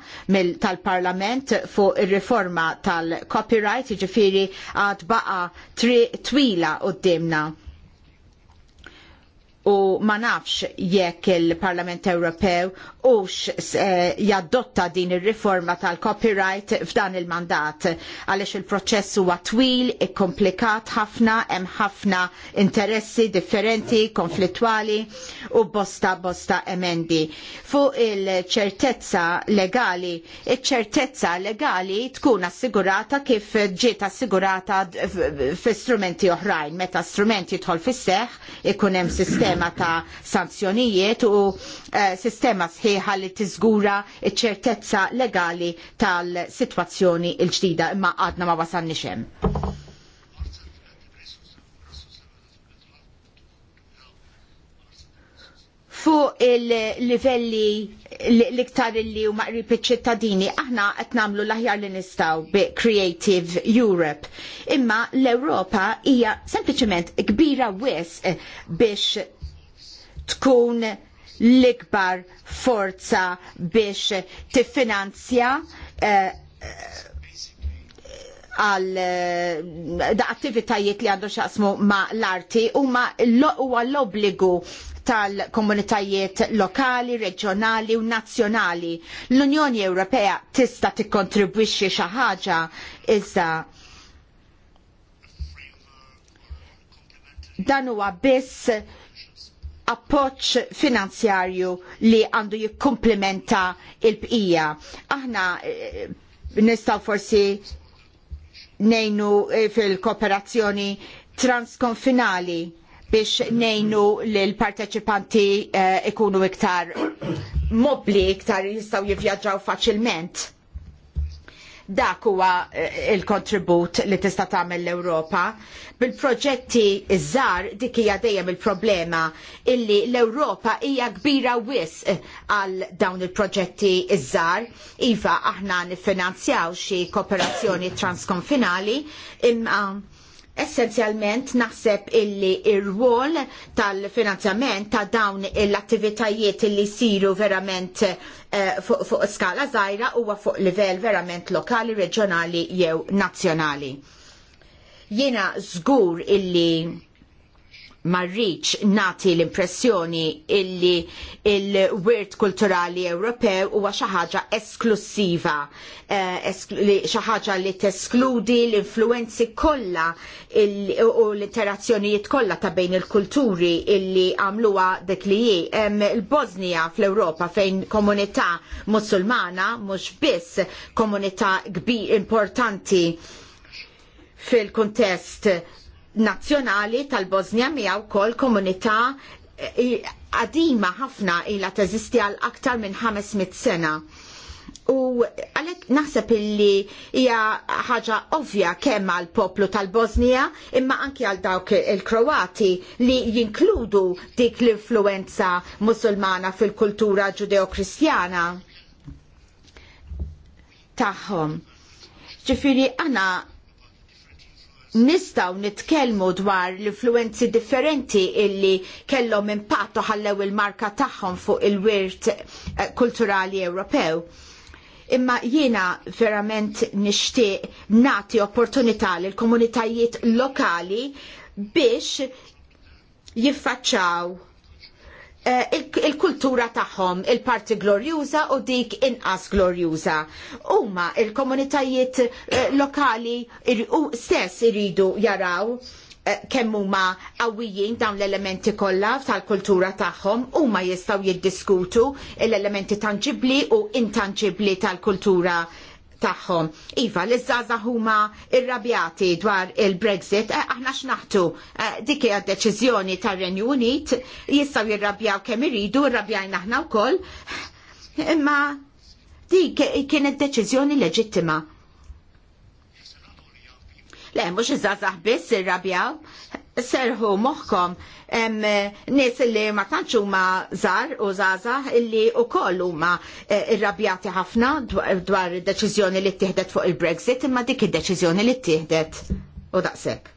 tal-Parlament fuq ir-riforma tal-copyright, jiġifieri għad baqa triq twila dimna U ma nafx jekk il-Parlament Ewropew ux eh, jaddotta din ir-riforma tal-copyright f'dan il-mandat għaliex il-proċess huwa twil, ikkomplikat ħafna, hemm ħafna interessi differenti, konflittwali u bosta bosta emendi. Fuq il-ċertezza legali, iċ-ċertezza legali tkun assigurata kif ġiet assigurata f'istrumenti oħrajn, meta strumenti tħol fis seħħ ikun hemm sistema ta' sanzjonijiet u eh, sistema sħiħ sħiħa li tiżgura ċ ċertezza legali tal-sitwazzjoni l ġdida imma għadna ma wasalni xem. Fuq il-livelli l-iktar li huma qrib iċ-ċittadini, aħna qed nagħmlu l-aħjar li nistgħu bi Creative Europe. Imma l-Ewropa hija sempliċement kbira wisq biex tkun l-ikbar forza biex tiffinanzja eh, eh, għal eh, da attivitajiet li għandu xaqsmu ma l-arti u ma l-obligu tal-komunitajiet lokali, reġjonali u nazzjonali. L-Unjoni Ewropea tista tikkontribwixxi xi ħaġa iżda dan huwa biss appoċ finanzjarju li għandu jikkumplementa il-bqija. Aħna eh, nistaw forsi nejnu eh, fil-kooperazzjoni transkonfinali biex nejnu l-parteċipanti eh, ikunu iktar mobli, iktar jistaw jivjaġġaw faċilment Dak huwa eh, il-kontribut li tista' tagħmel l-Ewropa. Bil-proġetti iż-żar dik hija dejjem il-problema illi l-Ewropa hija kbira wis eh, għal dawn il-proġetti iż-żar. Iva aħna niffinanzjaw xi kooperazzjoni transkonfinali imma essenzjalment naħseb illi ir wol tal-finanzjament ta' dawn l-attivitajiet illi jsiru verament uh, fuq skala żgħira huwa fuq livell verament lokali, reġjonali jew nazzjonali. Jiena żgur illi marriċ nati l-impressjoni illi il-wirt kulturali Ewropew huwa xi ħaġa esklusiva, eh, xi ħaġa li teskludi l-influenzi kollha u l-interazzjonijiet kollha ta' bejn il-kulturi illi għamluha dik li hi. il-Bosnija fl-Ewropa fejn komunità Musulmana mhux biss komunità kbir importanti fil-kontest nazzjonali tal-Bosnia miegħu wkoll komunità eh, qadima ħafna ilha teżisti għal aktar minn 500 sena. U għalek naħseb illi hija ħaġa ovvja kemm għal poplu tal-Bosnija imma anki għal dawk il-Kroati li jinkludu dik l-influenza musulmana fil-kultura ġudeo-kristjana tagħhom. Ġifiri għana nistaw nitkelmu dwar l-influenzi differenti illi kellhom impatt ħallew il-marka tagħhom fuq il-wirt eh, kulturali Ewropew. Imma jiena verament nixtieq nati opportunità lil komunitajiet lokali biex jiffaċċaw Eh, il-kultura tagħhom, il-parti glorjuża u dik inqas glorjuża. Huma il-komunitajiet eh, lokali stess iridu jaraw eh, kemm huma qawwijin dawn l-elementi kollha tal-kultura tagħhom huma jistgħu jiddiskutu l-elementi tangibbli u intangibbli tal-kultura tagħhom. Iva, li izzaza huma irrabjati dwar il-Brexit, eh, aħna x'naħtu eh, dik hija deċiżjoni tar-Renju Unit jistgħu jirrabjaw kemm iridu, irrabjajna aħna wkoll. Imma dik kienet deċiżjoni leġittima. Le, mhux iż-żazax biss irrabjaw, serħu moħkom nis li ma tantx huma zar u zaza illi wkoll huma eh, irrabjati ħafna dwar id-deċiżjoni li ttieħdet fuq il-Brexit imma dik id-deċiżjoni li ttieħdet u daqshekk.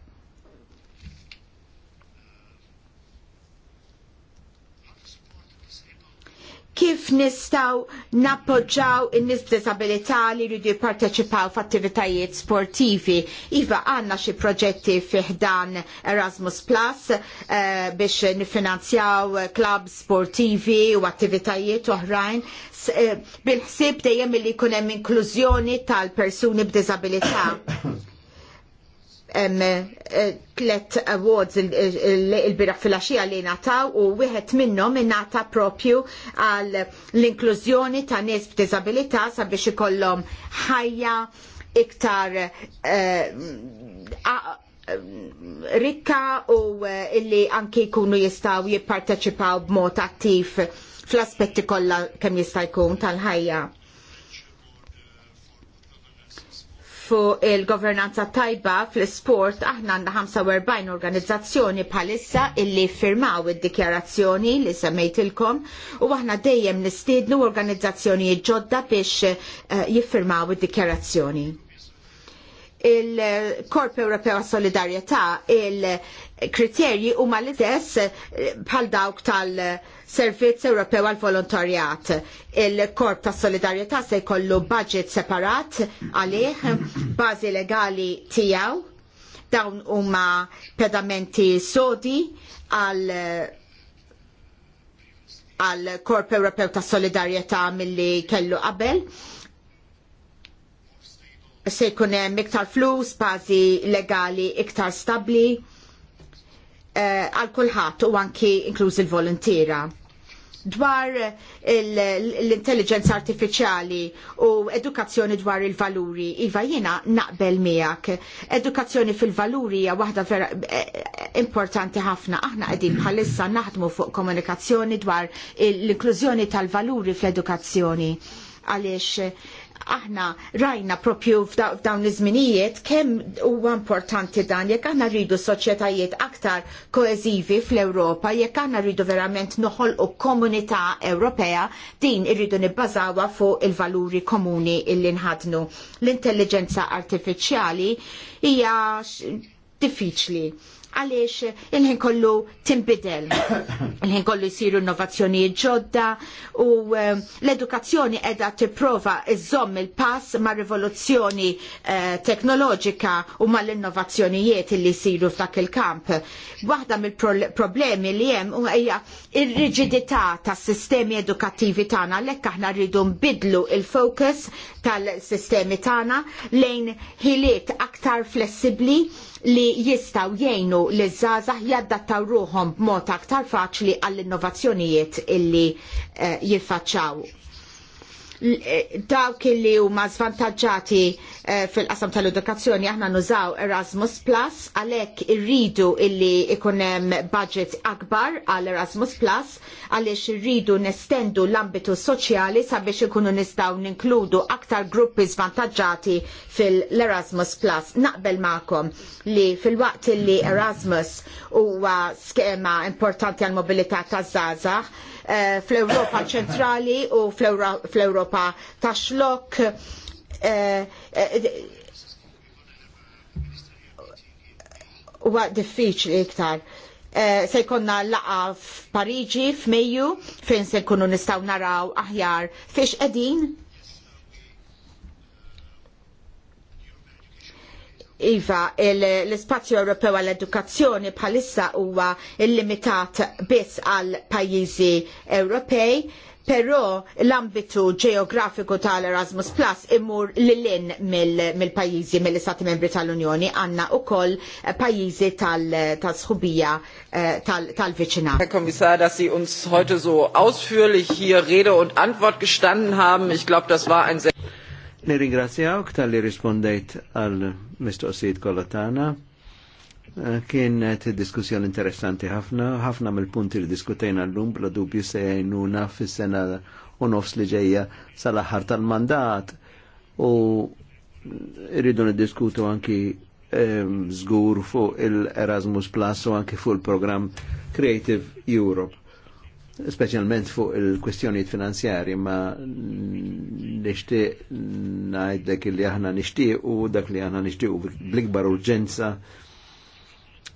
kif nistaw nappoġġaw in-nies b'diżabilità li jridu jipparteċipaw f'attivitajiet sportivi. Iva għandna xi proġetti fiħdan Erasmus Plus eh, biex nifinanzjaw klab sportivi u attivitajiet oħrajn eh, bil-ħsieb dejjem li jkun hemm inklużjoni tal-persuni b'diżabilità. *coughs* Eh, tlet awards il biraq fil-axija li nataw u wieħed minnhom ingħata propju għal l-inklużjoni ta' nies b'diżabilità sabiex ikollhom ħajja iktar eh, eh, rikka u illi anki jkunu jistgħu jipparteċipaw b'mod attiv fl-aspetti kollha kemm jista' jkun tal-ħajja fuq il-governanza tajba fl-sport aħna għandna 45 organizzazzjoni bħalissa illi firmaw id-dikjarazzjoni li semmejtilkom u aħna dejjem nistiednu organizzazzjoni ġodda biex eh, jiffirmaw id-dikjarazzjoni il-Korp Ewropew Solidarjetà il kriterji huma l-istess eh, bħal dawk tal-Servizz Ewropew għal volontarjat Il-Korp tas Solidarjetà se jkollu budget separat għalih, bażi legali tiegħu, dawn huma pedamenti sodi għal għal Korp Ewropew tas Solidarjetà milli kellu qabel se jkun hemm iktar flus, bażi legali iktar stabbli Eh, għal kulħadd u anki inkluż il-volontira dwar l-intelligenza artificiali u edukazzjoni dwar il-valuri. Iva jiena naqbel miegħek. Edukazzjoni fil-valuri hija waħda vera eh, importanti ħafna. Aħna qegħdin bħalissa naħdmu fuq komunikazzjoni dwar l-inklużjoni tal-valuri fl-edukazzjoni għaliex Aħna rajna propju f'dawn iż-żminijiet kemm huwa importanti dan jekk aħna rridu soċjetajiet aktar koeżivi fl-Ewropa, jekk aħna rridu verament noħolqu komunità Ewropea, din irridu nibbażawha fuq il-valuri komuni illi nħadnu. L-intelligenza artifiċjali hija diffiċli għaliex il-ħin kollu timbidel. *coughs* Il-ħin kollu jisiru innovazzjoni ġodda u eh, l-edukazzjoni edha tipprova iżomm il-pass ma' rivoluzzjoni eh, teknoloġika u ma' l-innovazzjonijiet li jisiru f'dak il-kamp. Waħda mill-problemi li hemm għajja il riġidità tas-sistemi edukattivi tagħna għalhekk aħna rridu nbidlu il-focus tal-sistemi tagħna lejn ħiliet aktar flessibbli li jistaw jgħinu li żgħażagħ jaddattaw ruhom b'mod aktar faċli għall-innovazzjonijiet illi eh, jiffaċċaw dawk li huma zvantaġġati eh, fil-qasam tal-edukazzjoni aħna nużaw Erasmus Plus għalhekk irridu illi ikun hemm budget akbar għal Erasmus Plus għaliex irridu nestendu l-ambitu soċjali sabiex ikunu nistgħu ninkludu aktar gruppi zvantaġġati fil-Erasmus Plus. Naqbel magħkom li fil-waqt illi Erasmus huwa skema importanti għal mobilità taż-żgħażagħ Eh, fl-Europa ċentrali u fl-Europa taxlok xlok eh, eh, Huwa diffiċli iktar. E, se jkonna laqa f'Pariġi f'Mejju fejn se jkunu nistgħu naraw aħjar fiex edin Iva, l-spazju Ewropew għall-edukazzjoni bħalissa huwa illimitat biss għal pajjiżi Ewropej, però l-ambitu ġeografiku tal-Erasmus Plus imur lilin mill-pajjiżi mill istati membri tal-Unjoni għandna wkoll pajjiżi tal-sħubija eh, tal-viċinat. Herr Kommissar, dass Sie uns heute so ausführlich hier Rede und Antwort gestanden haben, ich glaube, das war ein sehr Nirringrazzjawk tal-li rispondejt għal mistoqsijiet Ossid tagħna. Eh, kienet diskussjoni interessanti ħafna, ħafna mill-punti li diskutejna llum bla dubju se jgħinuna fis-sena u nofs li ġejja sal-aħħar tal-mandat u irridu niddiskutu anki ehm, żgur fuq il-Erasmus Plus u anki fuq il-programm Creative Europe specialment fuq il kwestjonijiet finanzjari, ma nishtiq dak li aħna nishtiq u dak li aħna nishtiq bl-ikbar urġenza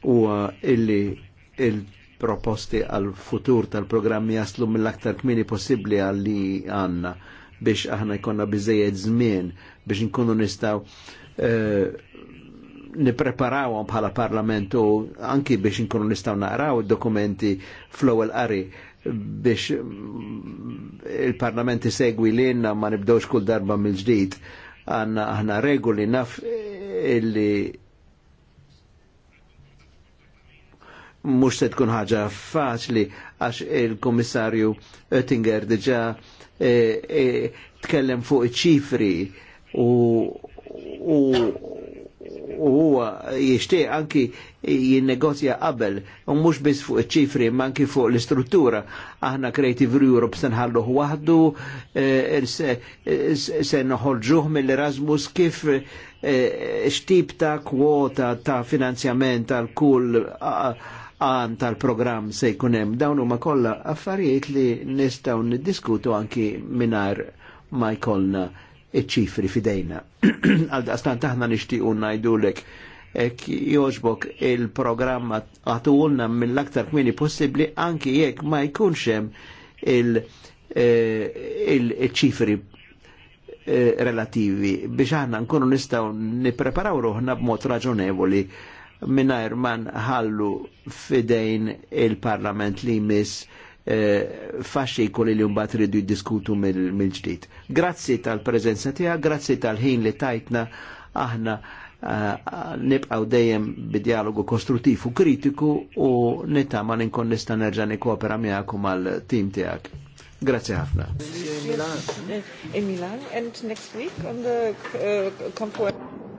u illi il-proposti għal-futur tal-programmi jaslu mill-aktar kmini possibli għalli għanna biex aħna jkonna bizzejed zmin biex nkunu nistaw uh, eh, nipreparawhom bħala parlamentu anki biex nkunu nistgħu naqraw id-dokumenti fl-ewwel qari biex il-parlament segwi li jenna ma nibdewx kull darba mill-ġdid għanna aħna regoli naf illi mux se tkun ħaġa faċli għax il-komissarju Oettinger diġa eh, eh, tkellem fuq iċ-ċifri u, u huwa jixtieq anki jinnegozja qabel u mhux biss fuq iċ-ċifri ma anki fuq l-istruttura. Aħna Creative Europe se nħalluh waħdu eh, er se eh, noħorġuh mill-Erasmus kif eh, xtib ta' kwota ta' finanzjament tal kull għan tal-program se jkunem. Dawn huma kollha affarijiet li nistgħu niddiskutu anki minar ma jkollna iċ-ċifri fidejna. *clears throat* Għal daqstan taħna nishtiqu najdulek joġbok il-programma għatulna mill-aktar kmini possibli anki jekk ma jkunx hemm eh, il-ċifri eh, relativi biex aħna nkunu nistgħu nippreparaw ruħna b'mod raġonevoli mingħajr ma ħallu fidejn il-Parlament li jmiss Eh, faxxi jkun li mbagħad ridu jiddiskutu mill-ġdid. Grazzi tal-preżenza tiegħek, grazzi tal-ħin li tajtna aħna eh, nibqaw dejjem bid-dialogu kostruttiv u kritiku u ma ninkon nista' nerġa' nikkopera miegħek mal-tim tiegħek. Grazie ħafna. In Milan and next week on the uh,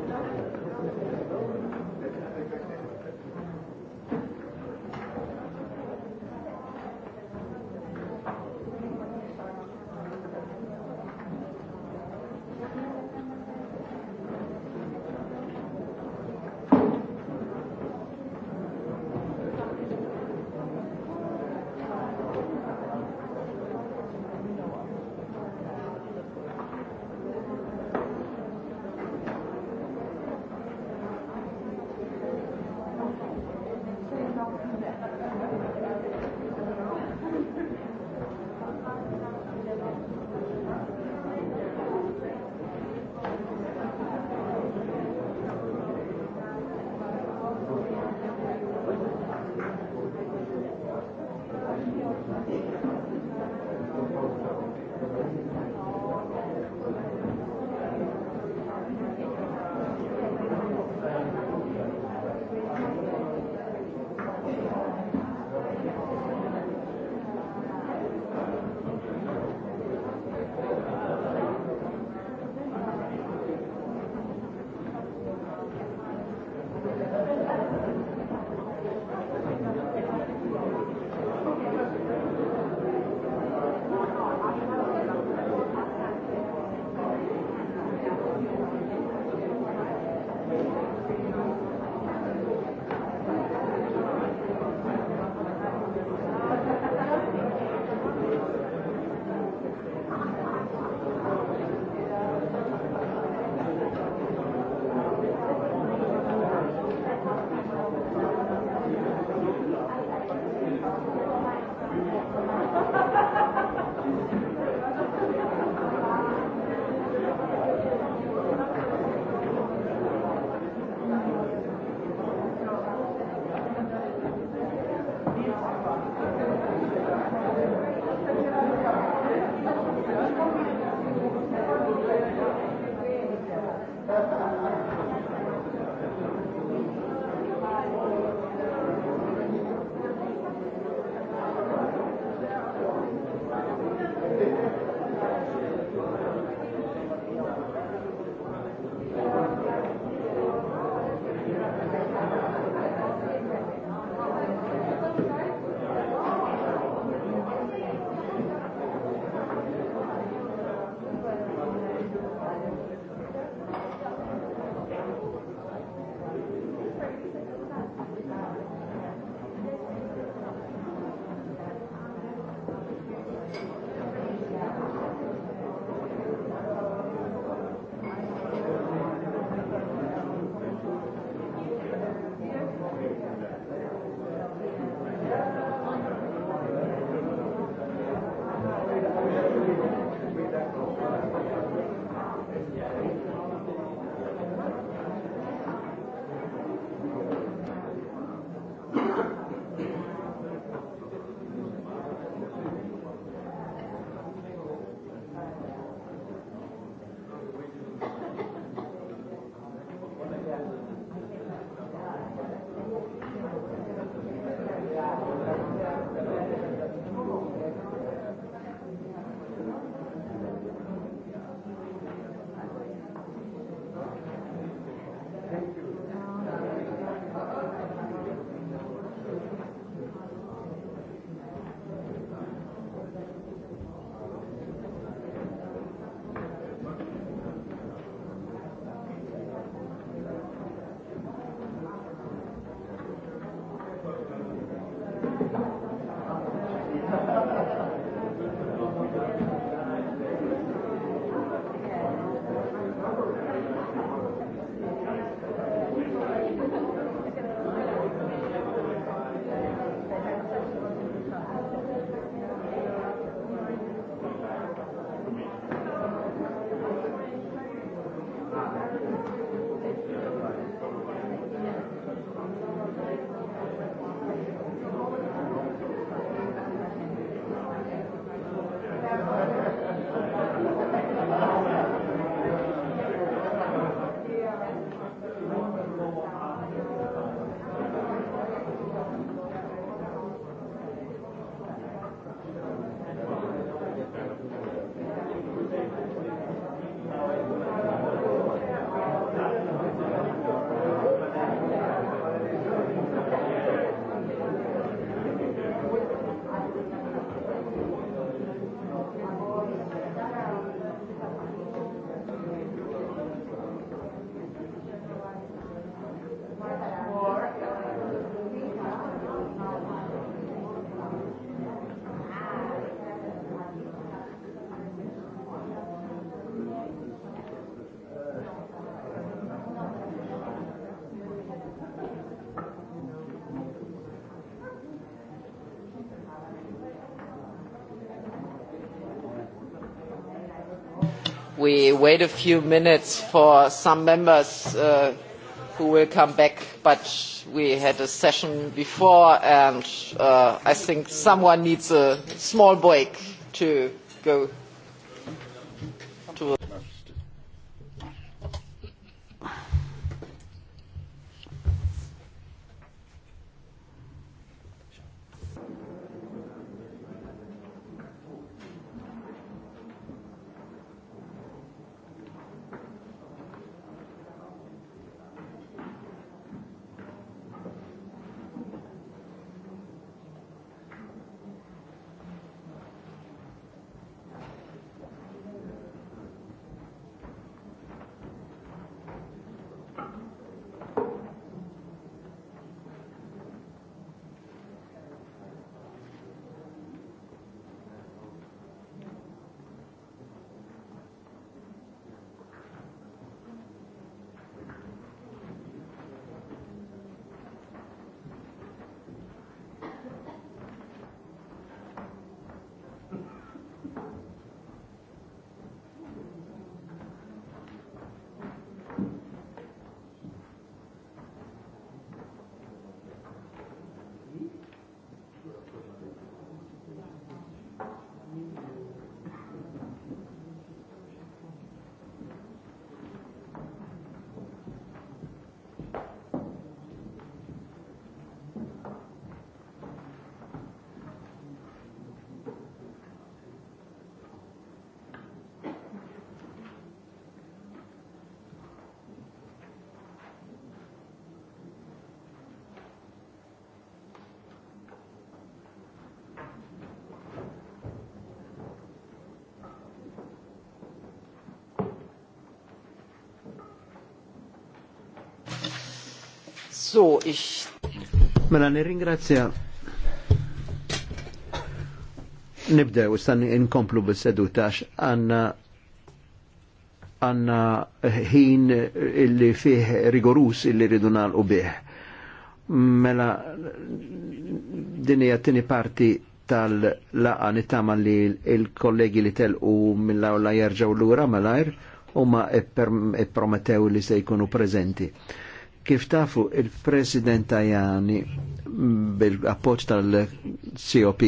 we wait a few minutes for some members uh, who will come back, but we had a session before, and uh, I think someone needs a small break to go So Mela nirringrazzja. Nibdew, istan inkomplu bis sedutax għax għanna għanna ħin illi fih rigorus illi ridu nagħlqu bih. Mela din hija t parti tal-laqa nittama li il-kollegi li telqu mill-awla jerġgħu lura malajr huma ippromettew li se jkunu preżenti. Kif tafu il-President Tajani bil-appoċ tal-COP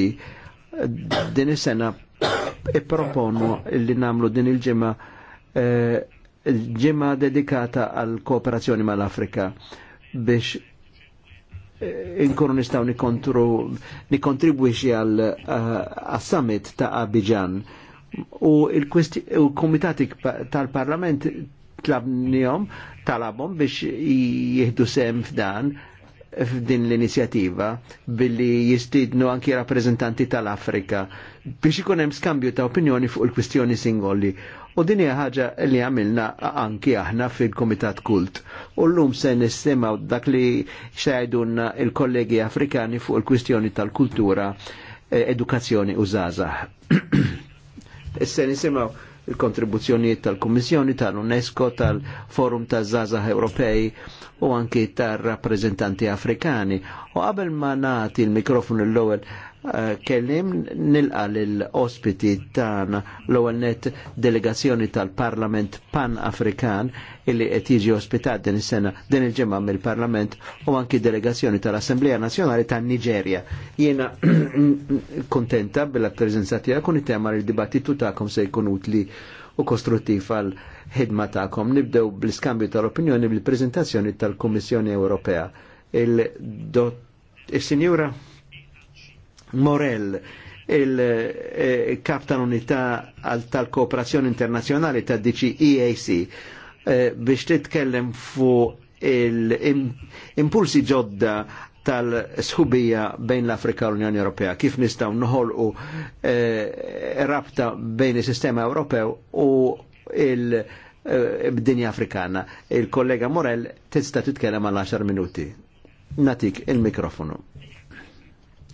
din is-sena ipproponu li namlu din il-ġimgħa eh, ġimgħa dedikata għal kooperazzjoni mal-Afrika biex eh, inkunu nistaw nikontribwixi għal eh, summit ta' Abidjan u il-komitati tal-parlament Tlabnijom talabhom biex jieħdu sem f'dan f'din l-inizjattiva billi jistidnu anki rappresentanti tal-Afrika biex ikun hemm skambju ta' opinjoni fuq il-kwistjoni singoli. U din hija ħaġa li għamilna anki aħna fil-Komitat Kult. U llum se nisimgħu dak li xajdunna il-kollegi Afrikani fuq il-kwistjoni tal-kultura, eh, edukazzjoni u żgħażagħ. se *clears throat* nisimgħu il-kontribuzzjonijiet tal kommissjoni tal-UNESCO, tal-Forum ta' Zaza Ewropej u anki tal rappreżentanti Afrikani. U qabel ma nati il-mikrofon l ewel Eh, kellim nilqa l-ospiti tan l-ewwel net delegazzjoni tal-Parlament Pan-Afrikan illi qed jiġi ospitat din is-sena din il-ġimgħa mill-Parlament u anki delegazzjoni tal-Assemblea Nazzjonali tan-Niġerja. Jiena *clears throat* kontenta bil-preżenza tiegħek kun it-tema li dibattitu tagħkom se jkun utli u kostruttiv għal ħidma tagħkom. Nibdew bl-iskambju tal-opinjoni bil-preżentazzjoni tal-Kummissjoni Ewropea. Il-dot il-Sinjura Morell il-kap eh, tal-unità tal-kooperazzjoni internazjonali ta' dc EAC eh, biex titkellem fu il-impulsi ġodda tal-sħubija bejn l-Afrika u l-Unjoni Ewropea, kif nistaw nħolqu eh, rabta bejn il-sistema Ewropew u il- b'dinja Afrikana. Il-kollega Morel tista titkellem għal 10 minuti. Natik il-mikrofonu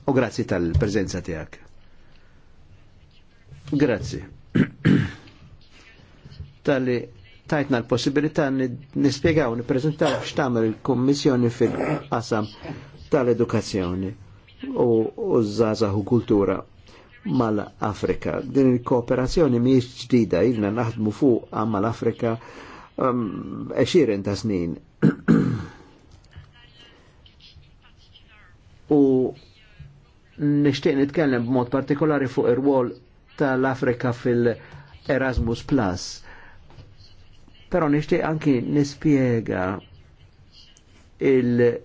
u grazzi tal-prezenza tiegħek. Grazzi. *clears throat* Tali tajtna l-possibilità nispiegaw, niprezentaw x'tagħmel il-Kommissjoni fil-qasam tal-edukazzjoni u Zazah u kultura mal-Afrika. Din il-kooperazzjoni mhijiex ġdida ilna naħdmu fuq mal-Afrika um, eċirin ta' snin. *clears throat* U nishtiq nitkellem b'mod partikolari fuq ir-wol tal-Afrika fil-Erasmus Plus. Però nishtiq anki nispjega il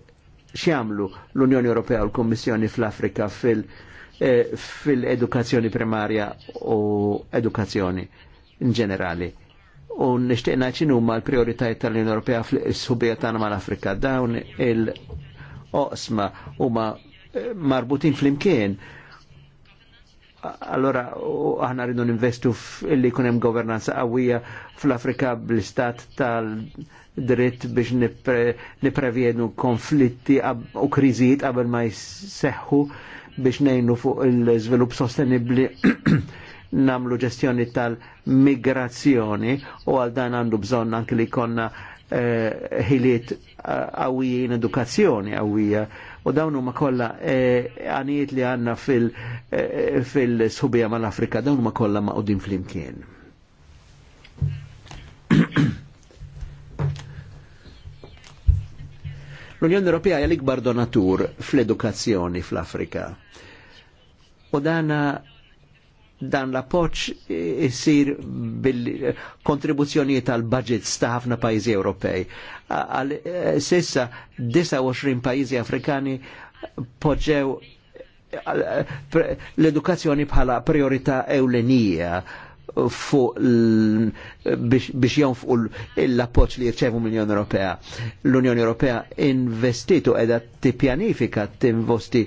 xjamlu l-Unjoni Ewropea u l-Kommissjoni fl-Afrika fil- eh, fil-edukazzjoni primarja u edukazzjoni in ġenerali. U nishtiq naċinu ma l-prioritajiet tal-Unjoni Ewropea fil subjetana mal-Afrika dawn il-oqsma huma marbutin fl-imkien. Allora, aħna rridu ninvestu li kunem governanza qawwija fl-Afrika bl-istat tal-dritt biex niprevjedu konflitti u kriżijiet qabel ma jseħħu biex nejnu fuq il-żvilupp sostenibli *clears throat* namlu ġestjoni tal-migrazzjoni u għal dan għandu bżonn anke li konna eh, ħiliet eh, in edukazzjoni għawija u dawn huma kollha eh, għaniet li għandna fil ma eh, mal-Afrika, dawn huma kollha uddin fl-imkien. *clears throat* L-Unjoni Ewropea hija l-ikbar donatur fl-edukazzjoni fl-Afrika. U dana dan l-appoċ jisir bil-kontribuzzjoni tal budget ta' ħafna pajizi Ewropej. Eh, sissa 29 pajizi Afrikani poġġew eh, l-edukazzjoni bħala priorità ewlenija fuq biex jonfqu l-appoċ li jirċevu mill-Unjoni Ewropea. L-Unjoni Ewropea investitu edha t-pjanifika t-investi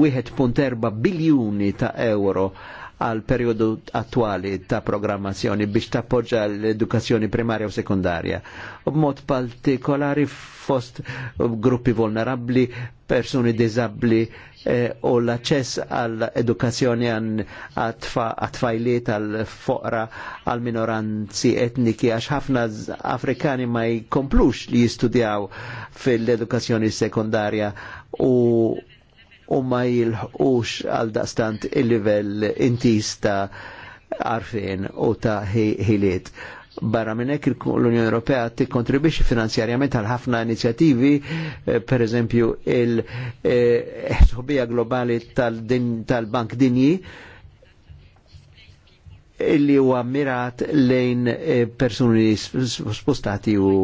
1.4 biljuni ta' euro għal periodu attuali ta' programmazzjoni biex tappoġġa l-edukazzjoni primarja u sekundarja. B'mod partikolari fost gruppi vulnerabli, persuni disabli eh, u l acċess għall edukazzjoni għat-tfajliet għal-foqra għal-minoranzi etniki għax ħafna Afrikani ma jkomplux li jistudjaw fil-edukazzjoni sekundarja u u ma jilħqux għal daqstant il-livell intis ta' arfin u ta' hiliet. Barra minn hekk l-Unjoni Ewropea tikkontribwixxi finanzjarjament għal ħafna inizjattivi, eh, per eżempju il-ħsobija eh, globali tal-Bank Dinji, illi huwa mirat lejn eh, persuni spostati u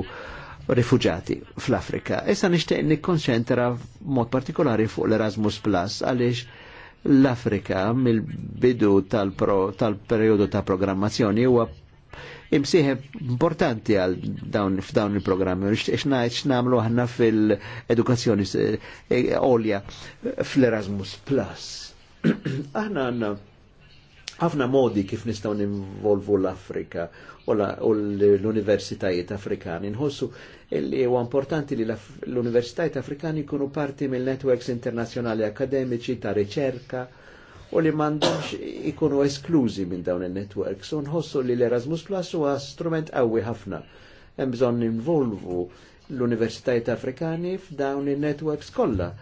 rifugjati fl-Afrika. Issa nixtieq nikkonċentra mod partikolari fuq l-Erasmus Plus għaliex l-Afrika mill-bidu tal-periodu tal ta' programmazzjoni huwa imsieħeb importanti għal dawn f'dawn il-programmi. U ngħid x'namlu aħna fil-edukazzjoni eh, għolja fl-Erasmus Plus. *clears throat* aħna għandna ħafna modi kif nistgħu nivolvu l-Afrika u l-universitajiet Afrikani. Nħossu illi huwa importanti li l-Universitajt Afrikani jkunu parti mill-networks internazzjonali akademiċi ta' riċerka u li m'għandhomx ikunu esklużi minn dawn il-networks. Unħossu li l-Erasmus Plus huwa strument qawwi ħafna. Hemm bżonn involvu l-Universitajt Afrikani f'dawn il-networks kollha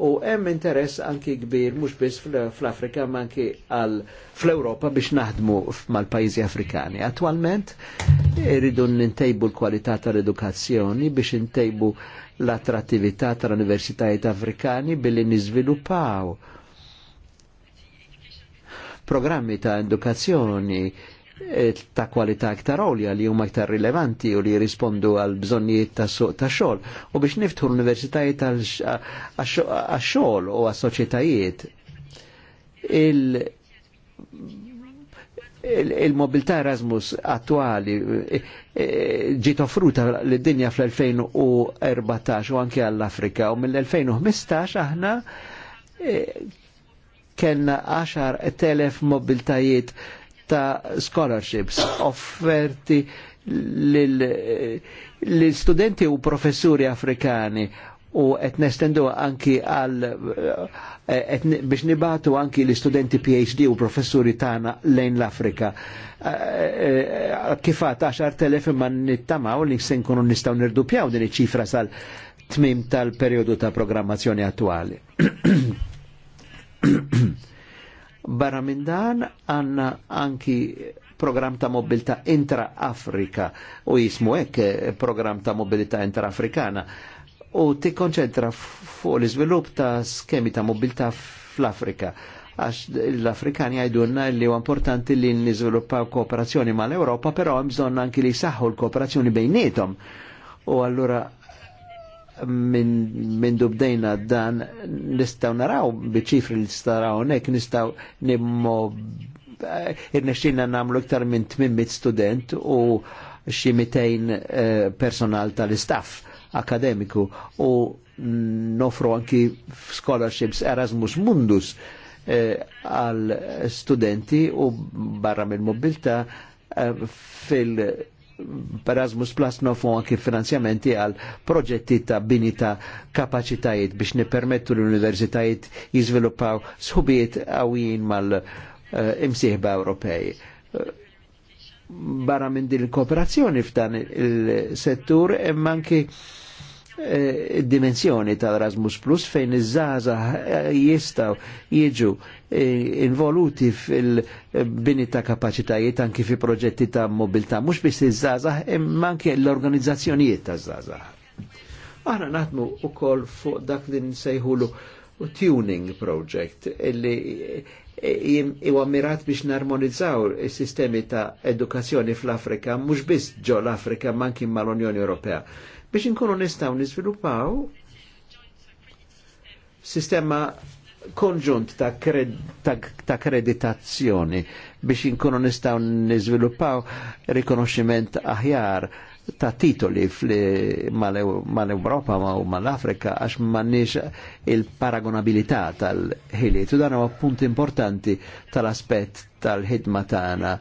u hemm interess anki kbir mhux biss fl-Afrika ma anki għal fl-Ewropa biex naħdmu mal-pajjiżi Afrikani. Attualment irridu nintejbu l-kwalità tal-edukazzjoni biex intejbu l-attrattività tal-Universitajiet Afrikani billi niżviluppaw programmi ta' edukazzjoni E, ta' kwalità iktar għolja li huma iktar rilevanti u li jirrispondu għal bżonnijiet ta' suq ta' xogħol u biex niftħu l-universitajiet għax-xogħol u għas-soċjetajiet. Il-mobilità Erasmus attuali e, e, ġiet offruta lid-dinja fl-2014 u anke għall-Afrika u mill-2015 aħna kellna 10,000 mobiltajiet ta' scholarships offerti l-studenti u professuri afrikani u et nestendu anki għal biex nibatu anki l-studenti PhD u professuri tana lejn l-Afrika. Eh, eh, kifat 10.000 ma nittamaw li se nkunu nistgħu nirdupjaw din iċ-ċifra sal tmim tal periodu ta' programmazzjoni attuali. *clears throat* Barra minn dan għanna anki program ta' mobilta intra-Afrika u jismu hekk eh, program ta' mobilta intra-Afrikana u ti konċentra fuq l izvilup ta' skemi ta' mobilta fl-Afrika għax l-Afrikani għajdunna li u importanti li nizviluppaw kooperazzjoni mal europa però hemm anki li saħħu l-kooperazzjoni bejnietom. U allura minn min dubdejna dan nistaw naraw biċifri li staraw nek nistaw nimmo eh, irnexxina namlu iktar minn 800 student u xi 200 eh, personal tal-istaff akademiku u nofru anki scholarships Erasmus Mundus eh, għal studenti u barra mill mobilta fil- Erasmus Plus nofu anki finanzjamenti għal proġetti ta' bini ta' kapacitajiet biex nipermettu l-universitajiet jizviluppaw sħubiet għawin mal-imsieħba Ewropej. Barra minn din il-kooperazzjoni f'dan il-settur, imma anki Eh, dimensjoni tal-Erasmus Plus fejn iż-żaza eh, jistaw jiġu eh, involuti fil-bini ta' kapacitajiet anki fi proġetti ta' mobilità, mhux biss iż-żaza imma anke l-organizzazzjonijiet ta' żaza. Aħna naħdmu ukoll fuq dak din nsejħulu tuning project illi huwa mirat biex narmonizzaw is-sistemi ta' edukazzjoni fl-Afrika, mhux biss ġol afrika manki mal-Unjoni Ewropea biex inkunu nistaw nisviluppaw sistema konġunt ta', kred, ta, ta kreditazzjoni biex inkunu nistaw niżviluppaw rikonoxximent aħjar ta' titoli mal-Europa ma u mal-Afrika għax mannix il-paragonabilità tal-ħiliet. U dan huwa punt importanti tal-aspett tal-ħidma tagħna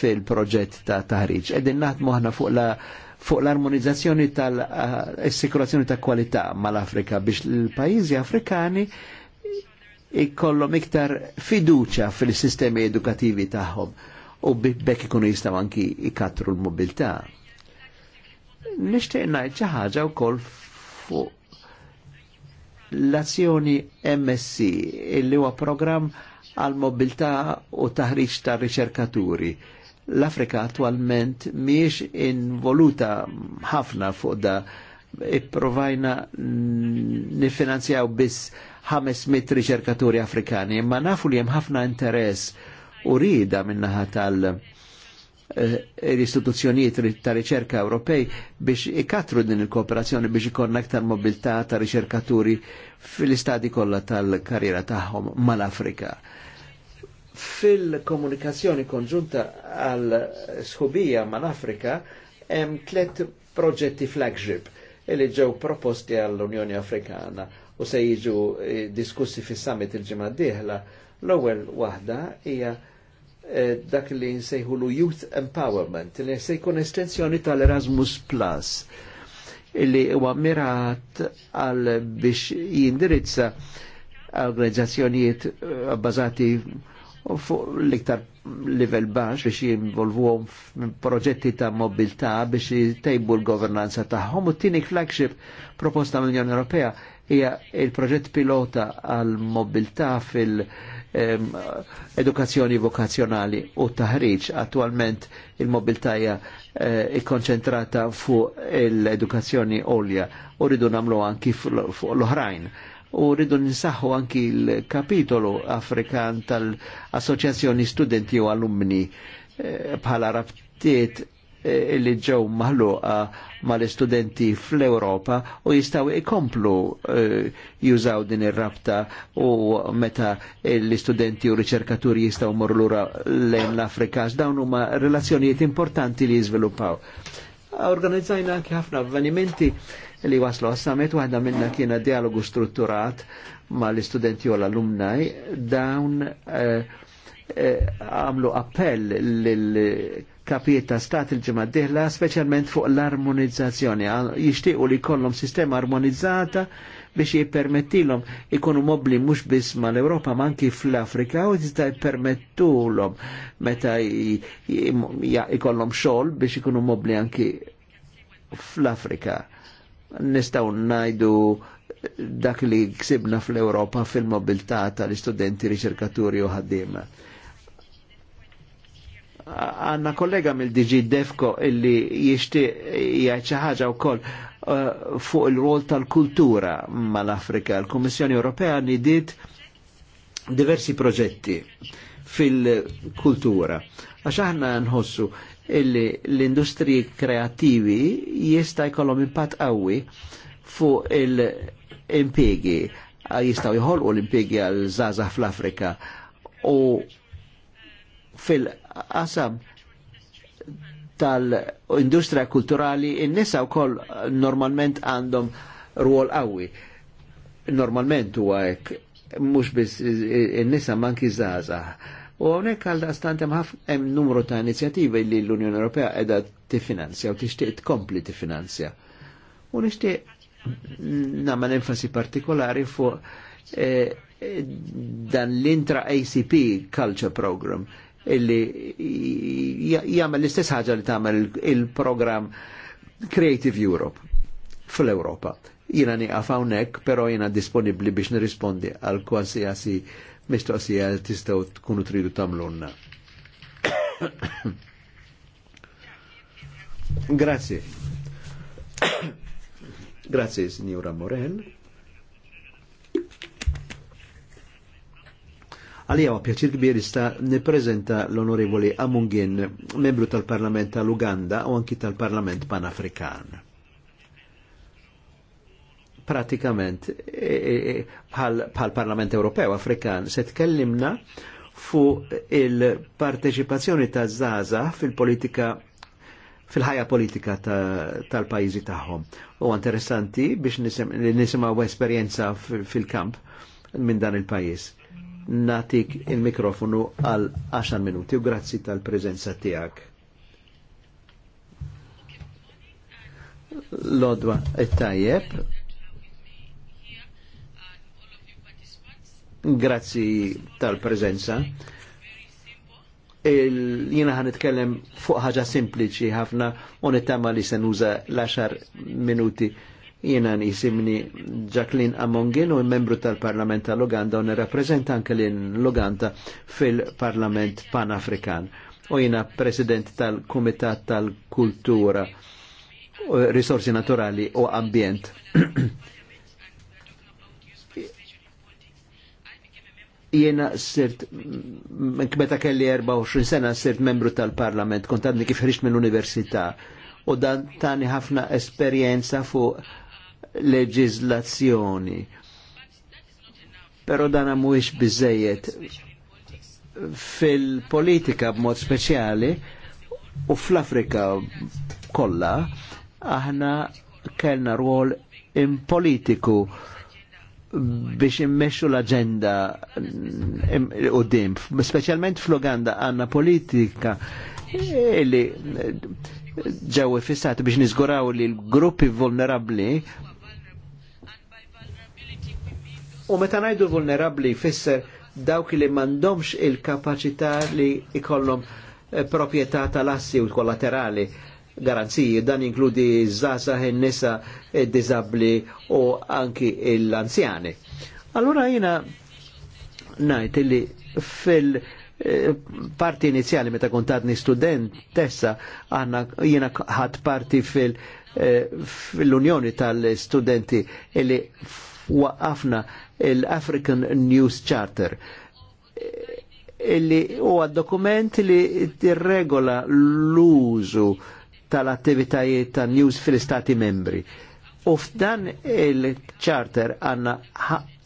fil-proġett ta' taħriġ. Qegħdin naħdmu aħna fuq la' fuq l-armonizzazzjoni tal-assikurazzjoni eh, ta' kwalità mal-Afrika biex l-pajjiżi Afrikani ikollhom iktar fiduċa fil-sistemi edukativi tagħhom u bibbek ikunu jistgħu anki ikattru l-mobilità. Nixtieq ngħid xi ħaġa wkoll fuq l-azzjoni MSC illi huwa programm għal mobilità u taħriġ tar riċerkaturi L-Afrika attualment miex involuta ħafna fuq da ipprovajna nifinanzjaw biss 500 riċerkaturi afrikani, imma nafu li hemm ħafna interess u rida minnaħa tal- eh, l-istituzzjonijiet ta' riċerka Ewropej biex ikatru din il-kooperazzjoni biex ikonna aktar mobilità ta' riċerkaturi fil-istadi kollha tal-karriera tagħhom mal-Afrika. Fil-komunikazzjoni konġunta għal sħubija mal-Afrika hemm tlet proġetti flagship li ġew proposti għall-Unjoni Afrikana u se jiġu eh, diskussi fis-summit il-ġimgħa dieħla L-ewwel waħda hija eh, dak li nsejħulu Youth Empowerment li se jkun estensjoni tal-Erasmus Plus illi huwa mirat għal biex jindirizza organizzazzjonijiet eh, bbażati uh, u fuq l-iktar livell baħx biex jinvolvuhom proġetti ta' mobilità biex jtejbu l-governanza ta' U t tini flagship proposta mill-Unjoni Ewropea hija il-proġett pilota għal mobilità fil- edukazzjoni vokazzjonali u taħriġ. Attualment il mobilta hija eh, ikkonċentrata fuq l-edukazzjoni olja u rridu namlu anki fuq l-oħrajn. Fu u rridu ninsaħħu anki l-kapitolu Afrikan tal-Assoċjazzjoni Studenti u Alumni eh, bħala rabtiet eh, li ġew maħluqa mal-istudenti fl-Europa u jistaw ikomplu eh, jużaw din ir-rabta u meta l-istudenti u riċerkaturi jistaw morlura lejn l-Afrika dawn huma relazzjonijiet importanti li jiżviluppaw. Organizzajna anke ħafna avvenimenti li waslu għas-summit, waħda minna kiena dialogu strutturat ma l-istudenti u l-alumnaj, dawn għamlu eh, eh, appell l kapiet ta' stat il-ġimma diħla, specialment fuq l-armonizzazzjoni, jishtiqu li kollom sistema armonizzata biex jippermettilom ikunu mobli mhux biss mal europa ma anki fl-Afrika u jista' jippermettulhom meta ikollhom xogħol biex ikunu mobli anki fl-Afrika nistaw najdu dak li ksibna fl-Europa fil-mobilità tal-istudenti riċerkaturi u ħaddiema. Għanna kollega mill-DG Defko illi jishti jgħajċa ħaġa u koll uh, fuq il-rol tal-kultura mal-Afrika. l komissjoni Ewropea nidit diversi proġetti fil-kultura. Għax aħna nħossu illi l-industriji kreativi jista' jkollhom impatt qawwi fuq il-impjegi jistgħu jħolqu l-impjegi għal żgħażagħ fl-Afrika u fil-qasam tal-industrija kulturali in-nisa wkoll normalment għandhom rwol qawwi. Normalment huwa hekk mhux biss in-nisa manki żgħażagħ U għonek għal stantem għaf hemm numru ta' inizjativi li l-Unjoni Ewropea edha t-finanzja u t-ixtiq t-kompli t-finanzja. U nixtieq namman enfasi partikolari fu eh, dan l-intra ACP Culture Program illi jagħmel l-istess ħaġa li tagħmel il program Creative Europe fl-Ewropa. Jina nieqaf hawnhekk, però jina disponibbli biex nirrispondi għal għasi mistoqsija li tistaw tkunu tridu tamlunna. Grazie. Grazie, signora Moren. Għalija għu pjaċir kbir ista neprezenta l-onorevoli Amungin, membru tal-Parlament tal-Uganda u anki tal-Parlament Pan-Afrikan pratikament e, e, e, bħal Parlament Ewropew Afrikan se tkellimna fu il-parteċipazzjoni ta' Zaza fil-politika fil-ħajja politika tal-pajizi ta tagħhom. U interessanti biex nisimgħu esperjenza fil-kamp minn dan il-pajjiż. Natik il-mikrofonu għal 10 minuti u grazzi tal-preżenza tiegħek. Lodwa it-tajjeb Grazzi tal-prezenza. Jina ħan itkellem fuq ħaġa simpliċi ħafna u nittama li se nuża l-10 minuti jina nisimni Jacqueline Amongin u membru tal-Parlament tal-Uganda u nirrapprezenta anke l-Uganda fil-Parlament Pan-Afrikan u jina President tal-Kumitat tal-Kultura, Risorsi Naturali u Ambient. *clears throat* Jiena sirt, meta kelli 24 sena sirt membru tal-parlament, kontadni għadni kif ħriġt mill-università u dan tani ħafna esperienza fu leġizlazzjoni. Pero dan mhuwiex biżejjed fil-politika b'mod speċjali u fl-Afrika kollha aħna kellna rwol impolitiku politiku biex immexxu l-agenda u dim. Specialment fl-Uganda għanna politika li ġewi fissat biex nizguraw li l-gruppi vulnerabli u meta najdu vulnerabli fisser dawk li mandomx il-kapacità li ikollhom eh, proprjetà tal-assi u kollaterali garanziji. Dan inkludi zaza, nisa eh, disabli u anki l-anzjani. Allora jina najt li fil- eh, parti inizjali meta kontatni student tessa għanna jena ħat parti fil- eh, fil-Unjoni tal-Studenti illi waqafna l-African News Charter illi huwa dokument li tirregola l-użu tal-attivitajiet ta' news fil-Stati membri. U f'dan il-charter għanna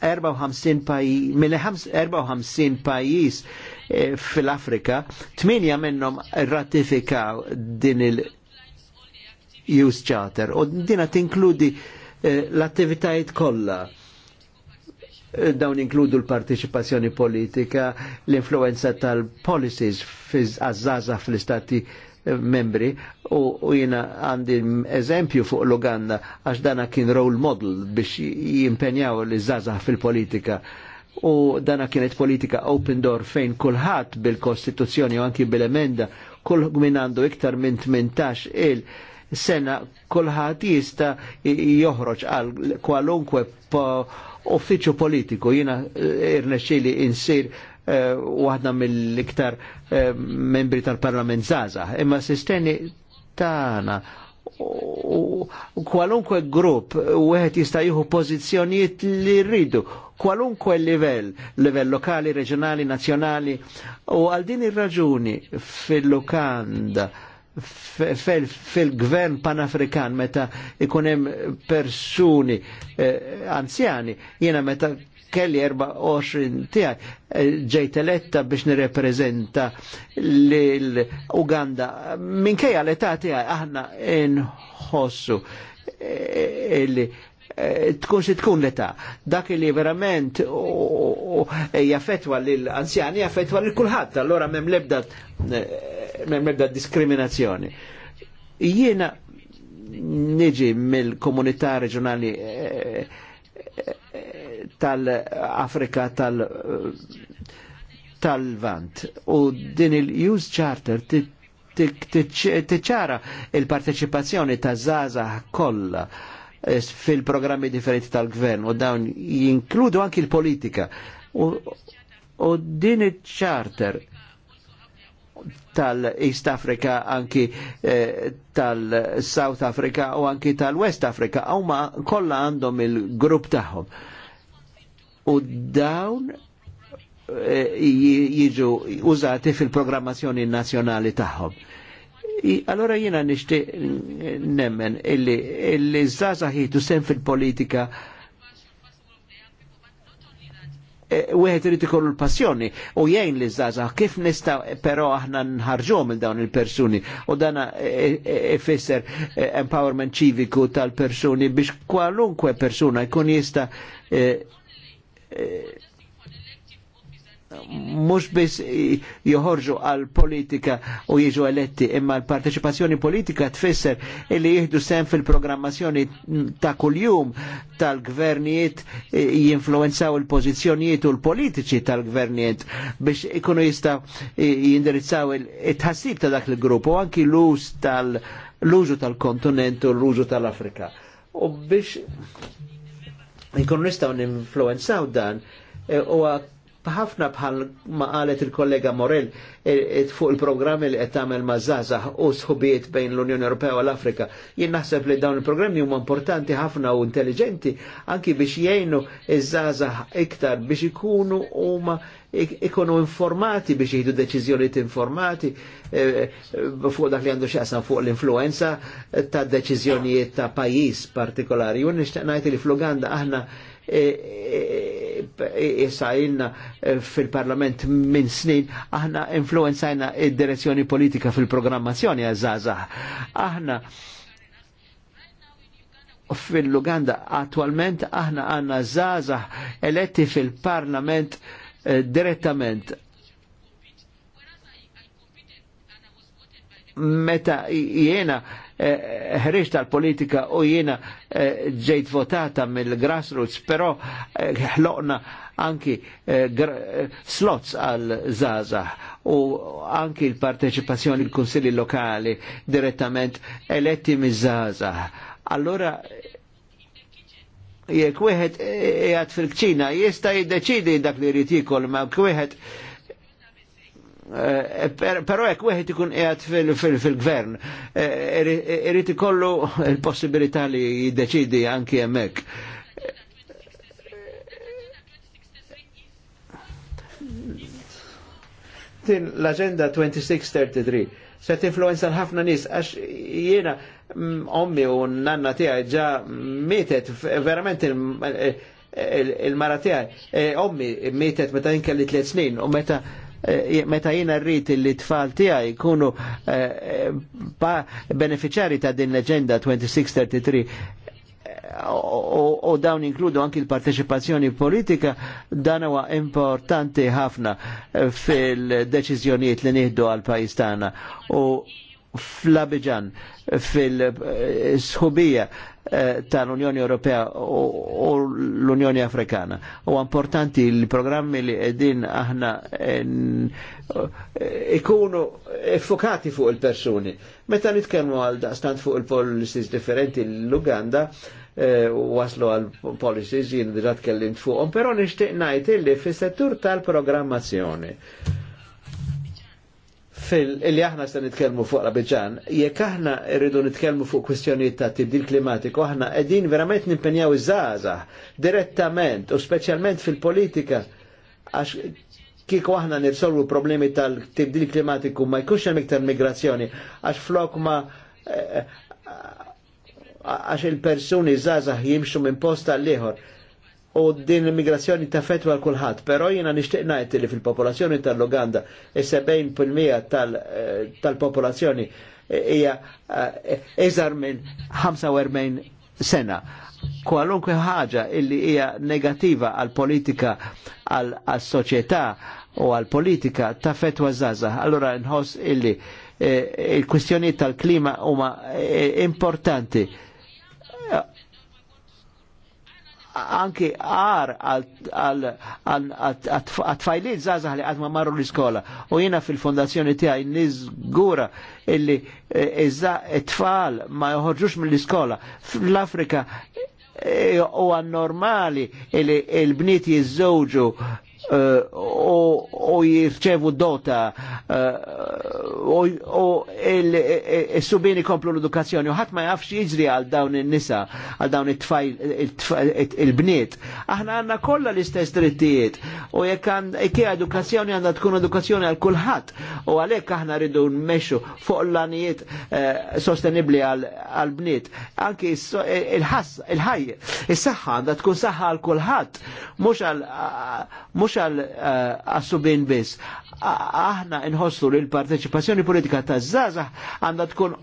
54 pajis, mill-54 eh, pajis fil-Afrika, 8 minnom ratifikaw din il use Charter u dina tinkludi eh, l-attivitajiet kolla eh, dawn inkludu l-partiċipazzjoni politika, l-influenza tal-policies għazzaza fl-istati membri u, u jina għandi eżempju fuq l-Uganda għax dana kien role model biex jimpenjaw li zazah fil-politika u dana kienet politika open door fejn kulħadd bil-Kostituzzjoni u anki bil-emenda kull min għandu iktar minn 18 il sena kulħadd jista joħroġ għal kwalunkwe po politiku jina eh, irnexxieli insir waħda eh, mill-iktar eh, membri tal-Parlament Zaza. Imma sisteni tana kwalunkwe grupp wieħed jista' jieħu pożizzjonijiet li rridu kwalunkwe livell, livell lokali, regionali, nazzjonali, u għal din ir-raġuni fil-Lukanda fil-gvern panafrikan meta ikunem hemm persuni eh, anzjani, jiena meta kelli 24 tijaj eh, ġejt eletta biex nirreprezenta l-Uganda. Minkejja l-età tijaj aħna nħossu eh, illi eh, tkun si tkun l-età. Dak li verament jaffetwa l-anzjani, jaffetwa l-kulħadd, allora mem lebda mem lebda diskriminazzjoni. Jiena niġi mill-komunità reġjonali tal-Afrika tal-Vant. U din il-Use Charter tiċċara il-parteċipazzjoni ta' Zaza kolla eh, fil-programmi differenti tal-gvern u dawn jinkludu anki l-politika. U din il-charter tal-East Africa, anki eh, tal-South Africa u anki tal-West Africa, għawma kolla għandhom il-grupp taħħom u dawn eh, jiġu użati fil-programmazzjoni nazjonali tagħhom. Allora jiena nixtieq nemmen illi illi żgħażagħ jieħdu sem fil-politika eh, wieħed irid ikollu l-passjoni u jgħin li żgħażagħ kif nistgħu però aħna nħarġuhom minn dawn il-persuni u dana eh, ifisser empowerment ċiviku tal-persuni biex kwalunkwe persuna jkun jista' mux biss joħorġu għal politika u jiġu eletti imma l-parteċipazzjoni politika tfisser illi jihdu sem fil-programmazzjoni ta' kuljum tal-gvernijiet e, jinfluenzaw il-pozizjonijiet u l-politiċi tal-gvernijiet biex ikunu jista e, jindirizzaw il-tħassib ta' dak il-grupp u anki l-użu tal-kontinent u l-użu tal-Afrika. U biex nistaw nistgħu influenzaw dan eh, u e, ħafna bħal ma qalet il-kollega Morel e, e, fuq il-programmi li qed tagħmel maż-żgħażagħ u sħubiet bejn l-Unjoni Ewropea u l-Afrika. Jien naħseb li dawn il-programmi huma importanti ħafna u intelligenti anki biex jgħinu iż żgħażagħ iktar biex ikunu huma ikunu informati biex jieħdu deċiżjonijiet informati e, fuq dak li għandu xaqsan fuq l-influenza ta' deċiżjonijiet ta' pajjiż partikolari. Jien nixtieq ngħid li fl-Uganda aħna jisajilna eh, fil-parlament minn snin, aħna influenzajna id-direzzjoni politika fil-programmazzjoni għazzaza. Aħna fil-Luganda attualment aħna għanna zaza eletti fil-parlament eh, direttament meta jiena Eh, ħriġ tal-politika u jiena eh, ġejt votata mill-grassroots, però eh, ħloqna anki slots għal zaza u anki l-parteċipazzjoni l konsili lokali direttament eletti miż zaza Allora jek wieħed jgħat fil ċina jista' jiddeċidi dak li rritikol, ma' wieħed Eh, eh, Pero jekk wieħed ikun qiegħed fil-gvern, eh, irid ikollu il possibilità li jiddeċidi anki hemmhekk. L-Agenda 2633 set influenza l-ħafna nies għax jiena mm, ommi u nanna tiegħi ġa mietet verament il-mara tiegħi ommi mietet meta jinkelli tliet snin u meta Eh, eh, meta jina rrit li tfal tiegħi jkunu eh, beneficjari ta' din leġenda 2633 u dawn inkludu anki l-parteċipazzjoni politika dan huwa importanti ħafna fil-deċiżjonijiet li nieħdu għal pajistana u fl fil-sħubija Eh, tal-Unjoni Ewropea u l-Unjoni Afrikana. U importanti l-programmi li edin aħna eh, ikunu effokati fuq il-persuni. Meta nitkellmu għal daqstant fuq il-policies differenti l-Uganda, eh, waslu għal policies jien diġa tkellimt fuqhom, però nixtieq ngħid li fis-settur tal-programmazzjoni fil-li aħna se nitkellmu fuq Rabiġan, jekk aħna rridu nitkellmu fuq kwistjonijiet ta' tibdil klimatiku, aħna qegħdin verament nimpenjaw iż-żgħażagħ direttament u speċjalment fil-politika għax kik aħna nirsolvu problemi tal-tibdil klimatiku ma jkunx hemm iktar migrazzjoni għax flok ma eh, eh, għax il-persuni żgħażagħ jimxu minn posta l-ieħor u din l-immigrazzjoni ta' fetwa l-kulħat, pero jina nishtiq najt li fil-popolazzjoni tal-Luganda, e il-70% eh, tal-popolazzjoni hija iżar eh, minn 45 sena. Kwalunkwe ħaġa illi hija negativa għal politika għal soċjetà u għal politika ta' fetwa zaza. Allora nħoss illi eh, il-kwistjoni tal-klima huma importanti anki għar għal-tfajliet zazah li għadma marru l-iskola. U jina fil-fondazzjoni tijaj gura illi e, izza tfal ma joħorġux mill-iskola. Fl-Afrika e, u normali illi il-bniet jizzowġu u eh, jirċevu dota u eh, il-subini e, e, e komplu l-edukazzjoni u ħat ma jafx jiġri għal dawn il-nisa għal dawn il-bniet aħna għanna kolla l-istess drittijiet u jek ikki edukazzjoni għanda tkun edukazzjoni għal kulħadd u għalek aħna rridu nmexxu fuq l-lanijiet eh, sostenibli għal bniet anki il il-ħajj. is-saħħa għandha tkun saħħa għal kulħadd mhux għal eh, assubin biss. Aħna nħossu li l-parteċipazzjoni politika taż Zaza għandha tkun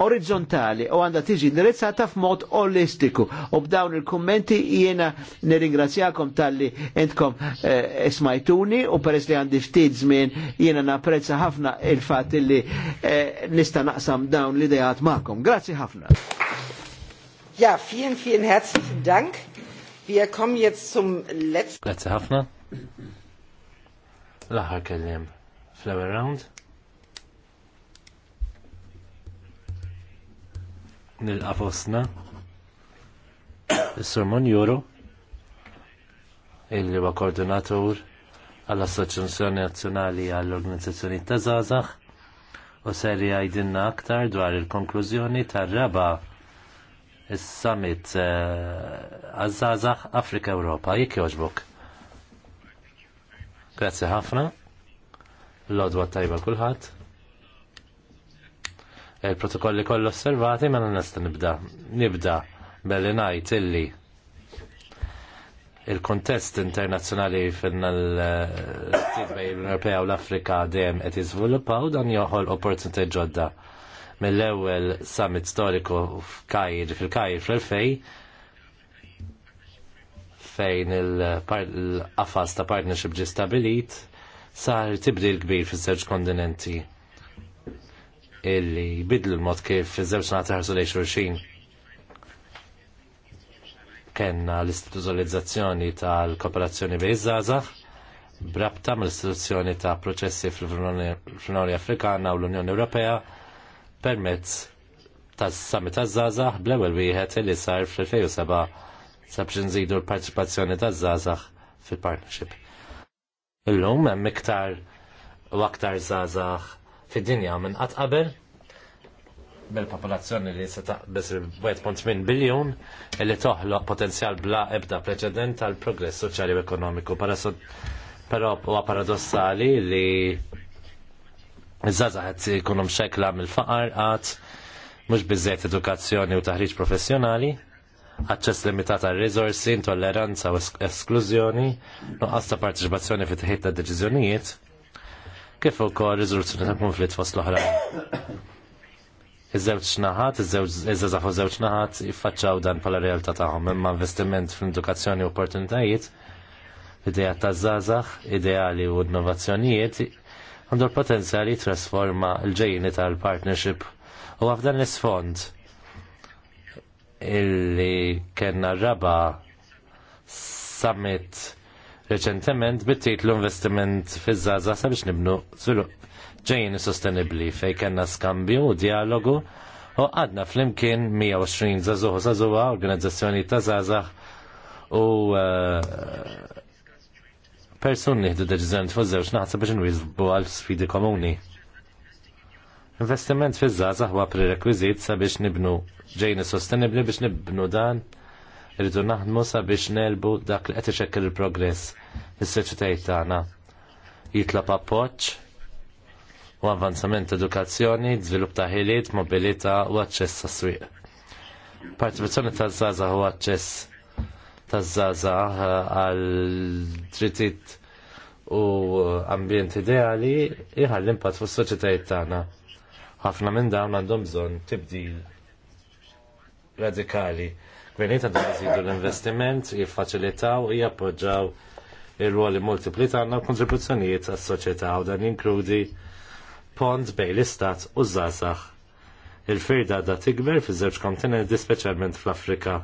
orizzontali u għanda tiġi indirizzata f'mod olistiku. U b'dawn il-kummenti jiena nirringrazzjakom tal-li entkom eh, smajtuni u peress li għandi ftit żmien jiena napprezza ħafna il fat li eh, nista' naqsam dawn l-idejat ma'kom. Grazzi ħafna. Ja, vielen, vielen herzlichen Dank. Wir kommen jetzt zum letzten. Letzte ħafna. L-aħħar kellem. Flower round. Nilqa' Afosna. Sermon sur Il illi huwa koordinatur għall-Assoċjazzjoni Nazzjonali għall-Organizzazzjoni ta' Zazax u ser għajdinna aktar dwar il-konklużjoni tar-raba' is-summit għazzazax eh, Afrika europa jek joġbok. Grazzi ħafna. L-odwa tajba kulħadd. Il-protokolli kollu osservati ma mela nista nibda. Nibda belli ngħid illi il-kontest internazzjonali fin l-stit eh, l-Europea u l-Afrika dejjem qed jiżviluppaw dan joħol opportunità ġodda mill-ewwel summit storiku f'Kajr fil-Kajr fl fej fejn il-qafas ta' partnership ġi stabilit sar tibdil kbir fis żewġ kontinenti illi bidlu l-mod kif iż-żewġ nagħti ħarsu lejn xulxin. Kenna l-istituzzjonizzazzjoni tal-kooperazzjoni bej iż-żgħażagħ brabta mill-istituzzjoni ta' proċessi fl-Unjoni Afrikana u l-Unjoni Ewropea permezz ta' summit taż Zazax bl-ewwel wieħed li sar fl-2007 sabx nżidu l-parteċipazzjoni taż Zazax fil-partnership. Illum hemm iktar u aktar Zazax fid-dinja minn qatt qabel bil-popolazzjoni li se bis 1.8 biljun li toħloq potenzjal bla ebda preċedent tal progress soċjali u ekonomiku. Però huwa paradossali li Iż-żaza ikunhom ikunum xekla mill-faqar għad mux bizzet edukazzjoni u taħriġ professjonali, aċċess limitat għal resorsi intolleranza u esklużjoni, nuqqas ta' parteċipazzjoni fit tħid ta' deċiżjonijiet, kif ukoll riżoluzzjoni ta' konflitt fost l-oħra. Iż-żewġ naħat, iż-żewġ u żewġ naħat jiffaċċaw dan bħala realtà tagħhom imma investiment fl-edukazzjoni u opportunitajiet, ideja ta' żgħażagħ, ideali u innovazzjonijiet għandu l-potenzjal jitrasforma l-ġejni tal-partnership u għafdan l-sfond illi kena raba summit reċentement bit-titlu investiment fi zaza sabiex nibnu ġejni sostenibli fej kena skambju u dialogu u għadna fl-imkien 120 zazuħu zazuħa organizzazzjoni ta' zazax u uh, persuni ħdu deċiżjoni fazzewx naħseb biex nwiżbu għal sfidi komuni. Investiment fi żgħażagħ huwa prerekwiżit sabiex nibnu ġejni sostenibbli biex nibnu dan irridu naħdmu sabiex nelbu dak li qed ixekkel il-progress fis-soċjetajiet tagħna. Jitlob appoġġ u avvanzament edukazzjoni, żvilupp ta' ħiliet, mobilità u aċċess tas-swieq. Partizipazzjoni ta' żgħażagħ u aċċess taż-żaza eh, għal drittijiet u ambjent ideali iħall impatt fuq is-soċjetajiet tagħna. Ħafna minn dawn għandhom bżonn tibdil radikali. gwenita għandhom jżidu l-investiment, jiffaċilitaw, jappoġġaw ir-ruoli multipli tagħna u kontribuzzjonijiet għas-soċjetà u dan jinkludi pont bejn l-istat u żgħażagħ. Il-firda da tikber fi żewġ kontinenti speċjalment fl-Afrika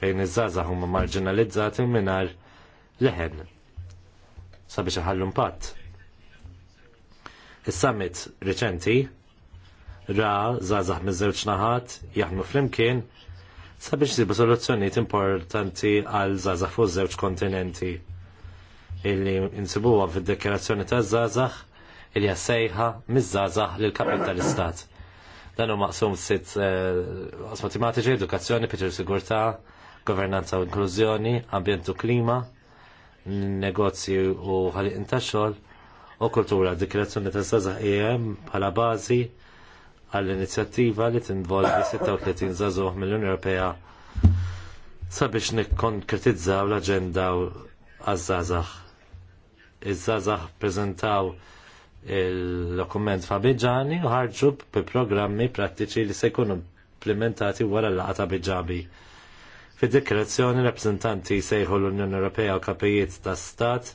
fejn iż-żaza huma marginalizzati minar leħen sabiex iħallu impatt. Is-summit reċenti ra żazaħ miż-żewġ naħat jaħdmu flimkien sabiex jsibu soluzzjonijiet importanti għal żazaħ fuq żewġ kontinenti illi insibuha fid-dekkerazzjoni ta' żazaħ illi jassejħa miż żazaħ lil kapital tal-istat. Dan hu maqsum sitt qasma eh, tematiċi, edukazzjoni, piċir sigurtà, governanza u inklużjoni, ambjent u klima, negozji u ħalliq intaxxol, xogħol u kultura. Dikrazzjoni ta' żgħażagħ EM bħala bażi għall-inizjattiva li tinvolvi 36 żagħżugħ mill-Unjoni Ewropea sabiex nikkonkretizzaw l-aġenda għaż-żgħażagħ. Iż-żgħażagħ preżentaw il-dokument fabiġani u ħarġu bi programmi prattiċi li se jkunu implementati wara l ta' biġabi Fid-dikjerazzjoni rappresentanti jsejħu l-Unjoni Ewropea u kapijiet ta' stat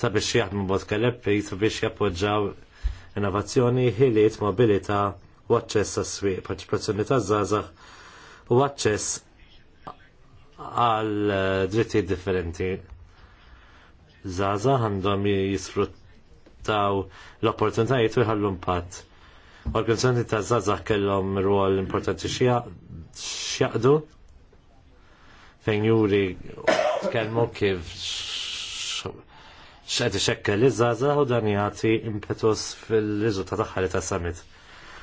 sabiex jaħdmu bot kalepi sabiex jappoġġaw innovazzjoni, ħiliet, mobilità u aċċess għas swieq parċipazzjoni ta' żgħażagħ u aċċess għal dritti differenti. Zaza għandhom jisfruttaw l-opportunitajiet u jħallu impatt. Organizzanti ta' Zaza kellhom rwol importanti xjaqdu fejn tkellmu kif xed ixekkel iż-żgħażagħ u dan jagħti impetus fil-riżultat aħħari ta' summit.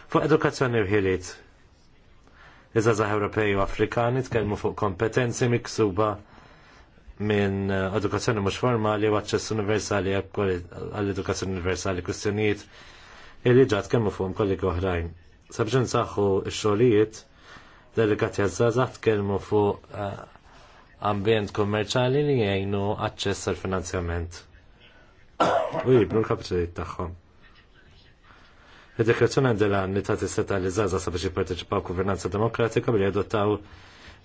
Fuq edukazzjoni u ħiliet. iż Ewropej u Afrikani tkellmu fuq kompetenzi miksuba minn edukazzjoni mhux formali u aċċess universali għall-edukazzjoni universali kwistjonijiet illi ġat tkellmu fuqhom kollegi oħrajn. Sabġin saħħu x-xogħlijiet delikati għaż tkellmu fuq ambjent kummerċali li jgħinu aċċess għal finanzjament. U jibnu l-kapitalit tagħhom. Id-dekrazzjoni għandela li s seta' li zaza sabiex jipparteċipaw kuvernanza demokratika billi jadottaw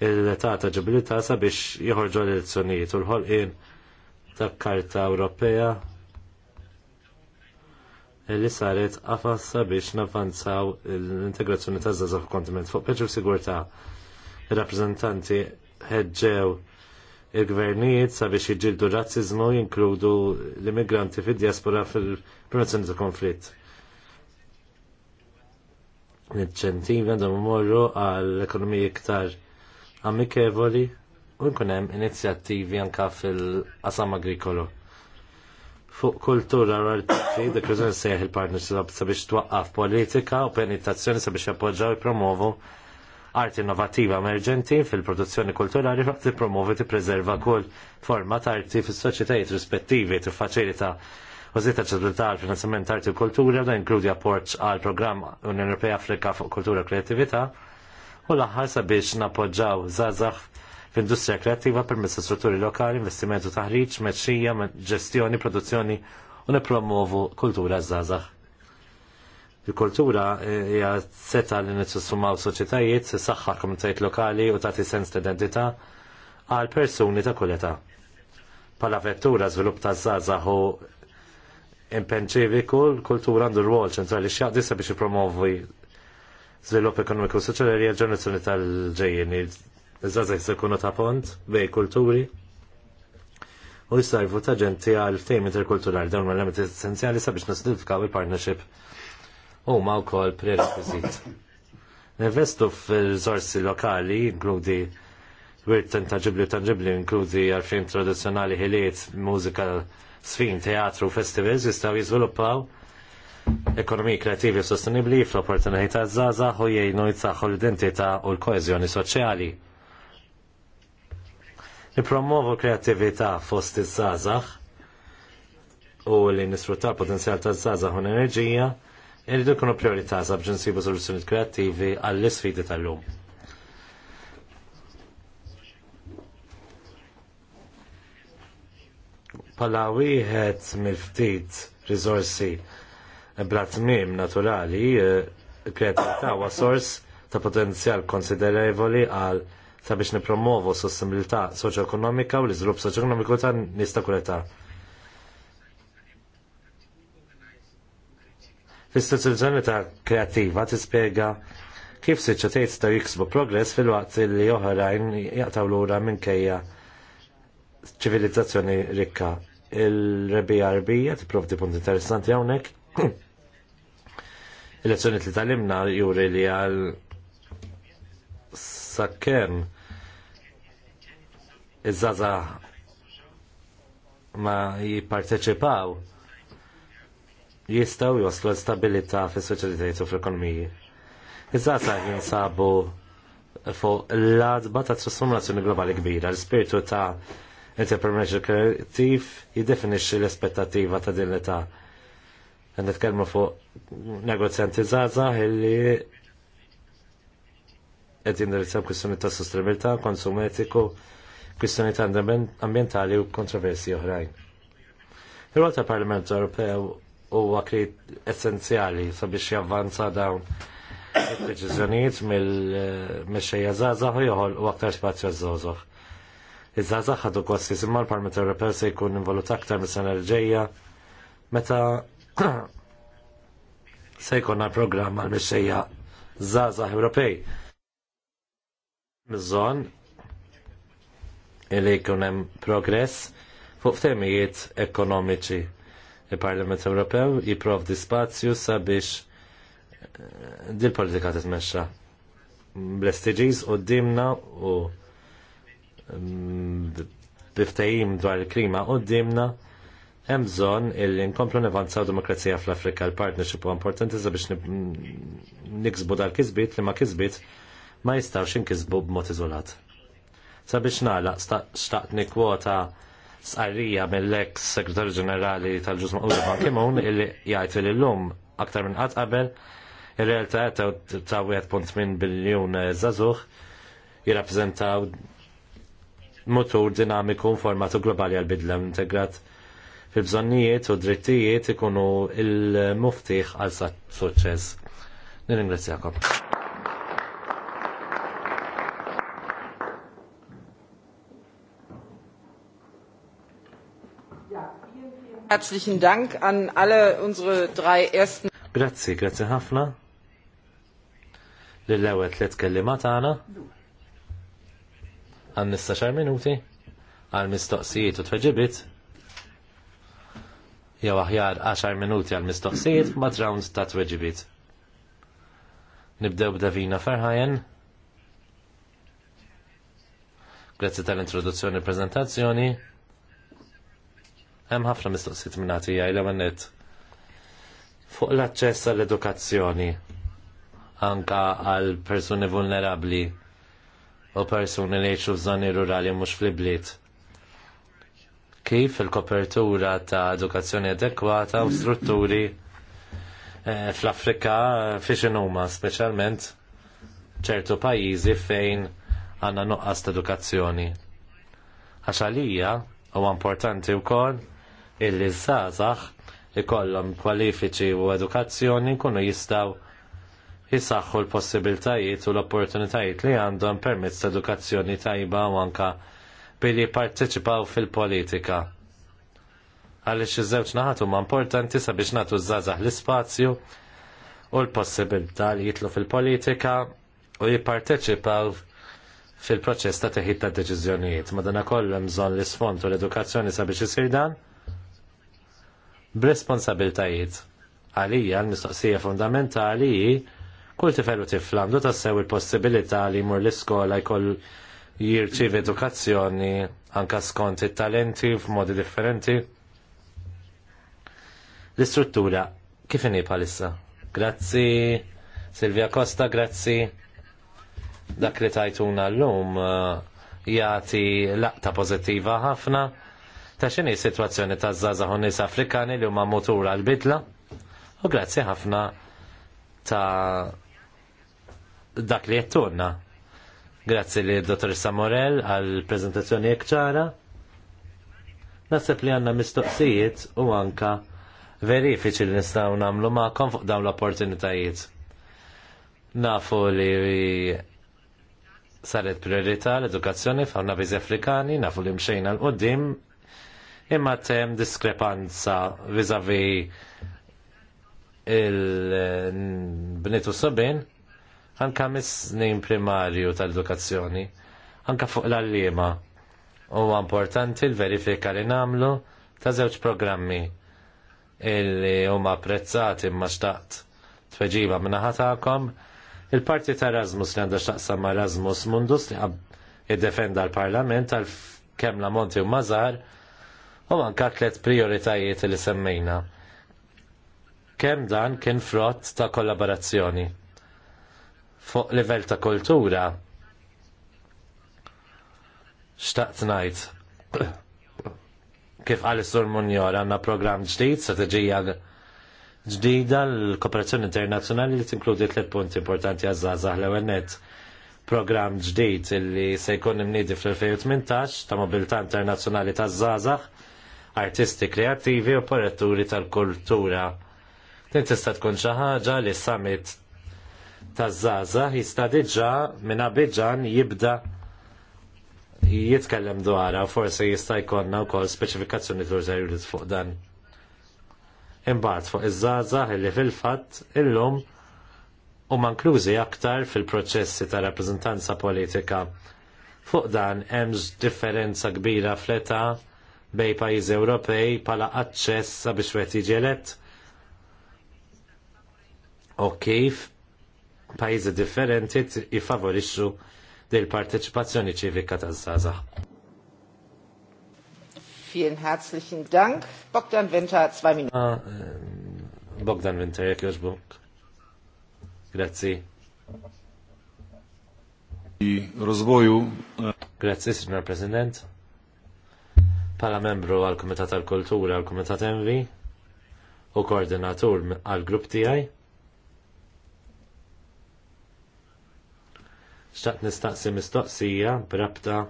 il-età ta' sabiex jħorġu l-elezzjonijiet u l-ħolqien ta' karta Ewropea li saret għafassa biex navanzaw l-integrazzjoni ta' zaza f'kontinent fuq peġu sigurta' rappresentanti ħeġġew il-gvernijiet sabiex r razzizmu jinkludu l-immigranti fid-diaspora fil-promozzjoni ta' konflitt. L-inċentivi għandhom imorru għall ekonomija iktar amikevoli u jkun hemm inizjattivi anka fil-qasam agrikolo. Fuq kultura u artisti, dak seħ il-partnership sabiex twaqqaf politika u penitazzjoni sabiex jappoġġaw u promovu art innovativa emerġenti fil-produzzjoni kulturali faqt tippromovi tippreserva kull forma ta' arti fis-soċjetajiet rispettivi tiffaċilita u zita ċedbilità għal finanzjament arti u kultura da inkludi appoġġ għal programm Unjoni Ewropea Afrika fuq kultura u kreativita u l-aħħar sabiex napoġġaw żgħażagħ f'industrija kreattiva permezz strutturi lokali, investimentu taħriġ, meċċija, ġestjoni, produzzjoni u nipromovu kultura żgħażagħ. Il-kultura eh, hija seta li nitsussumaw soċjetajiet, se saxħar komunitajiet lokali u tagħti sens ta' identità għal persuni ta' kuleta. Pala vettura żvilupp ta' żgħażagħ u impenċiviku l-kultura għandu rwol ċentrali x'jaqdisa biex ipromovi żvilupp ekonomiku soċjali hija ġenerazzjoni tal-ġejjeni. Iż-żgħażagħ se jkunu ta' pont bej kulturi u jistajfu ta' ġenti għal ftejm interkulturali dawn l-elementi essenzjali sabiex nasidifikaw il-partnership huma wkoll prerequisit. f f'riżorsi lokali, inkludi wirt tangibli tangibli, inkludi għarfin tradizzjonali ħiliet, mużika, sfin, teatru, festivals, jistgħu jiżviluppaw ekonomiji kreativi sostenibli fl ta' zaza u jgħinu jitsaħħu l-identità u l-koezjoni soċjali. Nipromovu kreativita fost iż-żazax u li nisfruttaw potenzjal ta' żazax u l-enerġija Irridu kunu priorità sabġ nsibu soluzzjoni kreattivi għall-isfidi tal-lum. Pala wieħed mill-ftit rizorsi bla tmiem naturali, eh, kreativita huwa sors ta' potenzjal konsiderevoli għal sabiex nipromovu sostenibilità ekonomika u l soċjo-ekonomiku ta' nista' kull L-istituzzjoni ta' kreattiva tispjega kif siċċatejt ta' jiksbu progress fil-waqt li oħrajn jaqtaw lura minkejja ċivilizzazzjoni rikka. Il-rebija rbija tipprovdi punt interessanti hawnhekk. Il-lezzjoni *coughs* li talimna juri li għal sakemm iż-żaza ma jipparteċipaw jistaw joslu l-stabilita fis soċjalitajt u fl-ekonomiji. Iżda sa' jinsabu fuq l-adba ta' trasformazzjoni globali kbira, l-spiritu ta' entrepreneurship kreativ jiddefinixxi l-aspettativa ta' din l-età. Nitkellmu fuq negozjanti żgħażagħ illi qed jindirizzaw kwistjoni ta' sostenibilità, konsum etiku, kwistjoni ta' ambjentali u kontroversi oħrajn. Il-Walta Parlament Ewropew huwa essenzjali sabiex javvanza dawn il-deċiżjonijiet mill-mexxejja żgħażagħ u joħol u aktar spazju żgħażagħ. Iż-żgħażagħ għadu kosti imma l-Parlament Ewropew se jkun involut aktar mis-sena l-ġejja meta *clears throat* se jkun programm għal mexxejja żgħażagħ Ewropej. Bżonn li jkun hemm progress fuq temijiet ekonomiċi Il-Parlament Ewropew di spazju sabiex eh, dil-politika titmexxa bl-STGs u dimna u mm, biftajim dwar il-klima u dimna hemm bżonn illi nkomplu nevanzaw demokrazija fl-Afrika l-partnership u importanti sabiex mm, niksbu dal kizbit li ma kizbit ma kizbu inkisbu b'mod iżolat. Sabiex nagħlaq staqni kwota sqarrija mill-ex segretarju ġenerali tal-ġus maqlura Ban Kimun illi jgħid li l-lum aktar minn qatt qabel ir-realtà ta' 1.8 biljun żagħżugħ jirrappreżentaw motur dinamiku formatu globali għal bidla integrat fil-bżonnijiet u drittijiet ikunu il-muftiħ għal suċċess. Nirringrazzjakom. Herzlichen Dank an alle unsere drei ersten. Grazzi, grazie ħafna. Lill-ewwel tliet kellimat għana. Għan xar minuti għal mistoqsijiet u tweġibiet. Jew aħjar 10 minuti għal mistoqsijiet ma rounds ta' tweġibiet. Nibdew b'Davina Ferħajen. Grazzi tal-introduzzjoni e prezentazzjoni. Hemm ħafna mistoqsijiet minn għatija il għanet fuq l-aċċess għall-edukazzjoni anka għal persuni vulnerabli u persuni li jgħixu f'żoni rurali mhux fl-ibliet. Kif il-kopertura ta' edukazzjoni adekwata u strutturi eh, fl-Afrika fiex huma speċjalment ċertu pajjiżi fejn għandna nuqqas ta' edukazzjoni. Għax għalija huwa importanti wkoll illi zazax ikollhom kwalifiċi u edukazzjoni kunu jistaw jisaxħu l-possibiltajiet u l-opportunitajiet li għandhom permezz ta' edukazzjoni tajba u anka billi parteċipaw fil-politika. Għaliex iż-żewġ naħat huma importanti sabiex nagħtu żgħażagħ l-ispazju u l-possibilità li jitlu fil-politika u jipparteċipaw fil-proċess ta' teħid ta' deċiżjonijiet. Madana kollu hemm bżonn l-isfond u l-edukazzjoni sabiex isir dan b'responsabiltajiet. Għalija l-mistoqsija fundamentali kull tifel u tifla għandu tassew il-possibilità li jmur l-iskola jkoll jirċiv edukazzjoni anka skont it-talenti f'modi differenti. L-istruttura kif inhi palissa? Grazzi Silvia Costa, grazzi dak li tajtuna l-lum eh, jagħti laqta pożittiva ħafna ta' xini situazzjoni ta' zazah nis Afrikani li huma mutur għal-bidla u grazzi ħafna ta' dak li jettunna. Grazzi li dottor Samorel għal-prezentazzjoni ekċara. Nasib li għanna mistoqsijiet u anka verifiċi li nistaw namlu ma' fuq dawn l-opportunitajiet. Nafu li saret priorità l-edukazzjoni f'għanna viżi Afrikani, nafu li mxejna l-qoddim imma tem diskrepanza vizavi il-bnitu sobin anka mis-snin primarju tal-edukazzjoni, anka fuq l-allima. U importanti l-verifika li namlu ta' żewġ programmi illi huma apprezzati imma xtaqt tweġiba minnaħatakom Il-parti ta' Erasmus li għandha xtaqsa ma' Erasmus Mundus li id-defenda l-Parlament għal kemm la monti u mażar u anka tliet prioritajiet li semmejna. Kemm dan kien frott ta' kollaborazzjoni fuq livell ta' kultura xtaqt najt. kif għal sur Munjor għandna programm ġdid, strategija ġdida l-kooperazzjoni internazzjonali li tinkludi tliet punti importanti għaż-żgħażagħ l net programm ġdid illi se jkun imniedi fl-2018 ta' mobilità internazzjonali ta' żgħażagħ artisti kreativi u paraturi tal-kultura. Din tista' tkun xi ħaġa li summit taż-żaża jista' diġà minn Abidjan jibda jitkellem dwarha forsi jista' jkollna wkoll speċifikazzjoni turżerjuri fuq dan. Imbagħad fuq iż żaża li fil-fatt illum huma inklużi aktar fil-proċessi ta' rappreżentanza politika. Fuq dan hemm differenza kbira fl-età bej pajjiżi Ewropej bħala aċċess sabiex wieħed jiġi elett u kif pajjiżi differenti jifavorixxu del parteċipazzjoni ċivika taż-żgħażagħ. Vielen herzlichen Dank. Bogdan Winter, zwei Minuten. Ah, eh, Bogdan Winter, jek joġbuk. Grazzi. Rozvoju. Eh, Grazie, signor President. Pala membru għal Komitat għal Kultura għal Komitat Envi u koordinatur għal grupp tiegħi. Xtaqt nistaqsi mistoqsija b'rabta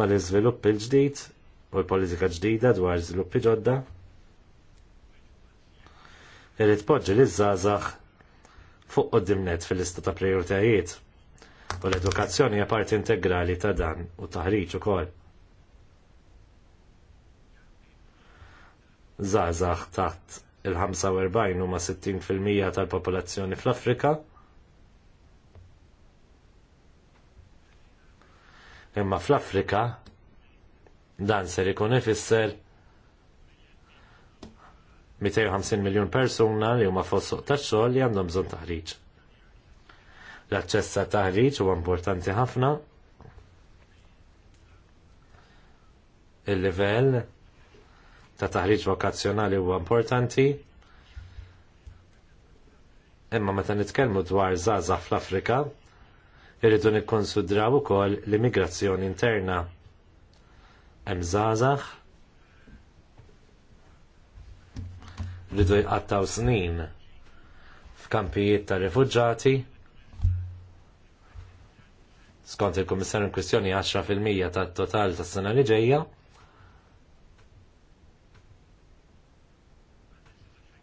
mal-iżvilupp il-ġdid u l-politika ġdida dwar żviluppi ġodda irrid poġġi li żgħażagħ fuq net fil-lista ta' prioritajiet. U l-edukazzjoni hija parti integrali ta' dan u taħriġ ukoll. Zazax taħt il-45 huma 60% tal-popolazzjoni fl-Afrika. Imma fl-Afrika dan ser ikun ifisser 250 miljon persuna li huma fuq suq tax-xogħol li għandhom bżonn taħriġ. L-aċċess ta' taħriġ huwa importanti ħafna. Il-livell ta' taħriġ vokazzjonali huwa importanti. Imma meta nitkellmu dwar żaża fl-Afrika, irridu nikkonsidraw ukoll l-immigrazzjoni interna. Hemm żgħażagħ rridu jqattaw snin f'kampijiet ta' rifuġġati skont il-Kummissarju kwistjoni 10% tat-total tas-sena li ġejja.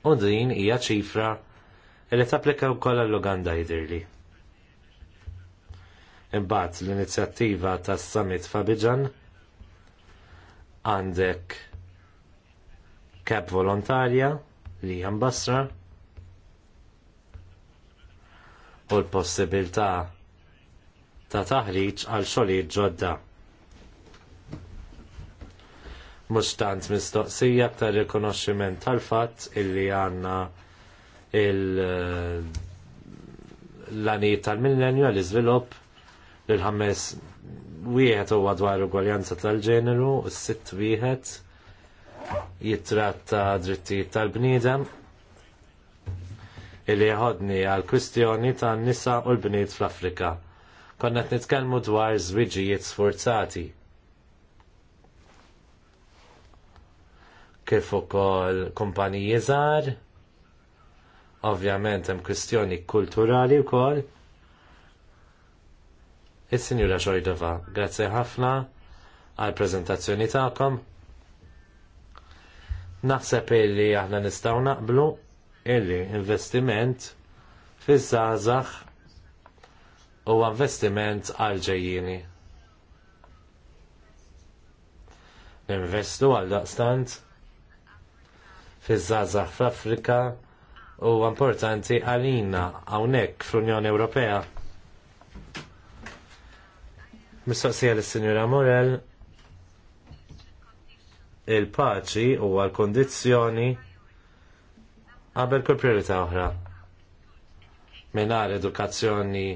U din hija ċifra li tapplika wkoll għall-Uganda jidirli. Imbagħad l-inizjattiva tas-Summit Fabiġan għandek Kep volontarja li jambasra u l-possibilità ta' taħriġ għal xogħlijiet ġodda. Mhux tant mistoqsija ta' rikonoxximent tal-fatt illi għandna l eh, lanijiet tal-millenju għall-iżvilupp l ħames wieħed huwa dwar ugwaljanza tal-ġeneru, s-sitt wieħed jitratta drittijiet tal-bniedem illi jħodni għal kwistjoni tan nisa u l bnid fl-Afrika konna qed nitkellmu dwar żwiġijiet sforzati. Kif ukoll kumpaniji żgħar, ovvjament hemm kwistjoni kulturali wkoll. Is-Sinjura Xojdova, grazzi ħafna għall preżentazzjoni tagħkom. Naħseb illi aħna nistgħu naqblu illi investiment fiż-żgħażagħ u investiment għal-ġejjini. Ninvestu għal-daqstant fi zaza fl-Afrika u importanti għalina għawnek fl-Unjoni Ewropea. Mistoqsija l-Sinjura Morel, il-paċi u għal-kondizjoni għabel kull priorità oħra. Minar edukazzjoni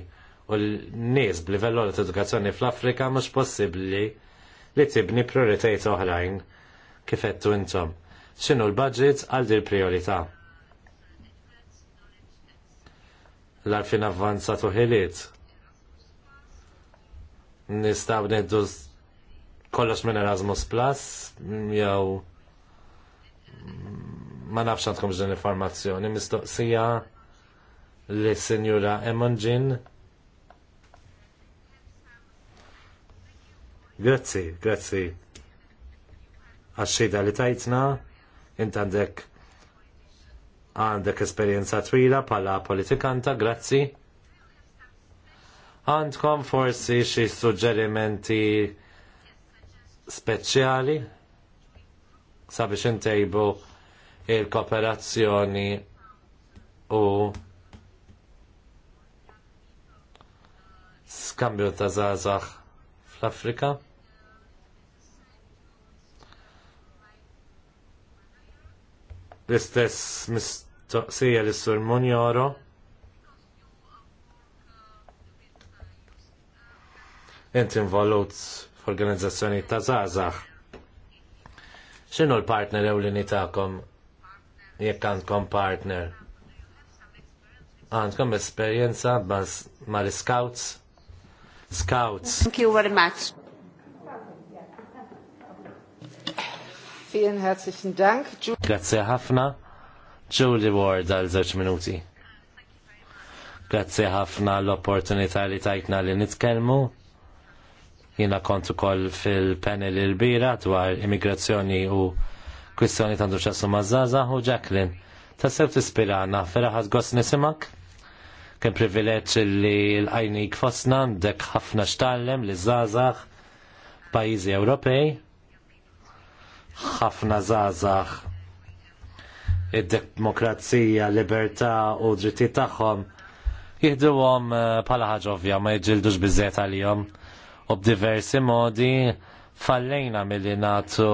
u l-nies b'livell ta' edukazzjoni fl-Afrika mhux possibbli li tibni prioritajt oħrajn kif intom. X'inhu l-budget għal dir priorità? L-arfin avvanzatu ħiliet. Nistaw neddu kollox minn Erasmus Plus, mm, jew mm, ma nafx għandkom ġen informazzjoni, mistoqsija li Sinjura Emonġin Grazzi, grazzi. Għaxxida li tajtna, intandek għandek għandek esperienza twila pala politikanta, grazzi. Għandkom forsi xi suġġerimenti speċjali sabiex intejbu il-kooperazzjoni u skambju ta' zazax fl-Afrika? l-istess mistoqsija l-Sur Monjoro. Inti involut f'organizzazzjoni ta' zazax. X'inhu l-partner ewlieni tagħkom jekk għandkom partner? Għandkom esperjenza mal-scouts? Scouts. Thank you very much. Vielen herzlichen Dank. Grazie ħafna. Julie Ward għal żewġ minuti. Grazie ħafna l-opportunità li tajtna li nitkellmu. Jiena kont ukoll fil-panel il-bira dwar immigrazzjoni u kwistjoni tandu ċassu mażaza u Jacqueline. Tassew tispirana, feraħat gost nisimak? Kem privileġġ li l ajni kfosna dek ħafna xtallem li zazax, pajizi Ewropej ħafna zazax id-demokrazija, libertà u drittijiet tagħhom jihduhom eh, bħala ħaġa ovvja ma jiġildux biżżejjed għalihom u b'diversi modi fallejna milli nagħtu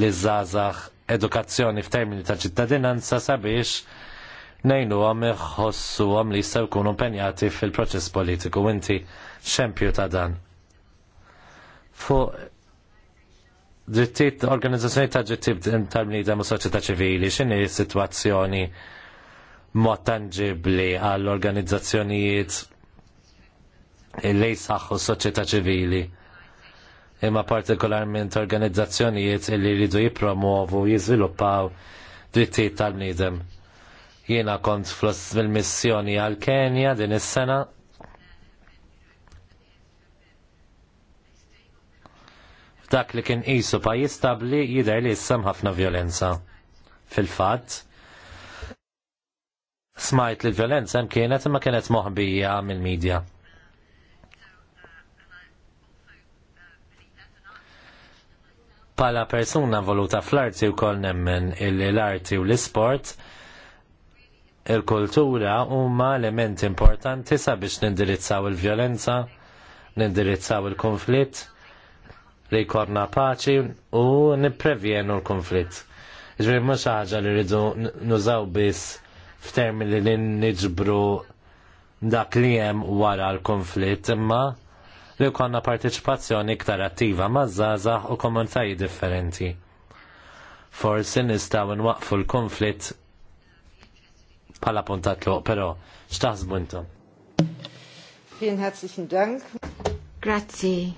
li żgħażagħ edukazzjoni f'termini ta' ċittadinanza sabiex ngħinuhom iħossuhom li jistgħu jkunu impenjati fil-proċess politiku. Inti xempju ta' dan. Fuq drittijiet organizzazzjoni ta' drittijiet tal-bniedem u soċjetà ċivili, x'inhi situazzjoni sitwazzjoni mod tangibbli għall organizzazzjonijiet li jsaħħu soċjetà ċivili imma partikolarment organizzazzjonijiet li jridu jippromovu jiżviluppaw drittijiet tal-bniedem. Jiena kont fl-missjoni għal Kenja din is-sena dak li kien qisu pa' stabbli jidher li jissam ħafna violenza. Fil-fatt, smajt li l-violenza hemm kienet imma kienet moħbija mill-medja. Pala persuna voluta fl-arti u kol nemmen illi l-arti u l-sport, il-kultura huma elementi importanti sabiex nindirizzaw il-violenza, nindirizzaw il-konflitt, li jkollna paċi u nipprevjenu l-konflitt. Ġveri mhux ħaġa li rridu nużaw biss f'termi li niġbru dak li hemm wara l-konflitt imma li jkollna partiċipazzjoni iktar attiva ma' zaza u komunitajiet differenti. Forsi nistgħu nwaqfu l-konflitt bħala puntat l però x'taħsbu intom? Vielen herzlichen Dank. Grazie.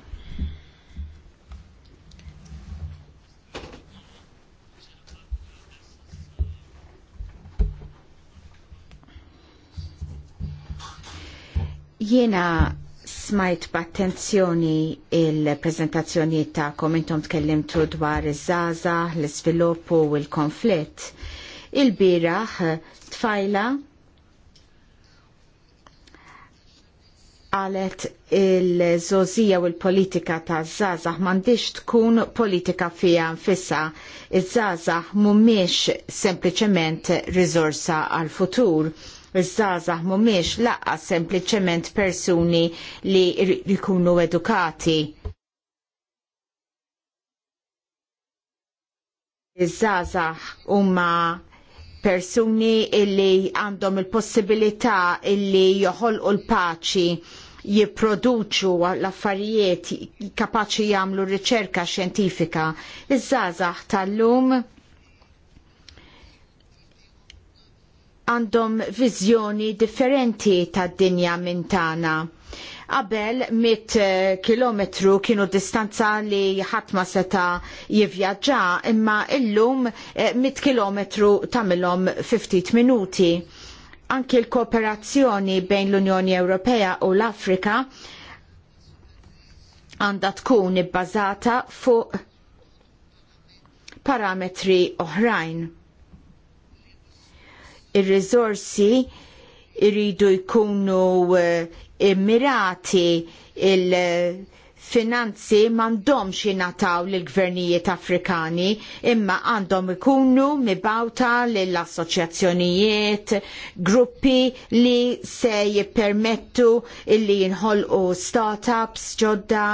Jiena smajt b'attenzjoni il-prezentazzjoni ta'kom intom tkellimtu dwar iż żgħażagħ l-iżvilupp u l-konflitt. Il-biraħ tfajla għalet il-żożija u l-politika ta' zazah m'għandix tkun politika fija nfissa. iż żgħażagħ mhumiex sempliċement riżorsa għal-futur Iż-żgħażagħ mhumiex laqas sempliċement persuni li jkunu edukati. Iż-żgħażagħ huma persuni illi għandhom il-possibilità illi joħolqu l-paċi jipproduċu l-affarijiet kapaċi jagħmlu riċerka xjentifika. Iż-żgħażagħ tal-lum għandhom viżjoni differenti tad-dinja minn tagħna. Qabel mit eh, kilometru kienu distanza li ħadd ma seta jivvjaġġa imma illum 100 eh, kilometru tagħmilhom 50 minuti. Anki l-kooperazzjoni bejn l-Unjoni Ewropea u l-Afrika għandha tkun ibbażata fuq parametri oħrajn ir rizorsi irridu jkunu eh, immirati il- finanzi mandomx jinataw lill gvernijiet Afrikani imma għandhom ikunu mibawta lill assoċjazzjonijiet gruppi li se jippermettu illi jinħolqu startups ġodda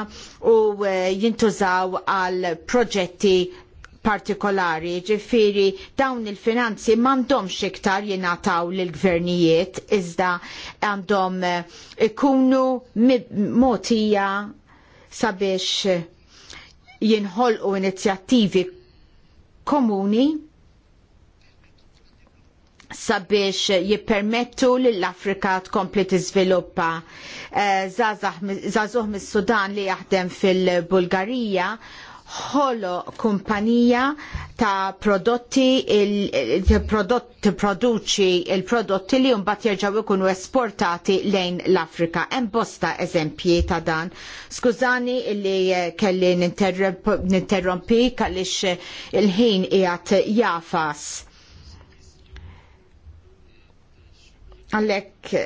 u eh, jintużaw għal proġetti partikolari, ġifiri dawn il-finanzi m'għandhomx iktar jingħataw lill gvernijiet iżda għandhom eh, ikunu motija sabiex jinħolqu inizjattivi komuni sabiex jippermettu l-Afrika tkompli tiżviluppa. Eh, zazuh mis-Sudan li jaħdem fil-Bulgarija ħolo kumpanija ta' prodotti tipproduċi produċi il-prodotti li mbagħad jerġgħu jkunu esportati lejn l-Afrika. Hemm bosta eżempji ta' dan. Skużani illi eh, kelli ninterrompi għaliex il-ħin qiegħed jafas. Għalhekk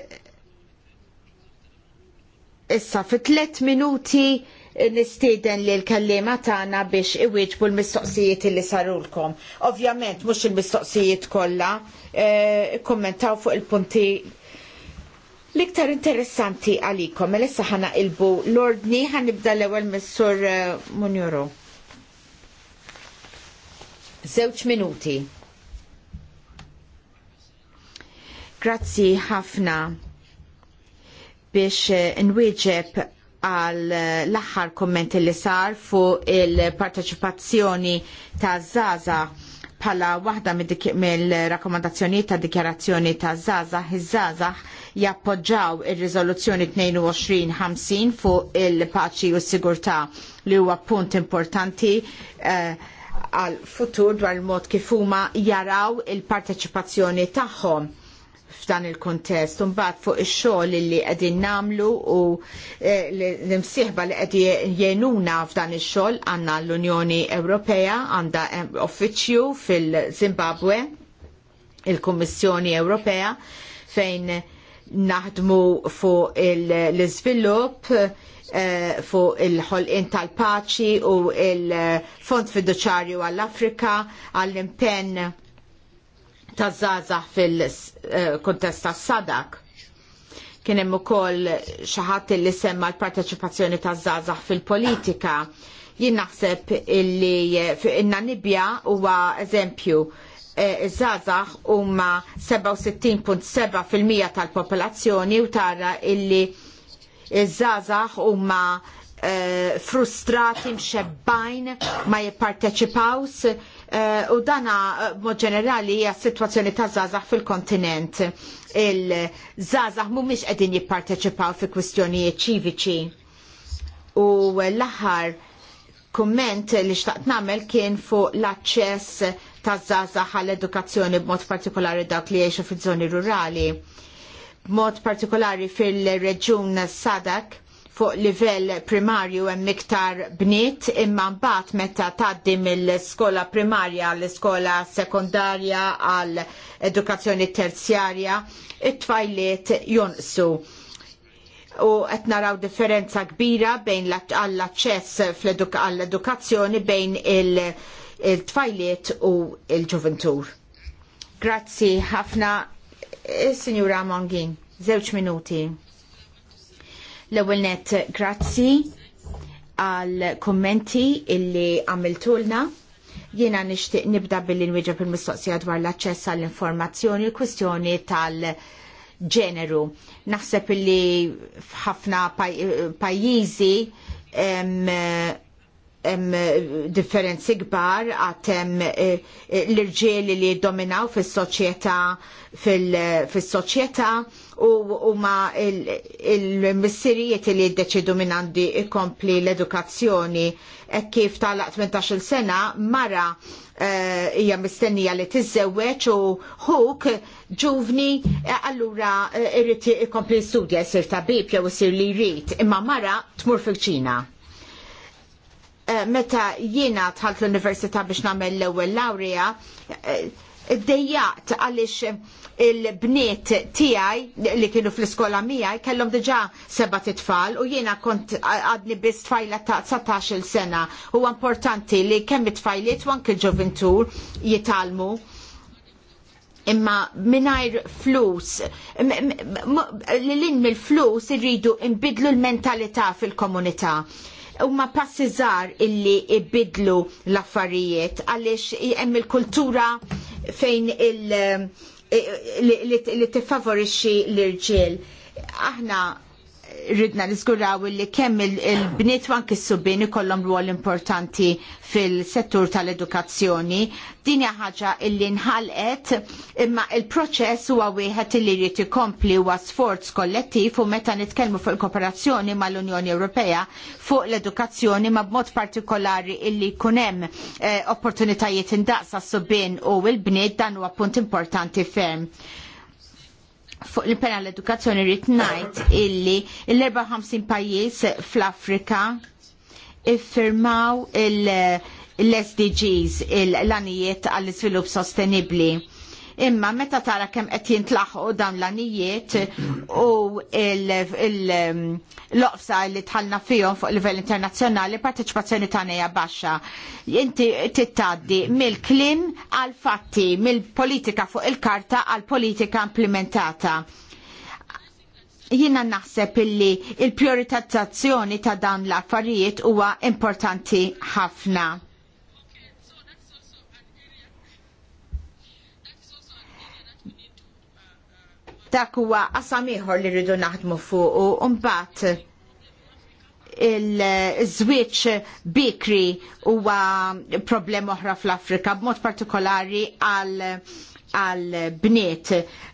issa fi tliet minuti nistieden li l-kallima tagħna biex iwieġbu l-mistoqsijiet li sarulkom. Ovvjament mhux il-mistoqsijiet kollha, eh, kommentaw fuq il-punti L-iktar interessanti għalikom, l-issa mela ħana ilbu l-ordni nibda l ewwel missur eh, Munjuru. Zewċ minuti. Grazzi ħafna biex eh, nwieġeb għal eh, l-aħħar komment li sar fuq il-parteċipazzjoni ta' Zaza pala waħda mill-rakkomandazzjonijiet ta' dikjarazzjoni ta' Zaza, iż-Zaza jappoġġaw ir-riżoluzzjoni 2250 fuq il-paċi u s-sigurtà li huwa punt importanti eh, għal futur dwar il-mod kif huma jaraw il-parteċipazzjoni tagħhom f'dan il-kontest, mbagħad fuq ix-xogħol li qegħdin nagħmlu u eh, l-imsieħba li għedin jenuna f'dan ix-xogħol għandna l-Unjoni Ewropea għandha uffiċċju eh, fil-Zimbabwe, il-Kummissjoni Ewropea fejn naħdmu fuq l-iżvilupp eh, fuq il-ħolqin tal-paċi u il-Fond Fiduċarju għall-Afrika għall-impenn tazzaza zazax fil-kontest ta' sadak. Kien hemm ukoll xi ħadd li semma l-parteċipazzjoni ta' zazax fil-politika. Jien naħseb illi inna Nibja huwa eżempju e, Zazax żazax huma 67.7% tal-popolazzjoni u tara illi Zazax żazax huma e, frustrati mxebbajn ma jipparteċipawx Eh, u dana eh, mod ġenerali hija situazzjoni ta' zazax fil-kontinent. Il-żazax mhumiex qegħdin jipparteċipaw fi kwistjonijiet ċiviċi. U l-aħħar kumment li xtaqt nagħmel kien fuq l-aċċess taż-żgħażagħ għall-edukazzjoni b'mod partikolari dawk li jgħixu fiż-żoni rurali. B'mod partikolari fil-reġjun Sadak fuq livell primarju hemm iktar bniet imma mbagħad meta tgħaddi mill-iskola primarja għall iskola sekondarja għall edukazzjoni terzjarja it-tfajliet jonqsu u qed naraw differenza kbira bejn għall-aċċess għall-edukazzjoni bejn il-tfajliet u l ġuventur Grazzi ħafna, eh, Sinjura Mongin, żewġ minuti. L-ewwel net grazzi għal kommenti illi għamiltulna. Jiena nixtieq nibda billi nwieġeb il-mistoqsija dwar l-aċċess għall informazzjoni l-kwistjoni tal- ġeneru. Naħseb illi f'ħafna pajjiżi hemm differenzi kbar għatem eh, l-irġieli li jiddominaw fis-soċjetà fis-soċjetà u ma il-missirijiet li li jiddeċidu minn għandi ikompli l-edukazzjoni e kif tal 18 sena mara eh, hija mistennija li tiżewweġ u huk ġuvni eh, allura eh, irrid ikompli studja jsir tabib jew isir li jrid imma mara tmur fil-Ċina meta jiena tħalt l-Università biex nagħmel l-ewwel lawrija, dejjaqt għaliex il-bniet tiegħi li kienu fl-iskola mijaj kellhom diġà seba' tit-tfal u jiena kont għadni bis tfajla ta' 19 sena. Huwa importanti li kemm it-tfajliet u anke l-ġoventu jitalmu imma minajr flus, l mill-flus irridu imbidlu l-mentalità fil-komunità ma passi żgħar illi ibidlu l-affarijiet għaliex hemm il-kultura fejn il- eh, li tiffavorixxi l-irġiel. Aħna ridna niskuraw li kemm il-bniet il anki s-subbini kollom ruol importanti fil-settur tal-edukazzjoni. Din hija ħaġa illi nħalqet imma il-proċess huwa wieħed illi jrid ikompli huwa sforz kollettiv u meta nitkellmu fuq il-kooperazzjoni mal-Unjoni Ewropea fuq l-edukazzjoni ma b'mod partikolari illi jkun hemm eh, opportunitajiet indaqsa s-subbin u l-bniet dan huwa punt importanti ferm fuq il-pena l-edukazzjoni rrit ngħid illi l-54 pajjiż fl-Afrika iffirmaw l-SDGs l-anijiet għall-iżvilupp sostenibbli Imma meta tara kemm qed jintlaħħu dawn l-anijiet u um, l-oqsa li tħallna fihom fuq livell internazzjonali parteċipazzjoni tagħna hija baxxa. Inti tittaddi mill-kliem għal fatti, mill-politika fuq il-karta għal politika implementata jina naħseb illi il prioritazzjoni ta' dan l-affarijiet huwa importanti ħafna. dak huwa qasam ieħor li rridu naħdmu fuq u mbagħad il-żwieġ bikri huwa problema oħra fl-Afrika b'mod partikolari għal għal bniet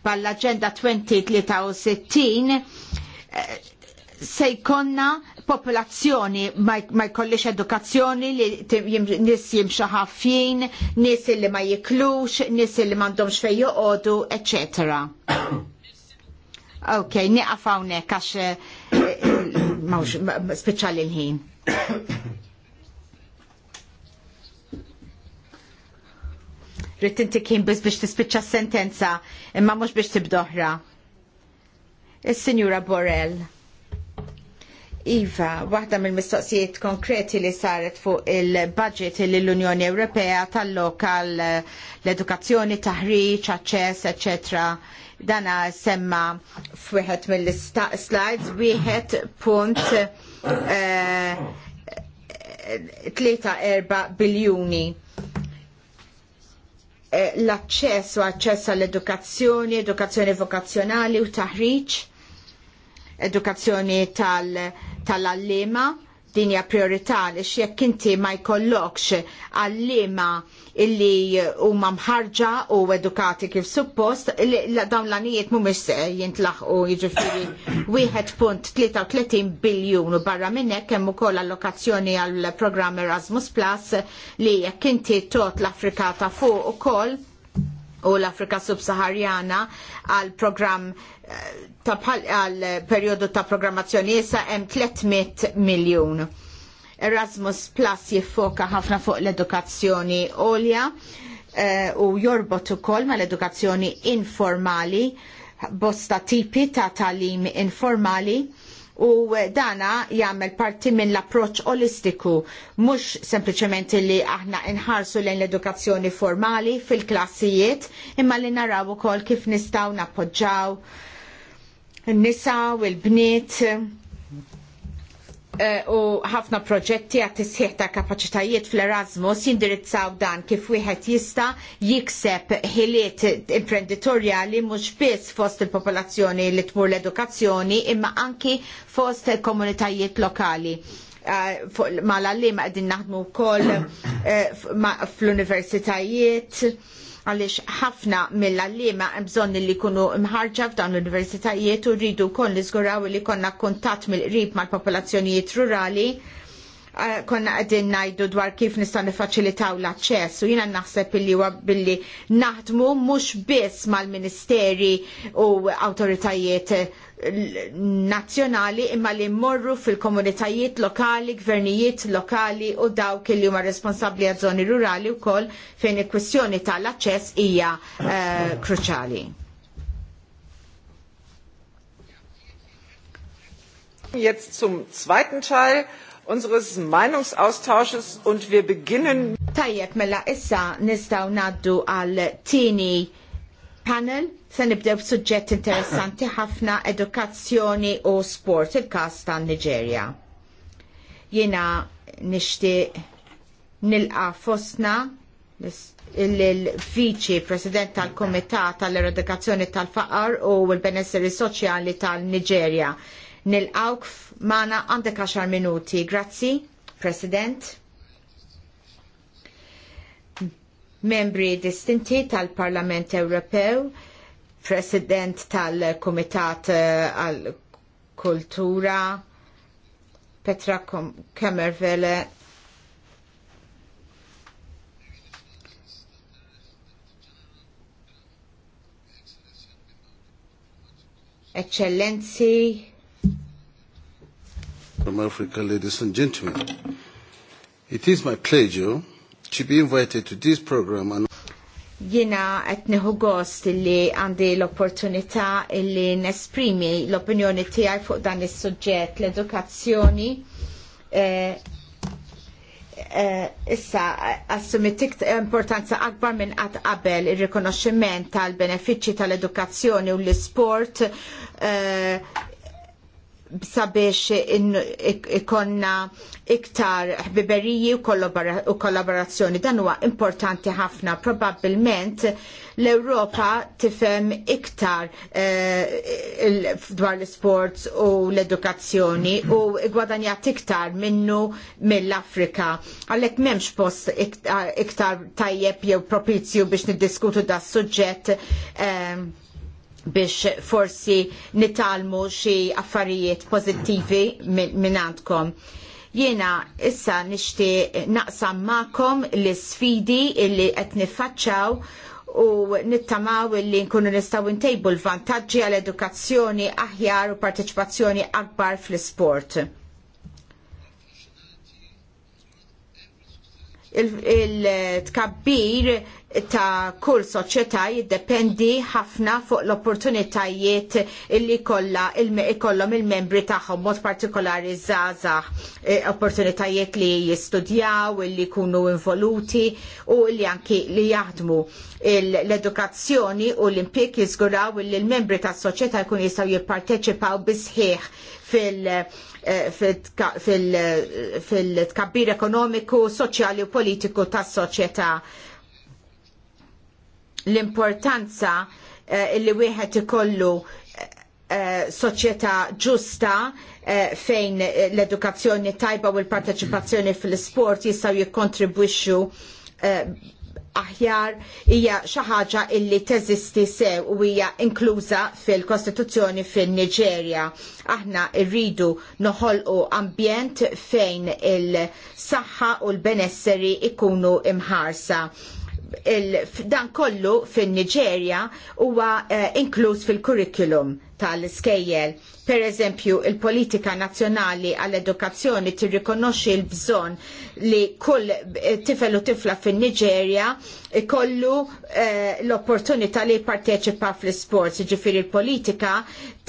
bħall-Aġenda 2063 se jkonna popolazzjoni ma jkollix edukazzjoni li nis jimxu ħaffin, nis li ma jiklux, nis li m'għandhomx fejn joqogħdu, eccetera. *coughs* Ok, niqaf hawnhekk għax eh, eh, speċjali l-ħin. Rrid inti kien biss biex tispiċċa sentenza imma mhux biex tibdoħra. Is-Sinjura Borrell. Iva, waħda mill-mistoqsijiet konkreti li saret fuq il-budget li l-Unjoni Ewropea tal-lokal l-edukazzjoni, taħriġ, aċċess, eccetera dana semma fwiħet mill-slides wieħed punt eh, tlieta erba biljuni eh, l-access u access għall-edukazzjoni, edukazzjoni vokazzjonali u taħriġ, edukazzjoni tal-allima, din hija priorità li jekk inti ma jkollokx għallima illi huma mħarġa u edukati kif suppost dawn l-anijiet mhumiex se jintlaħqu jiġifieri wieħed punt 33 biljun u barra minn hekk hemm ukoll allokazzjoni għall programm Erasmus Plus li jekk inti tot l-Afrika ta' fuq ukoll u l-Afrika Subsaharjana għal program eh, għal periodu ta' programmazzjoni issa hemm 300 miljun. Erasmus Plus jiffoka ħafna fuq l-edukazzjoni olja eh, u jorbot ukoll mal-edukazzjoni informali bosta tipi ta' talim informali u dana jagħmel parti minn l-approċċ olistiku mhux sempliċement li aħna nħarsu lejn l-edukazzjoni formali fil-klassijiet imma li naraw ukoll kif nistgħu nappoġġaw n-nisa u l-bniet Eh, u ħafna proġetti għat tisħiħ ta' kapaċitajiet fl-Erasmus jindirizzaw dan kif wieħed jista' jikseb ħiliet imprenditorjali mhux biss fost il-popolazzjoni li tmur l-edukazzjoni imma anki fost komunitajiet lokali eh, mal-għallim qegħdin naħdmu wkoll eh, fl-universitajiet għaliex ħafna mill-allima bżonn li jkunu mħarġa f'dan l-universitajiet u rridu wkoll li żguraw li konna kuntatt mill-qrib mal-popolazzjonijiet rurali Eh, konna qegħdin ngħidu dwar kif nistgħu nifaċilitaw l-aċċess u jiena naħseb illi huwa billi naħdmu mhux biss mal-ministeri u awtoritajiet eh, nazzjonali imma li mmorru fil-komunitajiet lokali, gvernijiet lokali u dawk li huma responsabbli għaż rurali rurali wkoll fejn il-kwistjoni tal-aċċess hija eh, kruċali. Jetzt zum zweiten Teil unseres Meinungsaustausches und wir beginnen. Tajjeb mela issa nistaw naddu għal tini panel se nibdew suġġett interessanti ħafna edukazzjoni u sport il-każ ta' Niġerja. Jiena nixtieq nilqa' fostna il-viċi president tal-Komitat tal-Eradikazzjoni tal-Faqar u l-Benesseri Soċjali tal-Niġerja. tal nigeria tal nilqawk mana għandek 10 minuti. Grazzi, President. Membri distinti tal-Parlament Ewropew, President tal-Komitat eh, għal-Kultura, Petra Kemmervele, eccellenzi from Africa, ladies and gentlemen. It is my pleasure to be invited to this program and jina nieħu gost li għandi l-opportunità li nesprimi l-opinjoni tiegħi fuq dan is suġġett l-edukazzjoni eh, eh, issa assumit importanza akbar minn qatt qabel ir-rikonoxximent tal-benefiċċji tal-edukazzjoni u l-isport eh, sabiex ikonna iktar ħbiberiji u kollaborazzjoni. Dan huwa importanti ħafna. Probabbilment l-Ewropa tifhem iktar eh, dwar l-sports u l-edukazzjoni u gwadanjat iktar minnu mill-Afrika. Għalhekk m'hemmx post iktar tajjeb jew propizju biex niddiskutu da' suġġett eh, biex forsi nitalmu xi affarijiet pożittivi minn għandkom. Jiena issa nixtieq naqsam magħkom l isfidi li qed niffaċċaw u nittamaw illi nkunu nistaw intejbu l-vantagġi għal-edukazzjoni aħjar u parteċipazzjoni akbar fl-sport. Il-tkabbir il ta' kull soċjetà jiddependi ħafna fuq l-opportunitajiet illi kollha ikollhom il-membri tagħhom mod partikolari żgħażagħ opportunitajiet li jistudjaw, illi jkunu involuti u li anki li jaħdmu l-edukazzjoni u l-impjeg jiżguraw li l-membri tas-soċjetà jkunu jistgħu jipparteċipaw bisħieħ fil- fil-tkabbir ekonomiku, soċjali u politiku tas soċjetà l-importanza eh, li wieħed ikollu eh, eh, soċjetà ġusta fejn l-edukazzjoni tajba u l-parteċipazzjoni fil-sport jistgħu jikkontribwixxu aħjar hija xi ħaġa illi teżisti sew u hija inkluża fil-Kostituzzjoni fin-Niġerja. Aħna rridu noħolqu ambjent fejn il-saħħa u l-benesseri ikunu imħarsa dan kollu fin-Niġerja huwa eh, inkluż fil-kurrikulum tal-iskejjel. Per eżempju, il-politika nazzjonali għall-edukazzjoni tirrikonoxxi l-bżonn li kull eh, tifel u tifla fin-Niġerja ikollu eh, l-opportunità li jipparteċipa fl-isport. jiġifieri l-politika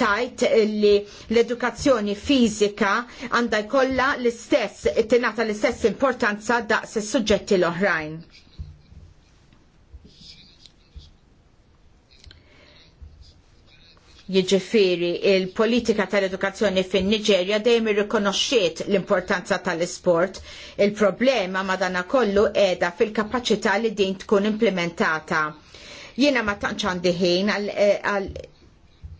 tajt li l-edukazzjoni fiżika għandha jkollha l-istess tingħata l-istess importanza daqs is-suġġetti l-oħrajn Jiġifieri il-politika tal-edukazzjoni fin niġerja dejjem irrikonoxxiet l-importanza tal-isport. Il-problema madanakollu qiegħda fil-kapaċità li din tkun implementata. Jiena ma tantx għandi ħin għal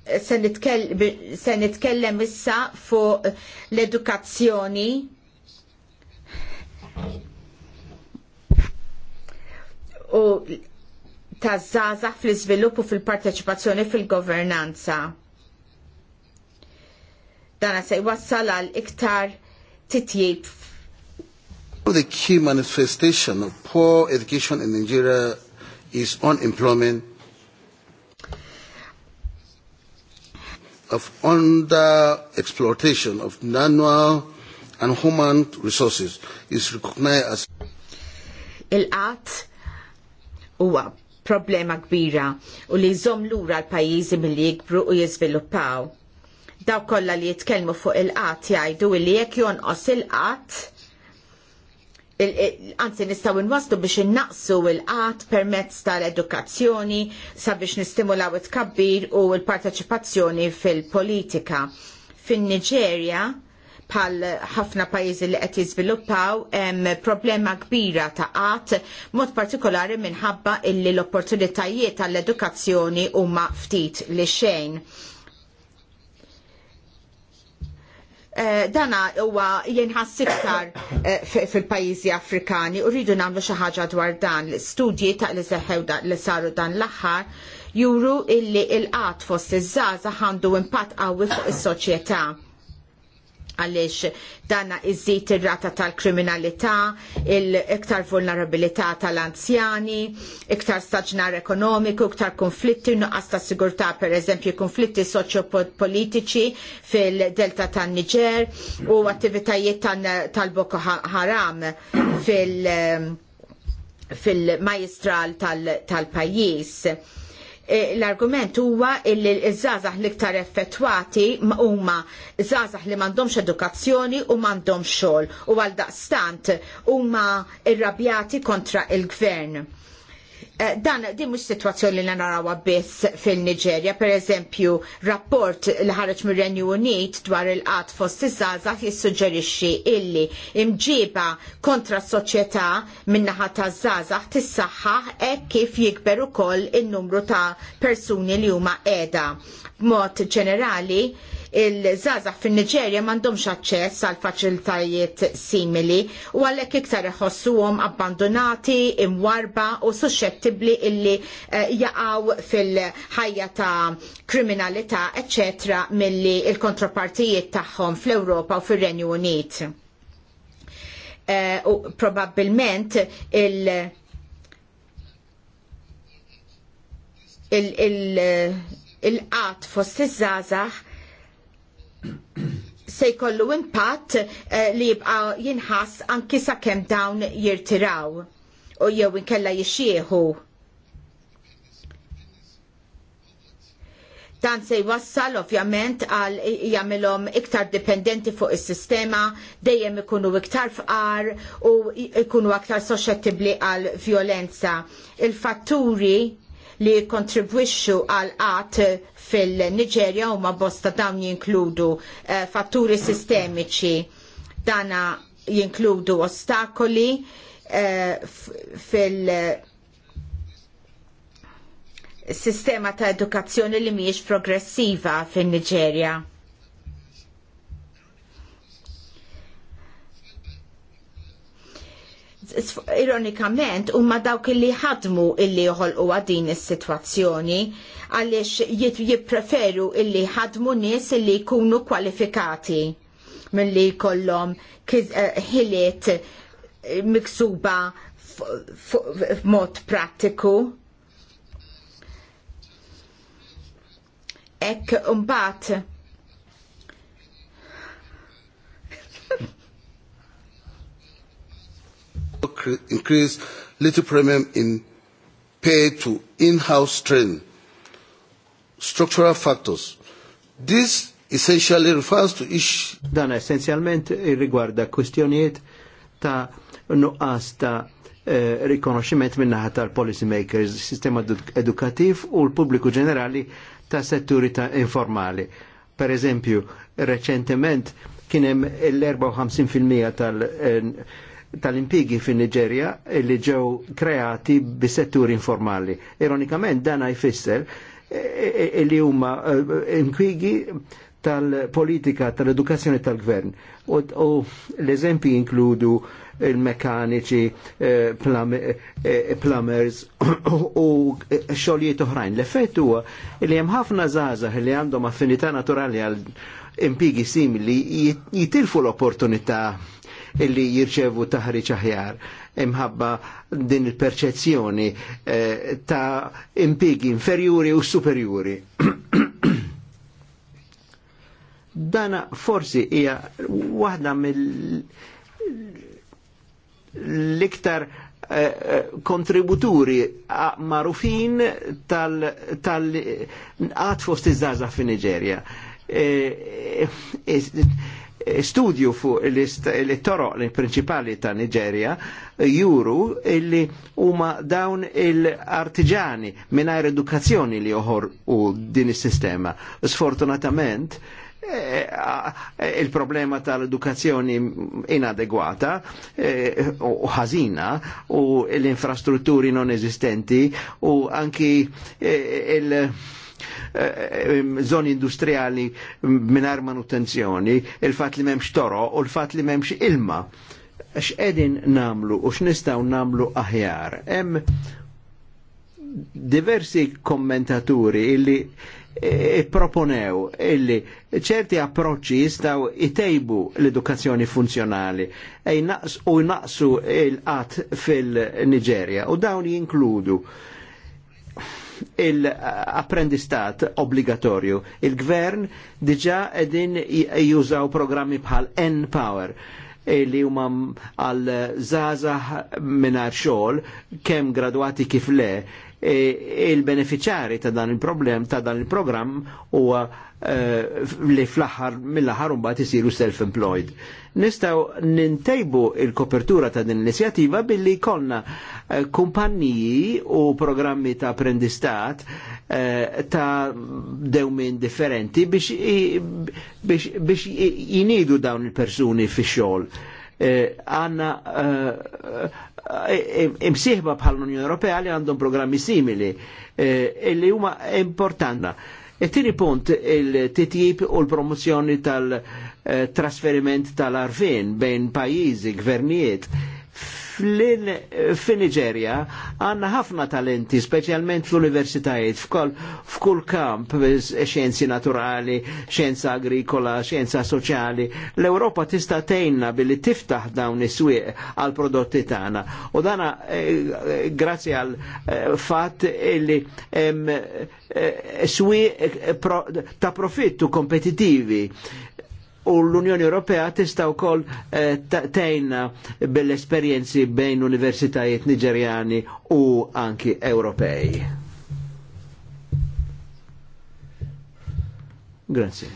eh, se nitkellem issa fuq l-edukazzjoni u ta' żgħażagħ fil-izviluppu fil-parteċipazzjoni fil-governanza. Dana se jwassal għal iktar titjib The key manifestation of poor education in Nigeria is unemployment of under exploitation of manual and human resources is recognized as il-qat huwa problema kbira u li jżomm lura l-pajjiżi milli jikbru u jiżviluppaw. Daw kollha li jitkellmu fuq il qat jgħidu li jekk jonqos il qat Anzi, nistaw inwaslu biex innaqsu il-qat permezz tal-edukazzjoni sabiex nistimulaw it-kabbir u l-parteċipazzjoni fil-politika. Fin-Niġerja, pal ħafna pajjiżi li qed jiżviluppaw hemm problema kbira ta' qatt mod partikolari minħabba illi l-opportunitajiet tal-edukazzjoni huma ftit li xejn. Eh, dana huwa jinħass iktar eh, fil-pajjiżi Afrikani u rridu nagħmlu xi ħaġa dwar dan. l-istudji ta' li seħħew li saru dan l-aħħar juru illi il-qatt fost iż-żgħażagħ għandu impatt qawwi fuq is-soċjetà għaliex dana iżid ir-rata tal-kriminalità, il-iktar vulnerabilità tal-anzjani, iktar staġnar ekonomiku, iktar konflitti, nuqqas ta' sigurtà pereżempju konflitti soċjopolitiċi fil-delta tan-Niġer u attivitajiet tal-Boko Haram fil- majistral tal-pajjiż. Tal Eh, l-argument huwa illi l-żazax l-iktar effettwati huma żazax li m'għandhomx edukazzjoni u m'għandhomx xogħol u għal daqstant huma irrabjati kontra il-gvern Eh, dan din mhux sitwazzjoni li narawha biss fil-Niġerja, pereżempju rapport li ħareġ mir-Renju Unit dwar il-qatt fost iż-żgħażagħ jissuġġerixxi illi imġiba kontra s-soċjetà min-naħa taż-żgħażagħ tissaħħaħ hekk kif jikber ukoll in-numru ta' persuni li huma qiegħda. B'mod ġenerali, il-żazax fin niġerja m'għandhomx aċċess għal faċilitajiet simili u għalhekk iktar iħossuhom abbandonati, imwarba u suscettibbli illi eh, jaqgħu fil-ħajja ta' kriminalità, eċċetera, milli l kontrapartijiet tagħhom fl-Ewropa u fir-Renju Unit. Eh, u probabbilment il- il-qat il, il fost iż-żazax se jkollu impatt eh, li jibqa' jinħass anki sakemm dawn jirtiraw u jew inkella jixxieħu. Dan se jwassal ovvjament għal jagħmilhom iktar dipendenti fuq is-sistema, dejjem ikunu iktar fqar u ikunu aktar soċettibbli għal violenza. Il-fatturi li kontribwixxu għal qatt fil-Niġerja huma bosta dawn jinkludu eh, fatturi sistemiċi dana jinkludu ostakoli eh, fil- sistema ta' edukazzjoni li mhijiex progressiva fin-Niġerja. ironikament huma dawk li ħadmu illi u din is-sitwazzjoni għaliex jippreferu illi ħadmu nies illi jkunu kwalifikati milli jkollhom ħiliet miksuba f'mod prattiku. Ek mbagħad increase little premium in pay to in-house training. Structural factors. This essentially refers to ish. Dan essenzialment rigwarda kwistjonijiet ta' nuqqas ta' eh, rikonoxximent minnaħa tal-policy makers, sistema edukativ u l-pubbliku ġenerali ta' setturi ta' informali. Per eżempju, reċentement kienem l-54% tal- eh, tal-impigi fin niġerja li ġew kreati bi settur informali. Ironikament dan jfisser e, e, e, li huma impigi tal-politika, tal-edukazzjoni tal-gvern. U l-eżempi inkludu il-mekaniċi, plumbers *coughs* u xogħlijiet oħrajn. L-effett huwa li hemm ħafna żgħażagħ li għandhom affinità naturali għal impigi simili jitilfu l-opportunità illi jirċevu taħri ċaħjar imħabba din il-perċezzjoni eh, ta' impigi inferjuri u superjuri. *clears throat* Dana forsi hija waħda mill l-iktar eh, kontributuri marufin tal-għat fost iż-żaza fi Nigeria. Eh, eh, studju fu il toro il principali ta' Nigeria juru illi huma dawn il-artiġani mingħajr edukazzjoni li uħor u din is-sistema. Sfortunatament, eh, eh, il-problema tal-edukazzjoni inadegwata eh, u ħażina u l-infrastrutturi non esistenti u anki il- Eh, eh, zoni industriali minar manutenzjoni, il-fat li memx toro u l-fat li memx ilma. edin namlu u x'nistgħu namlu aħjar. Hemm diversi kommentaturi illi eh, proponew illi ċerti approċċi jistaw itejbu l-edukazzjoni funzjonali u naqsu il-qat fil-Nigeria u dawn jinkludu il-apprendistat obbligatorju. Il-gvern diġa edin jużaw programmi bħal N-Power e li huma għal zaza minar xogħol kemm gradwati kif le E, il beneficiari ta' dan il-problem ta' dan il-programm huwa e, li fl-aħħar mill-aħħar bat jisiru self-employed. Nistgħu nintejbu il-kopertura ta' din l inizjativa billi jkollna e, kumpanniji u programmi ta' apprendistat ta' dewmin differenti biex, jinidu dawn il-persuni fi xol. għanna Eh, imsieħba bħal l-Unjoni Ewropea li għandhom programmi simili eh, li huma importanti. Il-tini e punt il-titjib u l-promozzjoni tal-trasferiment eh, tal-arfin bejn pajizi, gvernijiet F'Nigeria eh, għanna ħafna talenti, specialment fl-universitajiet, f'kull kamp, eh, xienzi naturali, xienza agrikola, xienza soċjali. L-Europa tista' tejna billi tiftaħ dawn is-swieq għal prodotti tagħna. U dana eh, grazzi għal fatt illi eh, swieq pro, ta' profittu kompetitivi u l-Unjoni Ewropea tista' wkoll eh, tgħinna bell-esperjenzi bejn universitajiet Niġerjani u anki Ewropej. Grazie.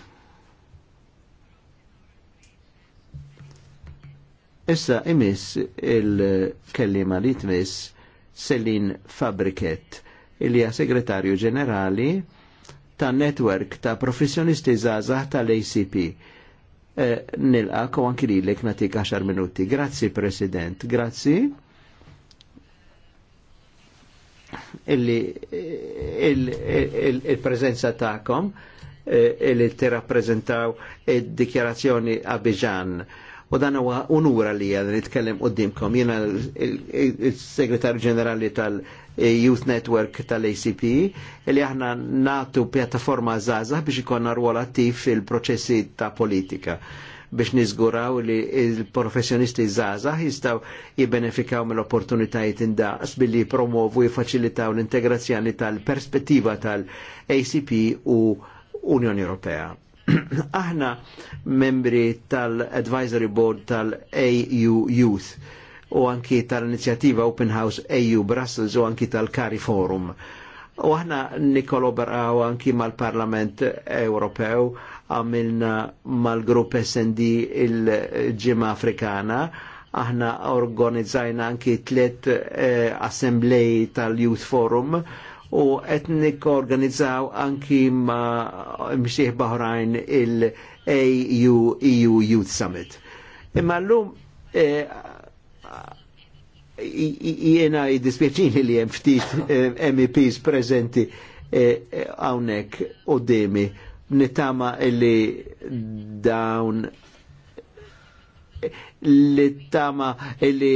Issa imis il-kellima li tmiss Selin Fabriket, il-ja segretarju ġenerali ta' netwerk ta' professjonisti zazah tal-ACP Eh, nilqak u anki lilek natik 10 minuti. Grazzi President, grazzi. Illi il-prezenza il, il, il ta'kom eh, illi t-rapprezentaw il eh, dikjarazzjoni Abidjan. U dan huwa unura li għad nitkellem qoddimkom. Jiena il-Segretarju Ġenerali tal- Eh, Youth Network tal-ACP li aħna natu pjattaforma zaza biex ikonna rwol attiv fil-proċessi ta' politika biex nizguraw li il-professjonisti zaza jistaw jibbenefikaw mill-opportunitajiet indaqs billi promovu jifacilitaw l-integrazzjoni tal-perspettiva tal-ACP u Unjoni Ewropea. *clears throat* Aħna membri tal-Advisory Board tal-AU Youth u anki tal-inizjattiva Open House EU Brussels u anki tal-Kari Forum. U aħna nikolobraw anki mal-Parlament Ewropew għamilna mal-grupp SND il-ġimma Afrikana, aħna organizzajna anki tliet eh, assembleji tal-Youth Forum u etnik organizzaw anki ma mxieħ Bahrajn il-AU EU Youth Summit. Imma l-lum eh, jiena jiddispjaċini li hemm ftit eh, MEPs prezenti għawnek eh, eh, u demi nittama li dawn li tama li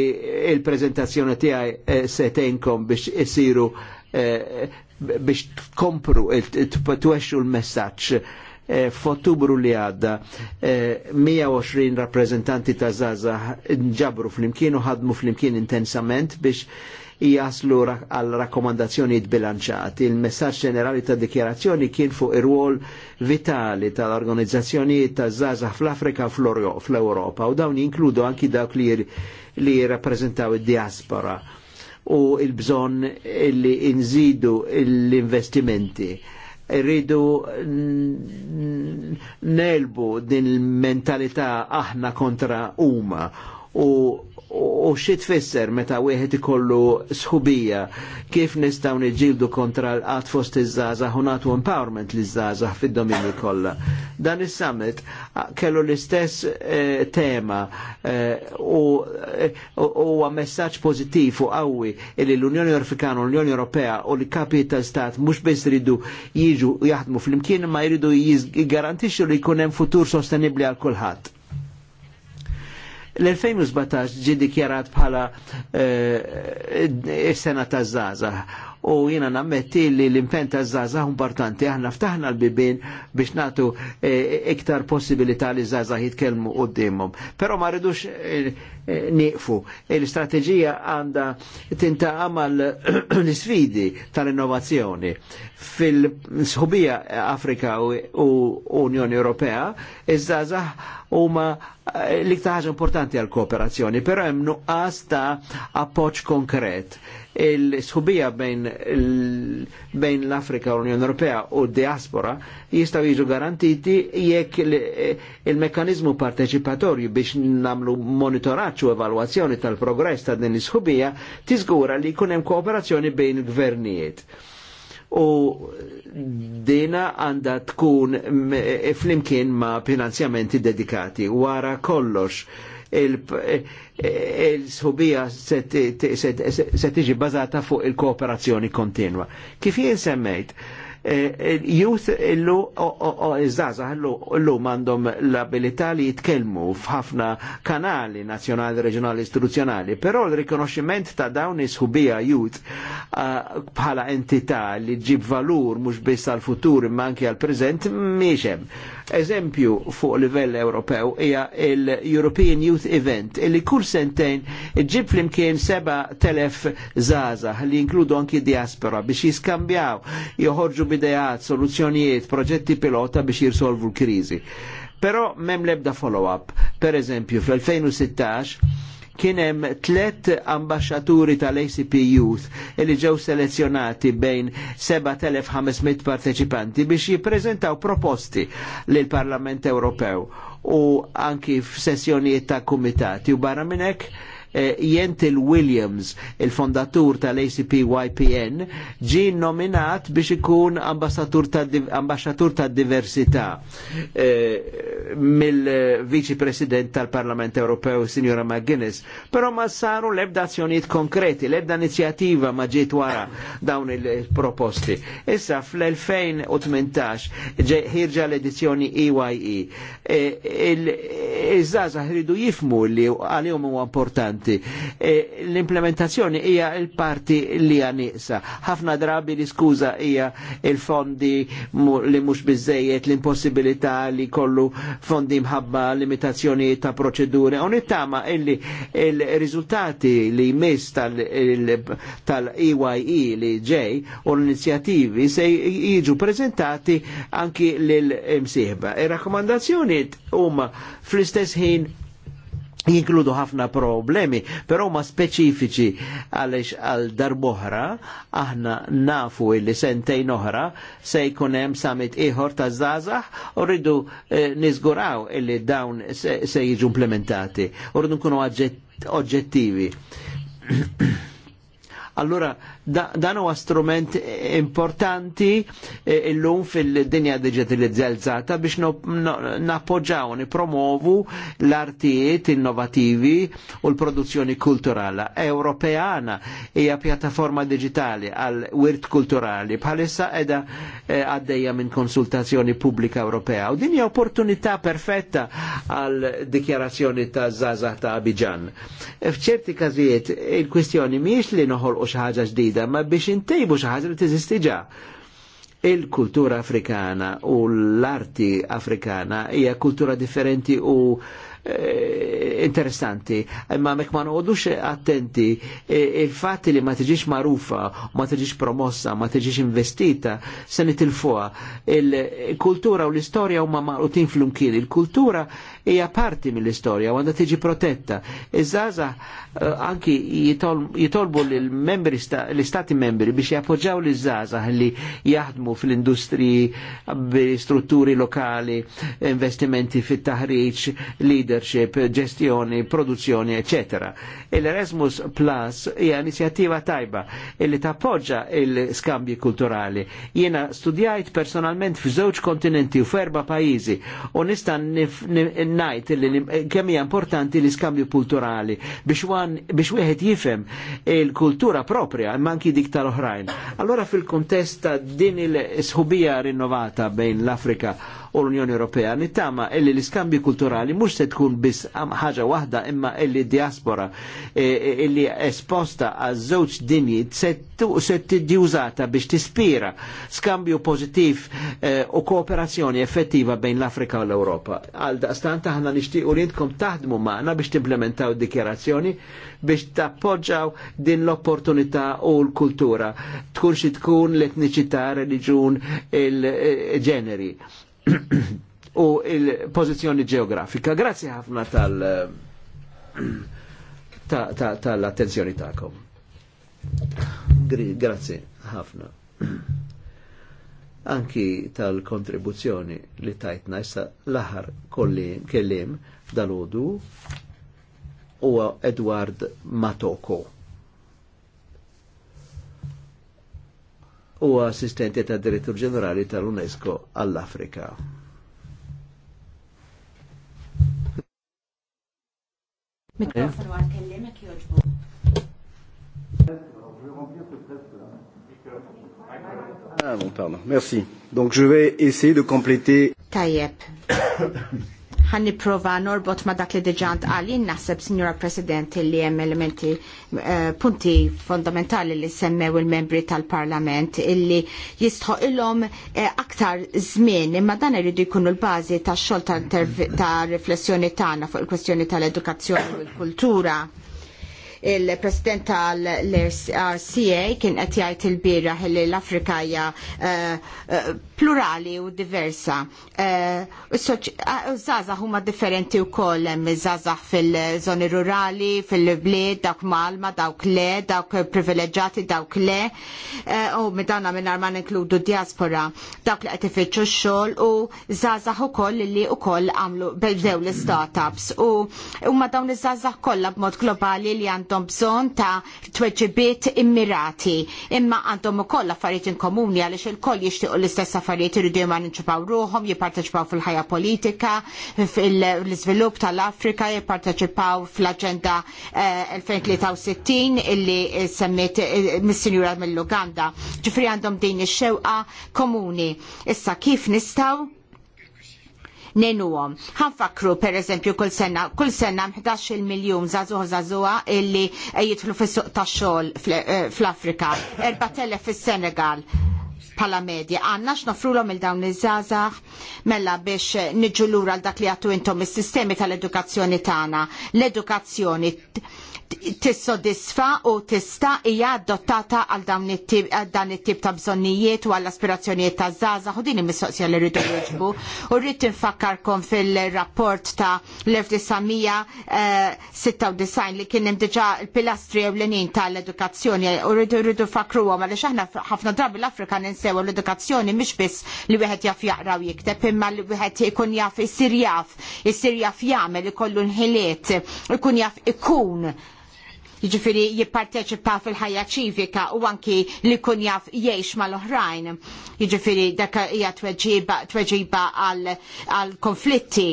il-prezentazzjoni tijaj se tenkom biex isiru biex tkompru twexxu l messagġ Eh, f'Ottubru li għadda 120 eh, rappreżentanti ta' Zaza ġabru fl-imkien u ħadmu fl-imkien intensament biex jaslu għal rakkomandazzjoni bilanċati. Il-messaġġ ġenerali ta' dikjarazzjoni kien fuq ir-rwol vitali tal-organizzazzjonijiet ta' Zaza fl-Afrika u fl-Europa u dawn jinkludu anki dawk li, li rappresentaw id-diaspora u il-bżon li inżidu l-investimenti. Il irridu nelbu din il-mentalità aħna kontra huma u u xi tfisser meta wieħed ikollu sħubija kif nistgħu niġġieldu kontra l qat fost iż-żgħażagħ u nagħtu empowerment li żgħażagħ fid dominju kollha. Dan is-summit kellu l-istess e, tema e, e, u huwa messaġġ pożittiv u qawwi li l-Unjoni Afrikana u l-Unjoni Ewropea u l-kapi tal-Stat mhux biss ridu jiġu jaħdmu fl-imkien ma jridu jgarantixxu li jkun hemm futur sostenibbli għal kulħadd L-2017 ġi dikjarat bħala s-sena eh, eh, ta' zaza u jina nammetti li l ta' zaza importanti aħna ftaħna l-bibin biex natu e, iktar possibilità li zaza jitkelmu u d-dimmum. Pero ma rridux e, e, niqfu. Il-strategija għanda tinta għamal l-sfidi *clears throat* tal-innovazzjoni fil-sħubija Afrika u Unjoni Ewropea, iż-żaza huma l-iktar ħaġa importanti għal kooperazzjoni, però hemm nuqqas ta' appoġġ konkret il-sħubija bejn l-Afrika u l-Unjoni Ewropea u d-diaspora jistaw jiġu garantiti jekk il-mekkanizmu parteċipatorju biex namlu monitoraċ u evalwazzjoni tal-progress ta' din l-sħubija tiżgura li jkun hemm kooperazzjoni bejn il-gvernijiet u dina għanda tkun e- e- flimkien ma' finanzjamenti dedikati. Wara kollox, il subija se tiġi bazata fuq il-kooperazzjoni kontinwa. Kif jien semmejt, Youth illu, iż-żaza illu mandom l-abilità li jitkelmu f'ħafna kanali nazjonali, reġjonali, istituzzjonali, però l-rikonoxximent ta' dawn is-ħubija youth bħala entità li ġib valur mhux biss għal-futur imma anke għal-preżent miexem. Eżempju fuq livell Ewropew hija l-European Youth Event illi kull sentejn ġib flimkien seba' telef zaza li jinkludu anki diaspora biex jiskambjaw, joħorġu bidejat, soluzzjonijiet, proġetti pilota biex jirsolvu l-krizi. Però mem lebda follow-up. Per eżempju, fl-2016 kien hemm tliet ambasċaturi tal-ACP Youth li ġew selezzjonati bejn 7500 partecipanti biex jippreżentaw proposti lill parlament Ewropew u anki f'sessjonijiet ta' kumitati u barra minn hekk Jentil eh, Williams, il-fondatur tal-ACPYPN, ġi nominat biex ikun ambasċatur ta' diversità eh, mill vici President tal-Parlament Ewropew, Signora McGuinness. Però ma saru lebda azzjonijiet konkreti, lebda inizjativa ma ġiet wara dawn il-proposti. Issa fl-2018 ħirġa l-edizzjoni EYE. E. Eh, iż-żaza ħridu jifmu li għalihom huwa importanti differenti. E, L-implementazzjoni hija l-parti li għanisa. Ħafna drabi li skuza hija il-fondi li mhux biżejjed l-impossibilità li kollu fondi mħabba limitazzjoni ta' proċedure. Un it illi il-riżultati li jmiss tal-EYE li ġej u l-inizjativi se jiġu prezentati anki lil imsieħba. Ir-rakkomandazzjoni e huma fl-istess ħin jinkludu ħafna problemi, però ma speċifiċi għalix għal darboħra, aħna nafu illi sentejn oħra se jkun hemm summit ta' zazax u rridu eh, nizguraw illi dawn se, jiġu implementati, u rridu nkunu oġġettivi. *clears throat* Allora, da, dan huwa strument importanti eh, illum fil-dinja digitalizzata biex nappoġġaw nipromovu l-artijiet innovativi u l-produzzjoni kulturali. Europeana hija pjattaforma digitali għal wirt kulturali bħalissa edha eh, għaddejja minn konsultazzjoni pubblika Ewropea u din hija opportunità perfetta għal dikjarazzjoni ta' Zaza ta' Abidjan. F'ċerti każijiet il-kwistjoni miex li noħolqu xi ħaġa ġdida ġdida, ma biex intejbu xi ħaġa li tiżisti ġa. Il-kultura afrikana u l-arti afrikana hija kultura differenti u eh, interessanti, ma mek ma noqodux attenti, eh, il-fatti li ma tiġix marufa, ma tiġix promossa, ma tiġix investita, se il-fua. Il-kultura u l-istorja istoria ma marqutin fl-imkien, il-kultura hija parti mill-istorja u għandha tiġi protetta. Iż-żaza eh, anki jitolbu l-membri l-istati membri biex jappoġġaw l żaza li jaħdmu fil industriji strutturi lokali, investimenti fit-taħriġ, leadership, ġestjoni, produzzjoni, eccetera. Il-Erasmus Plus hija inizjattiva tajba li tappoġġa il-skambji kulturali. Jiena studjajt personalment f'żewġ kontinenti u f'erba' pajjiżi u nista' najt li eh, kemm hija importanti l-iskambju kulturali biex wan biex wieħed jifhem il-kultura propria imma anki dik tal-oħrajn. Allora fil-kontest ta' din il-sħubija rinnovata bejn l-Afrika u l-Unjoni Ewropea. Nittama illi l-iskambi kulturali mhux se tkun biss ħaġa waħda imma illi diaspora e, e, illi esposta għaż żewġ dinji se tiġi użata biex tispira skambju pożittiv e, u kooperazzjoni effettiva bejn l-Afrika u l-Ewropa. Għal daqstant aħna nixtiequ li intkom taħdmu magħna biex timplementaw dikjerazzjoni biex tappoġġaw din l-opportunità u l-kultura. Tkun xi tkun l-etniċità, religjun, il-ġeneri u il-pozizjoni ġeografika. Grazzi ħafna tal- tal-attenzjoni eh, ta, ta, Grazzi ħafna. Anki tal-kontribuzzjoni li tajtna issa l-aħar kellim dal-ħodu u Edward Matoko. u assistenti ta' direttur ġenerali tal-UNESCO għall-Afrika. Ah bon, pardon. Merci. Donc je vais essayer de compléter. Tayeb. *coughs* *coughs* ħanni nipprova norbot ma dak li diġant għalin naħseb, Signora President, li hemm elementi eh, punti fondamentali li semmew il-membri tal-Parlament illi jistħoq ilhom eh, aktar żmien imma dan iridu jkunu l-bażi tax-xogħol ta', ta riflessjoni tagħna fuq il-kwestjoni tal-edukazzjoni u l-kultura il-president tal-RCA kien qed jgħid il-bieraħ li l-Afrika hija eh, eh, plurali u diversa. Żgħażagħ eh, huma differenti wkoll hemm żgħażagħ fil-żoni rurali, fil bled dawk Malma, dawk le, dawk privileġati, dawk le, u midana oh, minn ma inkludu diaspora, dawk li qed xol x-xogħol u koll ukoll li wkoll għamlu bdew l-startups u huma dawn iż-żgħażagħ kollha b'mod globali li għandhom għandhom bżonn ta' tweġibiet immirati. Imma għandhom ukoll affarijiet inkomuni għaliex il-koll jixtiequ l-istess affarijiet iridu jmanċipaw ruhom, jipparteċipaw fil-ħajja politika, fil-iżvilupp tal-Afrika, jipparteċipaw fl-Aġenda 2063 eh, illi semmiet eh, mis-Sinjura mill luganda Ġifri għandhom din ix-xewqa komuni. Issa kif nistgħu nenuhom. per pereżempju kull sena, kull sena mħdax-il miljun żagħżugħ zazuħa illi eh, jidħlu fis-suq tax-xogħol eh, fl-Afrika, erbatelle fis-Senegal bħala medja. Għanna x'nofrulhom il dawn iż-żgħażagħ mela biex eh, niġu lura l dak li għattu intom is-sistemi tal-edukazzjoni tagħna. L-edukazzjoni tissodisfa u tista hija adottata għal dan it-tip ta' bżonnijiet u għall aspirazzjonijiet ta' żgħażagħ u din il-mistoqsija li rridu jiġbu. U rrid tinfakkarkom fil-rapport ta' l-1996 li kien hemm diġà il-pilastri ewlenin tal-edukazzjoni u rridu rridu fakruhom għaliex aħna ħafna drabi l-Afrika ninsew l-edukazzjoni mhix biss li wieħed jaf jaqra u jikteb imma li wieħed ikun jaf isir jaf, isir jaf jagħmel ikollu nħiliet, ikun jaf ikun jiġifieri jipparteċipa fil-ħajja ċivika u anki li kun jaf jgħix mal-oħrajn. Jiġifieri dak hija tweġiba għal konflitti.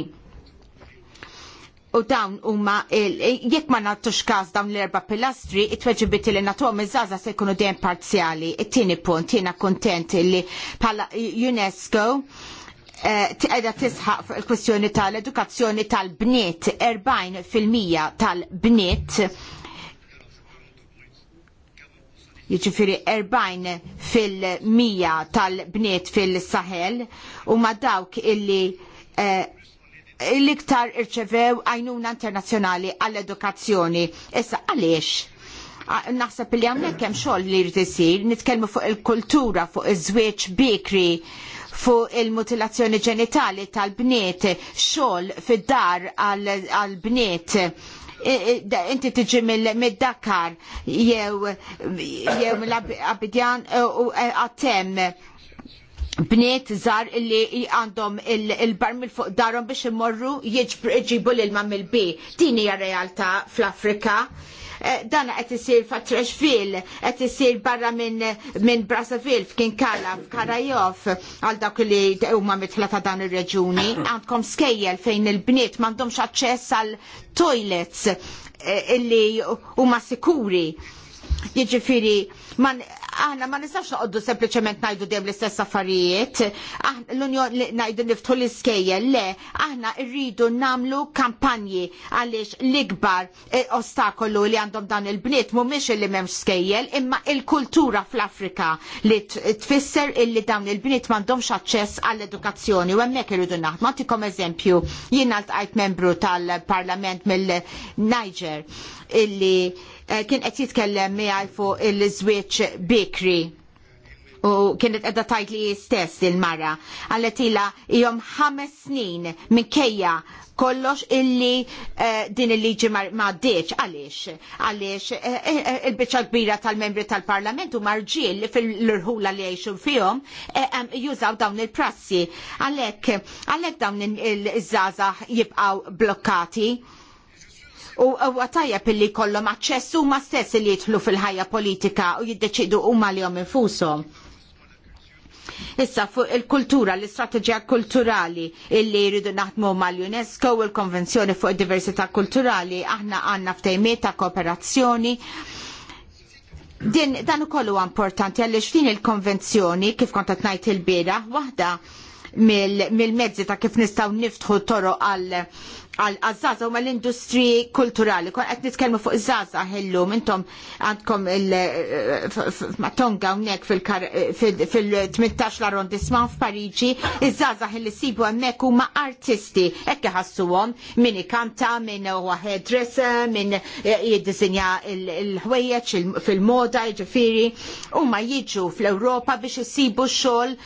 U dawn huma jekk ma nagħtux każ dawn l-erba pilastri, it-tweġibiet li nagħtuhom iż-żgħażagħ se jkunu dejjem parzjali. It-tieni punt jiena kuntent li bħala UNESCO eh, qiegħda tisħaq fuq il-kwestjoni tal-edukazzjoni tal-bniet, 40% tal-bniet jiġifieri 40 fil-mija tal-bniet fil-Sahel huma dawk illi eh, l-iktar irċevew għajnuna internazzjonali għall-edukazzjoni. Issa għaliex? Naħseb li hawnhekk hemm xogħol li jrid isir, nitkellmu fuq il-kultura, fuq iż-żwieġ bikri, fuq il-mutilazzjoni ġenitali tal-bniet, xogħol fid-dar għall-bniet inti tiġi mid-Dakar jew jew l-Abidjan u għatem bniet zar illi għandhom il barm il fuq darhom biex imorru jġibu l-ilma mill-bi. Din hija realtà fl-Afrika. Eh, dan qed isir fa' Trashville, qed isir barra minn min Brazzaville f'kien Kala, f'Karajov, għal dak li huma mitħla ta' dan ir-reġuni. Għandkom skejjel fejn il-bniet m'għandhomx aċċess għal toilets eh, illi huma sikuri. Jiġifieri man aħna ma nistax noqogħdu sempliċement ngħidu dejjem l-istess affarijiet, l li ngħidu niftħu l-iskejjel, le, aħna rridu nagħmlu kampanji għaliex l-ikbar eh, ostakolu li għandhom dan il-bniet mhumiex illi m'hemmx skejjel, imma il-kultura fl-Afrika li tfisser illi dawn il-bniet m'għandhomx aċċess għall-edukazzjoni u hemmhekk irridu naħdmu. Għatikom eżempju, jien l-tqajt membru tal-Parlament mill-Niger illi Eh, kien qed jitkellem miegħi fuq il-żwieġ bikri u kienet edha tajt li stess il-mara. Għallet ila jom ħames snin minn kejja kollox illi eh, din il-liġi ma deċ għalix. Għalix il-bicċa kbira tal-membri tal-parlamentu marġil fil-rħula li għajxu fihom eh, jużaw dawn il-prassi. Għalek, għalek dawn il-żaza jibqaw blokkati u għatajja pilli kollom aċċess huma stess li jidħlu fil-ħajja politika u jiddeċidu huma li jom infusom. Issa fuq il-kultura, l-istrateġija kulturali illi jridu naħdmu mal-UNESCO u l-Konvenzjoni fuq id-diversità kulturali aħna għandna ftejmiet ta' kooperazzjoni. Din dan ukoll huwa importanti għaliex din il-konvenzjoni kif kont qed ngħid il-bieraħ waħda mill-mezzi ta' kif nistgħu niftħu toroq għal għal għazzaza huma l-industri kulturali. Kon qed nitkellmu fuq iż-żaza ħillum intom għandkom il-Tonga hawnhekk fil-18 arrondissement f'Pariġi, iż-żaza ħilli sibu hemmhekk huma artisti hekk iħassuhom min ikanta, min huwa hairdresser, min jiddisinja il ħwejjeġ fil-moda, jiġifieri, huma jiġu fl-Ewropa biex isibu xogħol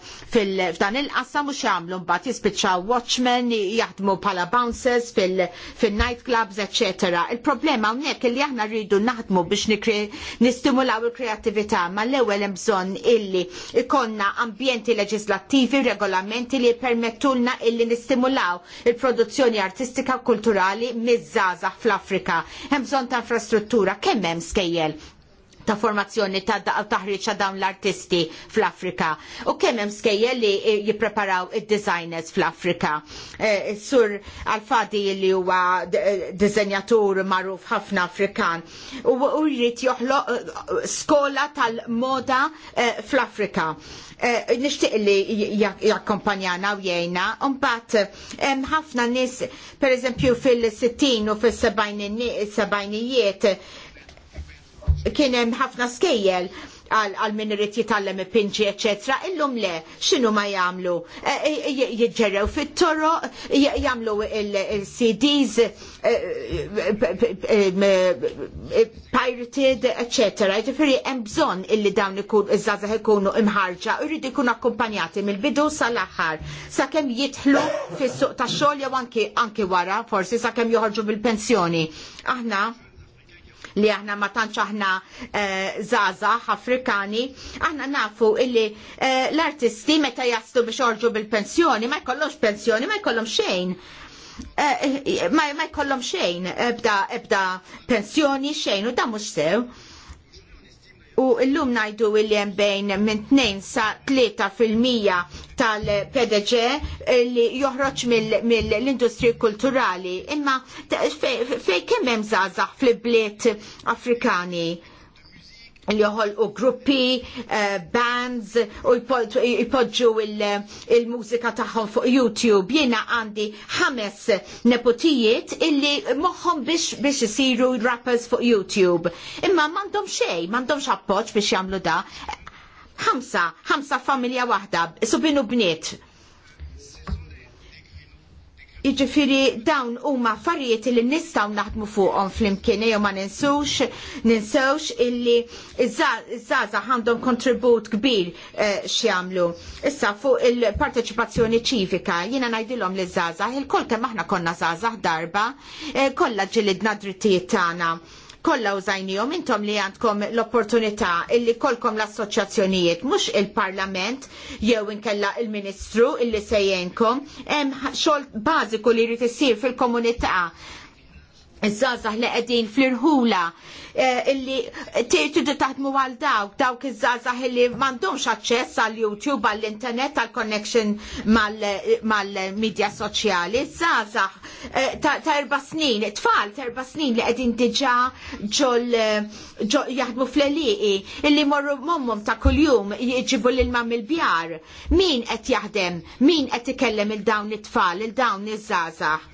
fil-dan il-qasam u xamlu, mbagħad jispiċċaw watchmen, jaħdmu bħala bouncers fil-night clubs, etc. Il-problema hawnhekk li aħna rridu naħdmu biex nistimulaw il-kreativita ma l-ewwel hemm bżonn illi ikonna ambjenti leġislattivi, regolamenti li permettulna illi nistimulaw il-produzzjoni artistika u kulturali miż-żgħażagħ fl-Afrika. Hemm bżonn ta' infrastruttura kemm hemm skejjel ta' formazzjoni ta' taħriġ ta' dawn l-artisti fl-Afrika. U kemm hemm skejjel li eh, jippreparaw id-designers fl-Afrika. Eh, sur Alfadi li huwa eh, diżenjatur magħruf ħafna Afrikan u jrid joħloq skola tal-moda fl-Afrika. Nixtieq li jakkompanjana u jgħinna, mbagħad hemm ħafna nies pereżempju fil-60 u fis-70 kien hemm ħafna skejjel għal min irid jitallem pinċi eċetera, illum le, x'inhu ma jagħmlu? E, e, e, Jiġġerrew fit-toro, jagħmlu il-CDs pirated, eċetera. Ġifieri hemm bżonn illi dawn ikun iż-żgħażagħ ikunu imħarġa, jridu jkunu akkumpanjati mill-bidu sal-aħħar sakemm jidħlu fis-suq tax-xogħol jew anki wara forsi sakemm joħorġu bil-pensjoni. Aħna li aħna ma tantx aħna żgħażagħ eh, Afrikani, aħna nafu illi eh, l-artisti meta jaslu biex orġu bil-pensjoni, ma jkollhomx pensjoni, ma jkollhom xejn. Eh, ma jkollhom xejn, ebda, ebda pensjoni xejn u da mhux sew u llum najdu li hemm bejn minn 2 sa 3% tal-PDG li joħroġ mill-industri kulturali. Imma fej kemm hemm żgħażagħ fl-bliet Afrikani? li joħol u gruppi, eh, bands u jpoġġu eh, il-mużika il tagħhom fuq YouTube. Jiena għandi ħames nepotijiet illi moħħom biex biex isiru rappers fuq YouTube. Imma m'għandhom xejn, m'għandhomx appoġġ biex jagħmlu da. Ħamsa, ħamsa familja waħda, subinu bniet Jiġifieri dawn huma affarijiet li nistgħu naħdmu fuqhom flimkien jew ma ninsux, ninsewx illi iż żaza għandhom kontribut kbir eh, x'jagħmlu. Issa fuq il-parteċipazzjoni ċivika jiena ngħidilhom li żaża il-kol kemm aħna konna żaża darba eh, kollha ġilidna drittijiet tagħna kollha użajnijhom intom li għandkom l-opportunità illi kolkom l-assoċjazzjonijiet mhux il-Parlament jew inkella il-Ministru illi sejjenkom hemm xogħol bażiku li jrid isir fil-komunità iż żazax li qegħdin fl-irħula eh, illi tidu taħdmu għal dawk, dawk iż żazax illi m'għandhomx aċċess għal YouTube, għall internet għal connection mal-medja soċjali. iż żazax eh, ta' erba snin, tfal ta' erba snin li qegħdin diġà ġol eh, jaħdmu fl-eliqi, illi morru mommum ta' kuljum jiġibu lil mam il-bjar. Min qed jaħdem, min qed ikellem il-dawn it-tfal, il-dawn iż-żazah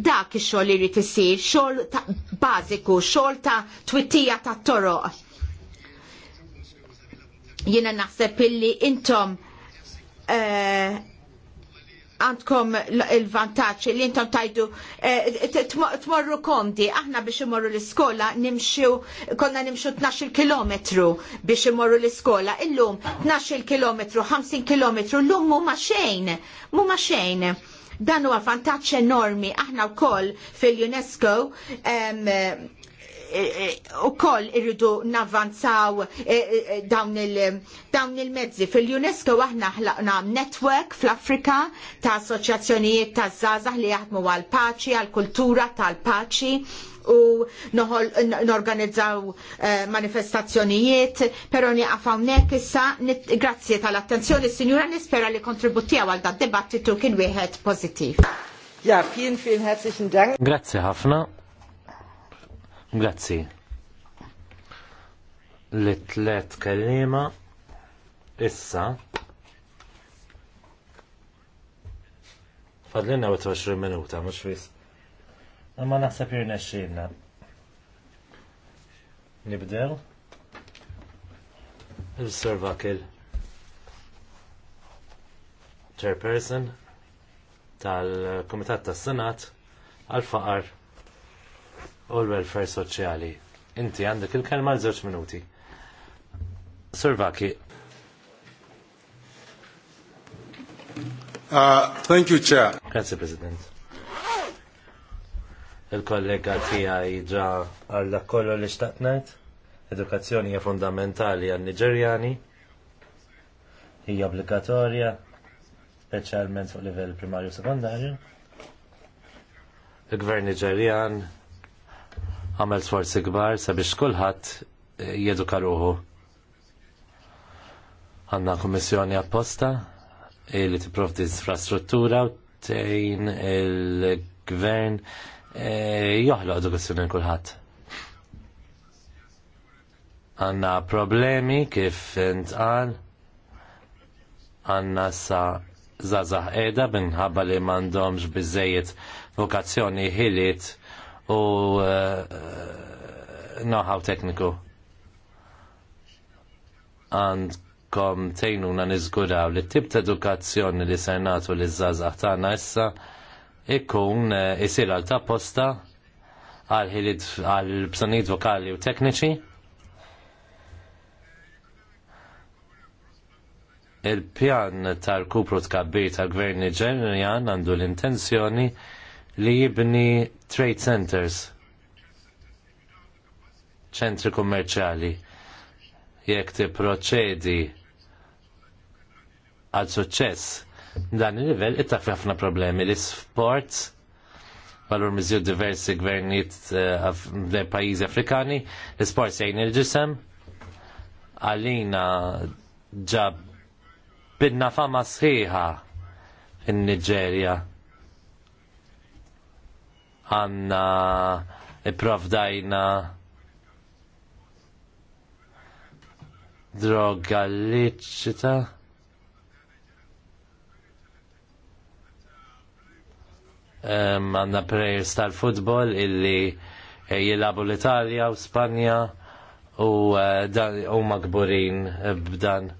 Dak ix-xogħol li jrid isir, xogħol ta' bażiku, xogħol ta' twittija ta' toroq. Jiena naħseb illi intom eh, għandkom il-vantaċ li intom tajdu eh, tmorru kondi, aħna biex imorru l-iskola nimxu, konna nimxu 12 kilometru biex imorru l-iskola, illum 12 kilometru, 50 kilometru, l-lum mu ma xejn, mu ma xejn Dan huwa vantaġġ enormi aħna wkoll fil-UNESCO u koll irridu navvanzaw eh, eh, dawn il-mezzi. Fil-UNESCO aħna ħlaqna network fl-Afrika ta' assoċjazzjonijiet ta' zazah li jaħdmu għal paċi, għal kultura tal paċi u norganizzaw eh, manifestazzjonijiet, pero niqafawnek issa, grazzi tal-attenzjoni, signora, nispera li kontributija għal dat dibattitu kien wieħed pozitiv. Ja, vielen, vielen herzlichen Dank. Grazie ħafna. Grazzi. l tlet kellima issa Fadlina 20 minuta, mux fis. ma naħseb jirna xilna. Nibdew? Il-servakil. Chairperson tal-Komitat tas-Senat għal-Faqar u l-welfare soċjali. Inti għandek il-kelma l żewġ minuti. Survaki. Uh, thank you, Chair. Grazie, President. Il-kollega tiegħi ġa għalla kollu li xtaqnajt. Edukazzjoni hija fundamentali għan niġerjani hija obbligatorja, speċjalment fuq livell primarju u sekondarju. Il-gvern Niġerjan għamel sforzi kbar sabiex kulħadd eh, jedu ruħu. Għanna kommissjoni apposta li tipprovdi infrastruttura u tejn il-gvern eh, joħloq edukazzjoni kulħadd. Għanna problemi kif intqal għanna sa zazah edha minħabba li mandomx bizzejiet vokazzjoni ħiliet u uh, uh, know-how tekniku. Għandkom tejnuna nizguraw li t-tip ta' edukazzjoni li sajnatu li zazax tagħna issa ikun uh, isir għal ta' posta għal ħilid għal bżonijiet vokali u tekniċi. Il-pjan tal-kupru tkabbir tal-gvern Niġerjan għandu l-intenzjoni li jibni trade centers, ċentri kummerċali, jekk ti proċedi għal suċċess dan il-livell ittaf ħafna problemi l sports valur miżju diversi gvernit uh, eh, pajjiżi Afrikani, l-sports jgħin il-ġisem, għalina ġab bidna fama sħiħa in nigeria għanna iprovdajna droga liċċita. Għanna um, prejers tal-futbol illi eh, jilabu l-Italja u Spanja u uh, eh, um, magburin eh, b'dan.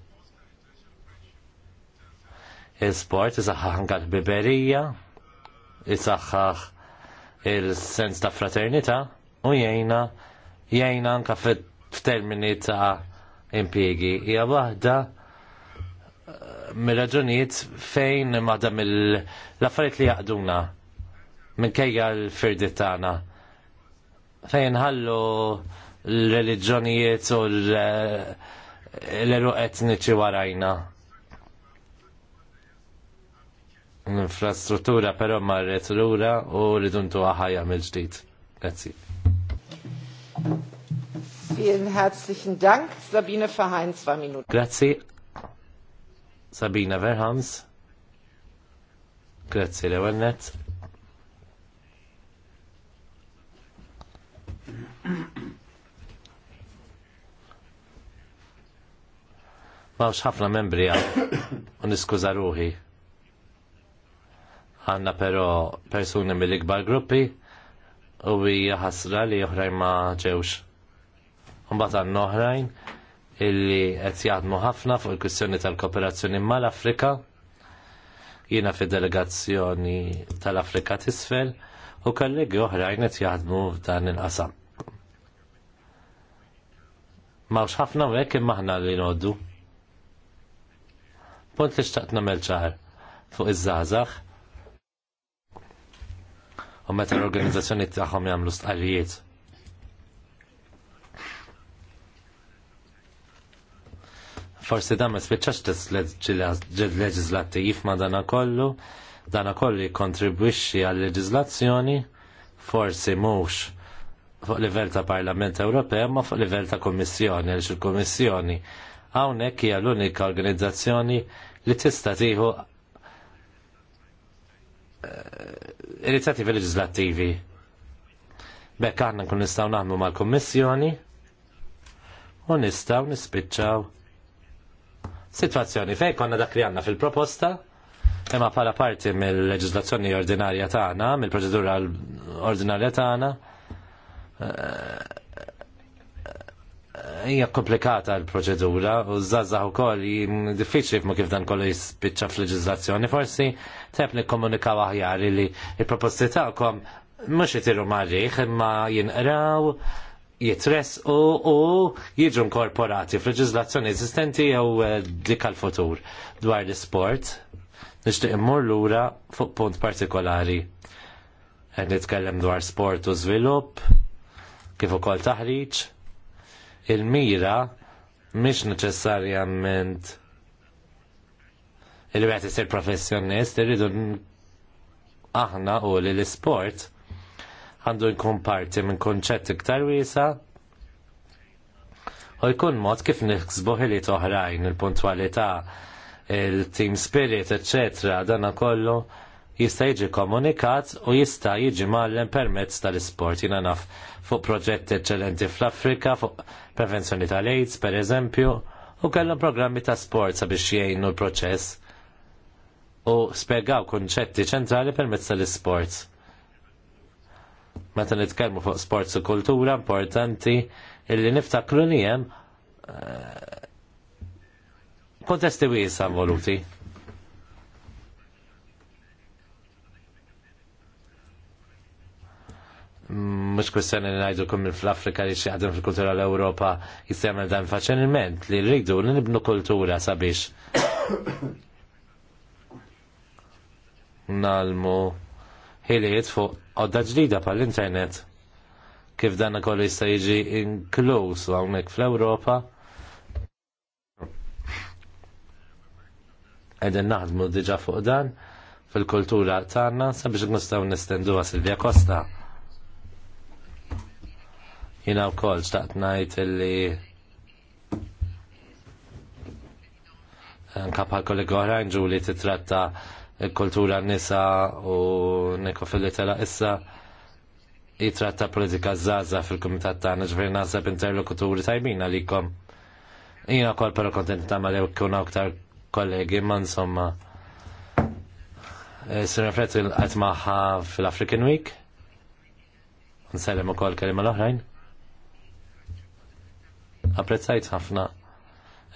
Il-sport isaxħaħ anka l-biberija, isaxħaħ il-sens ta' fraternita u jajna jajna anka f'termini ta' impiegi. Hija waħda eh, mir-raġunijiet fejn madam mill affarijiet li jaqduna minkejja l-firdiet tagħna. Fejn ħallu l-reliġjonijiet u eh, l-eru etniċi warajna. l-infrastruttura però marret lura u riduntu għahajja mill-ġdid. Grazzi. Vielen herzlichen Dank. Sabine Verheyen, zwei Minuten. Grazie. Sabine Verhans. Grazie, Lewennet. Mawx ħafna membri għal, uniskuza *coughs* ruħi. Għanna però persuni mill-ikbar gruppi u hija ħasra li oħrajn ma ġewx. Mbagħad għandna oħrajn illi qed jaħdmu ħafna fuq il-kwistjoni tal-kooperazzjoni mal-Afrika. Jiena fid-delegazzjoni tal-Afrika t'isfel u kollegi oħrajn qed jaħdmu f'dan il-qasam. Mawx ħafna u hekk imma aħna li noddu. Punt li xtaqt nagħmel ċar fuq iż żazax u meta l-organizzazzjoni tagħhom jagħmlu stqarrijiet. Forsi dan ma spiċċax leġislattiv ma dana kollu, dana kollu jikkontribwixxi għal leġiżlazzjoni forsi mhux fuq livell ta' Parlament Ewropew ma fuq livell ta' Kommissjoni għaliex il-Kommissjoni hawnhekk hija l-unika organizzazzjoni li tista' tieħu Eh, inizjattivi leġislattivi. Bekk għanna nkun nistgħu naħdmu mal-Kummissjoni u nistgħu nispiċċaw Situazzjoni, fejn konna dak li għandna fil-proposta imma bħala parti mill-leġislazzjoni ordinarja tagħna, mill-proċedura ordinarja tagħna eh, hija komplikata l-proċedura u żgħażagħ ukoll diffiċli f'ma kif dan kollu jispiċċa f'leġiżlazzjoni. Forsi teb nikkomunikaw aħjar li l-proposti tagħkom mhux itiru marriħ imma jinqraw jitres u jiġu inkorporati f'leġiżlazzjoni eżistenti jew eh, dik għal-futur dwar l-isport. Nixtieq immur lura fuq punt partikolari. Qed nitkellem dwar sport u żvilupp, kif ukoll taħriġ il-mira mhix neċessarjament il-wet isir professjonist, irridu aħna u li l-sport għandu jkun parti minn konċett iktar wiesa u jkun mod kif niksbu ħiliet oħrajn il-puntwalità, il-team spirit, eccetera, dana kollu jista' jiġi komunikat u jista' jiġi mallem permezz tal-isport. Jina naf fuq proġett eċċellenti fl-Afrika, fuq prevenzjoni tal-AIDS, per eżempju, u kellhom programmi ta' sport sabiex jgħinu l-proċess u spjegaw kunċetti ċentrali permezz tal-isports. Meta nitkellmu fuq sports u kultura importanti illi niftakru li hemm eh, kontesti wiesa voluti. mux kwestjoni li najdu kum fl-Afrika li xieħdem fil-kultura l-Europa jistemel dan faċenilment li rridu li nibnu kultura sabiex. Nalmu ħiliet fuq għodda ġdida l internet kif dan kollu jista' jiġi inkluż hawnhekk fl-Ewropa. Qegħdin naħdmu diġà fuq dan fil-kultura tagħna sabiex nistgħu nistenduha Silvia Costa. Jina u kol staqt najt illi nkapa kollegu oħrajn li titratta kultura nisa u nekofili tela issa jitratta politika zaza fil-komitat tagħna ġifieri naħseb interlokuturi tajbin għalikom. Jina kol pero kontent tagħmel jew kuna aktar kollegi ma insomma eh, Sir-refletti l-qatmaħħa fil-African Week. Nsellem u kol kelima l-oħrajn apprezzajt ħafna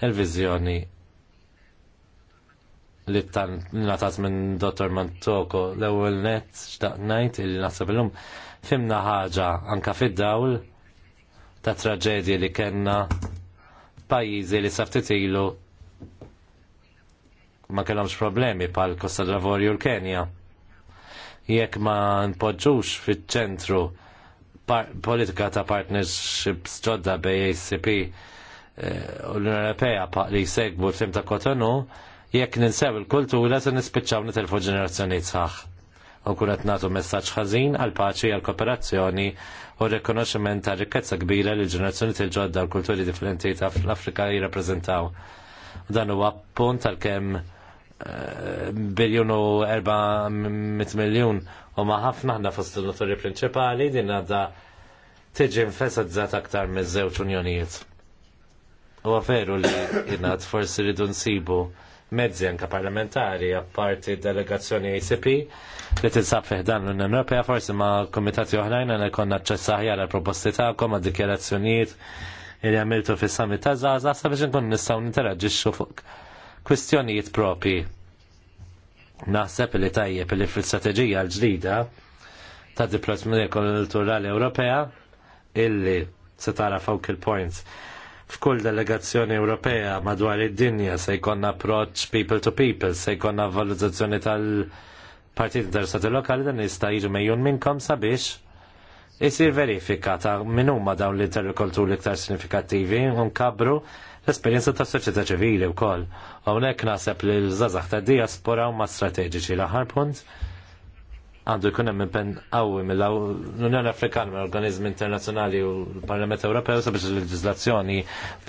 il-vizjoni li tan minn Dottor Mantoko l ewwel net xtaqnajt il nasab l illum fimna ħaġa anka fid-dawl ta' traġedji li kellna pajizi li saftit ilu ma kellhomx problemi pal Kosta Dravorju l-Kenja. Jekk ma npoġġux fiċ-ċentru politika ta' partnership ġodda bej ACP eh, u l Europea pa' li segbu l fim ta' Kotonu, jekk ninsew il-kultura se nispiċċaw nitelfu ġenerazzjoni sħaħ. U kun qed nagħtu messaġġ ħażin għal paċi għal kooperazzjoni u rikonoxximent ta' rikkezza kbira li l-ġenerazzjoni til-ġodda l-kulturi differenti ta' l-Afrika jirrappreżentaw. Dan huwa punt tal-kemm biljun u mit miljon u ma ħafna ħna fost il-noturi prinċipali din għadda tiġi nfesad aktar miż żewġ unjonijiet. U għaferu li jina forsi ridu nsibu mezzi anka parlamentari apparti delegazzjoni ACP li tinsab fiħdan l-Unjoni Ewropea forsi ma' komitati oħrajn li konna ċessa ħjar proposti ta'kom għad dikjerazzjonijiet li għamiltu fis summit ta' Zaza sabiex nkun nistgħu ninteraġixxu fuq kwistjonijiet propi. Naħseb li tajjeb li fil-strateġija l-ġdida ta' diplomazija kulturali Ewropea illi se tara focal points f'kull delegazzjoni Ewropea madwar id-dinja se jkollna approach people to people, se jkollna valutazzjoni tal-partit interessati lokali dan jista' jiġu mejjun minnkom sabiex isir verifika ta' min huma dawn l-interkulturi iktar sinifikattivi u nkabbru l-esperienza ta' soċjetà ċivili wkoll. Hawnhekk naħseb li l-żazax ta' diaspora huma strateġiċi l-aħħar punt għandu jkun hemm impenn qawwi mill-Unjoni Afrikana mill organizmi internazzjonali u l-Parlament Ewropew sabiex il-leġiżlazzjoni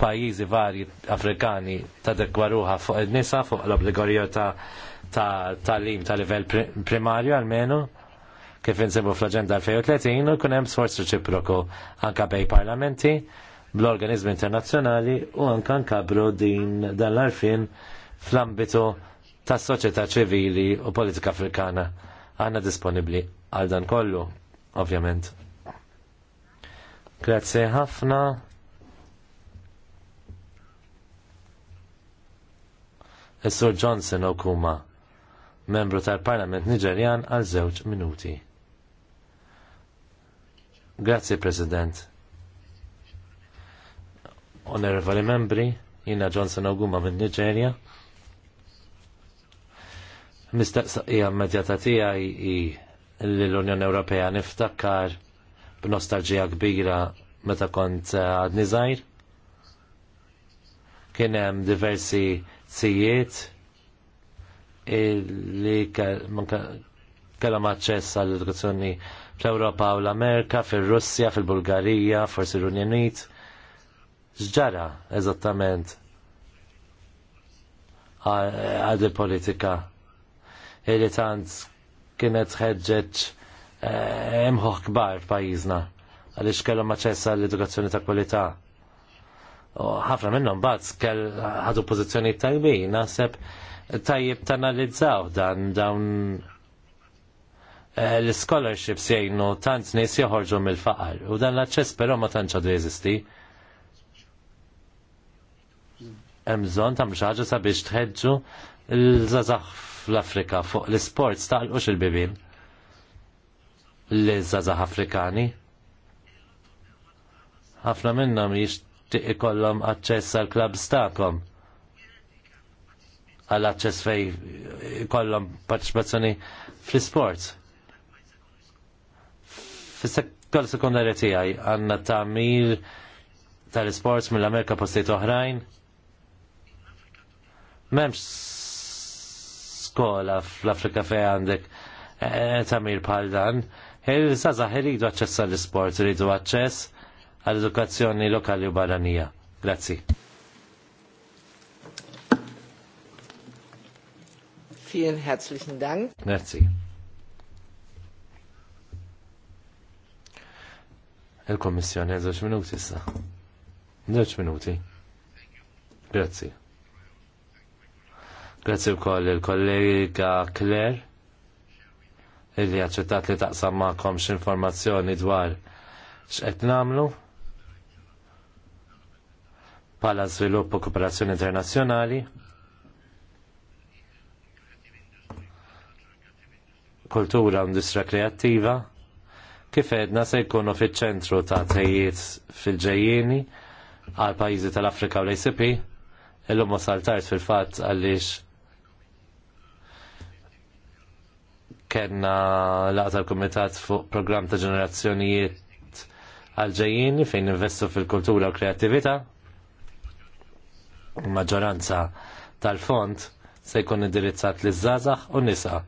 pajjiżi varji Afrikani tadekwa ruħa fuq id-nisa fuq l-obbligarju ta' tal-lim ta' livell primarju għalmenu, kif insibu fl-Aġenda 2030 u jkun hemm sforz reċiproku anke bej parlamenti bl-organizmi internazzjonali u anka nkabru din dan l-arfin fl-ambitu tas soċjetà ċivili u politika afrikana. Għanna disponibli għal dan kollu, ovvjament. Grazie ħafna. Is-Sur Johnson Okuma, membru tal-Parlament Niġerjan għal żewġ minuti. Grazie, President onorevoli membri, jina Johnson Oguma minn Nigeria. Mistaqsija immedjata tiegħi i l-Unjoni Ewropea niftakkar b'nostalġija kbira meta kont eh, għadni żgħir. Kien hemm diversi sijiet li kellhom aċċess għall edukazzjoni fl-Ewropa u l-Amerika, fir-Russja, fil-Bulgarija, forsi l-Unjoni Unit X'ġara eżattament għad il-politika li tant kienet ħeġġeġ emħuħ eh, kbar f'pajjiżna għaliex kellhom maċessa għall-edukazzjoni ta' kwalità. Ħafna minnhom bazz kell għadu pożizzjoni tajbin, naħseb tajjeb tanalizzaw dan dawn eh, l-scholarships jgħinu tant nies joħorġu mill-faqar u dan l-aċċess però ma tantx għadu jeżisti hemm bżonn tagħmlu xi ħaġa sabiex tħeġġu l zazax fl-Afrika fuq l-isports taqlqux il-bibin l zazax Afrikani. Ħafna minnhom jixtieq ikollhom aċċess għal klabs stakom. għal aċċess fej kollhom parteċipazzjoni fl-isports. Fis-sekol sekundarja tiegħi għandna mil tal-isports mill-Amerika postiet oħrajn Memx skola fl-Afrika fej għandek eh, eh, tamir pal dan. Il-sazaħ eh, iridu aċċess għall-sport, iridu għacċess għall-edukazzjoni lokali u barranija. Grazzi. Vielen herzlichen Dank. Grazie. Il-Kommissjoni, zoċ minuti sa. Zoċ minuti. Grazie. Grazzi wkoll il-kollega Claire illi aċċettat li taqsam x informazzjoni dwar x'qed namlu pala żvilupp u kooperazzjoni internazzjonali. kultura u kreativa kreattiva kif edna se jkunu fiċ-ċentru ta' tejjiet fil ġejjini għal pajjiżi tal-Afrika u l-ACP illum ma fil-fatt għaliex kena laqta l-Komitat fuq program ta' ġenerazzjonijiet għalġejjin fejn investu fil-kultura u kreativita. Il-maġġoranza tal-fond se jkun indirizzat li żgħażagħ u nisa.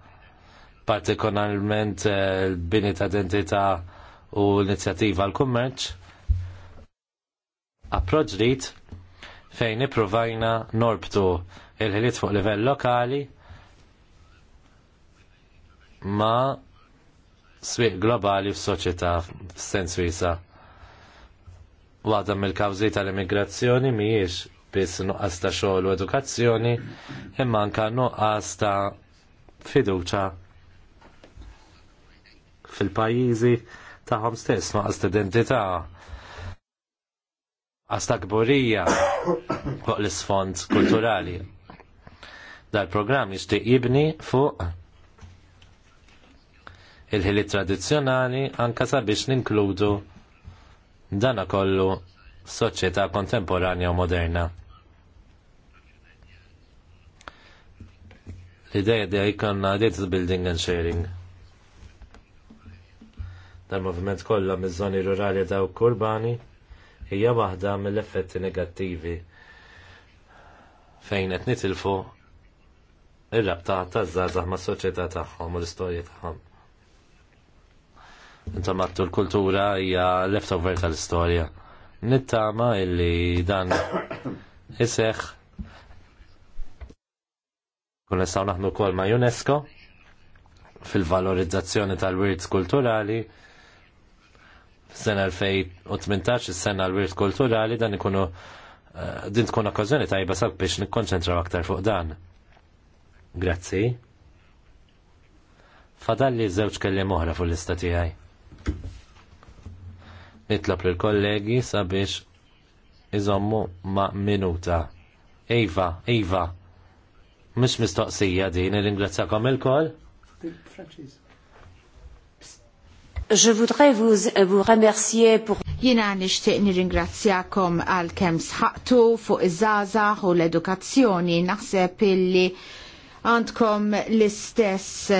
Partikolarment eh, l-bini ta' identità u l-inizjattiva l-kummerċ. Approċ rit fejn ipprovajna norbtu il-ħiliet fuq livell lokali ma swieq globali f'soċjetà f'sens wiesa. Waħda mill-kawżi tal-immigrazzjoni mhijiex biss nuqqas ta' xogħol u edukazzjoni, imma anka nuqqas ta' fiduċa fil-pajjiżi tagħhom stess, nuqqas ta' identità għasta kborija fuq l-sfond kulturali. Dal-programm jixtieq jibni fuq il-ħili tradizjonali anka sabiex ninkludu dana kollu soċjetà kontemporanja u moderna. L-ideja di għajkonna data building and sharing. Dal-movement kollha miż-żoni rurali daw kurbani hija waħda mill-effetti negattivi fejn qed nitilfu ir-rabta taż-żgħażagħ mas-soċjetà tagħhom u l-istorja tagħhom. Intom għattu l-kultura hija leftover tal-istorja. Nittama illi dan iseħ kun nistaw naħnu kol ma' UNESCO fil-valorizzazzjoni tal-wirt kulturali sena 2018 is-sena l-wirt kulturali dan ikunu eh, din tkun okkażjoni tajba sak biex nikkonċentraw aktar fuq dan. Grazzi. Fadalli żewġ kelli oħra fuq l istatijaj Nitlab lill kollegi sabiex iżommu ma' minuta. Eva, Iva, iva mhux mistoqsija din, nirringrazzakom il-koll. Je voudrais vous, vous remercier pour Jina nixtieq nirringrazzjakom għal kemm sħaqtu fuq iż żaza u l-edukazzjoni naħseb illi għandkom l-istess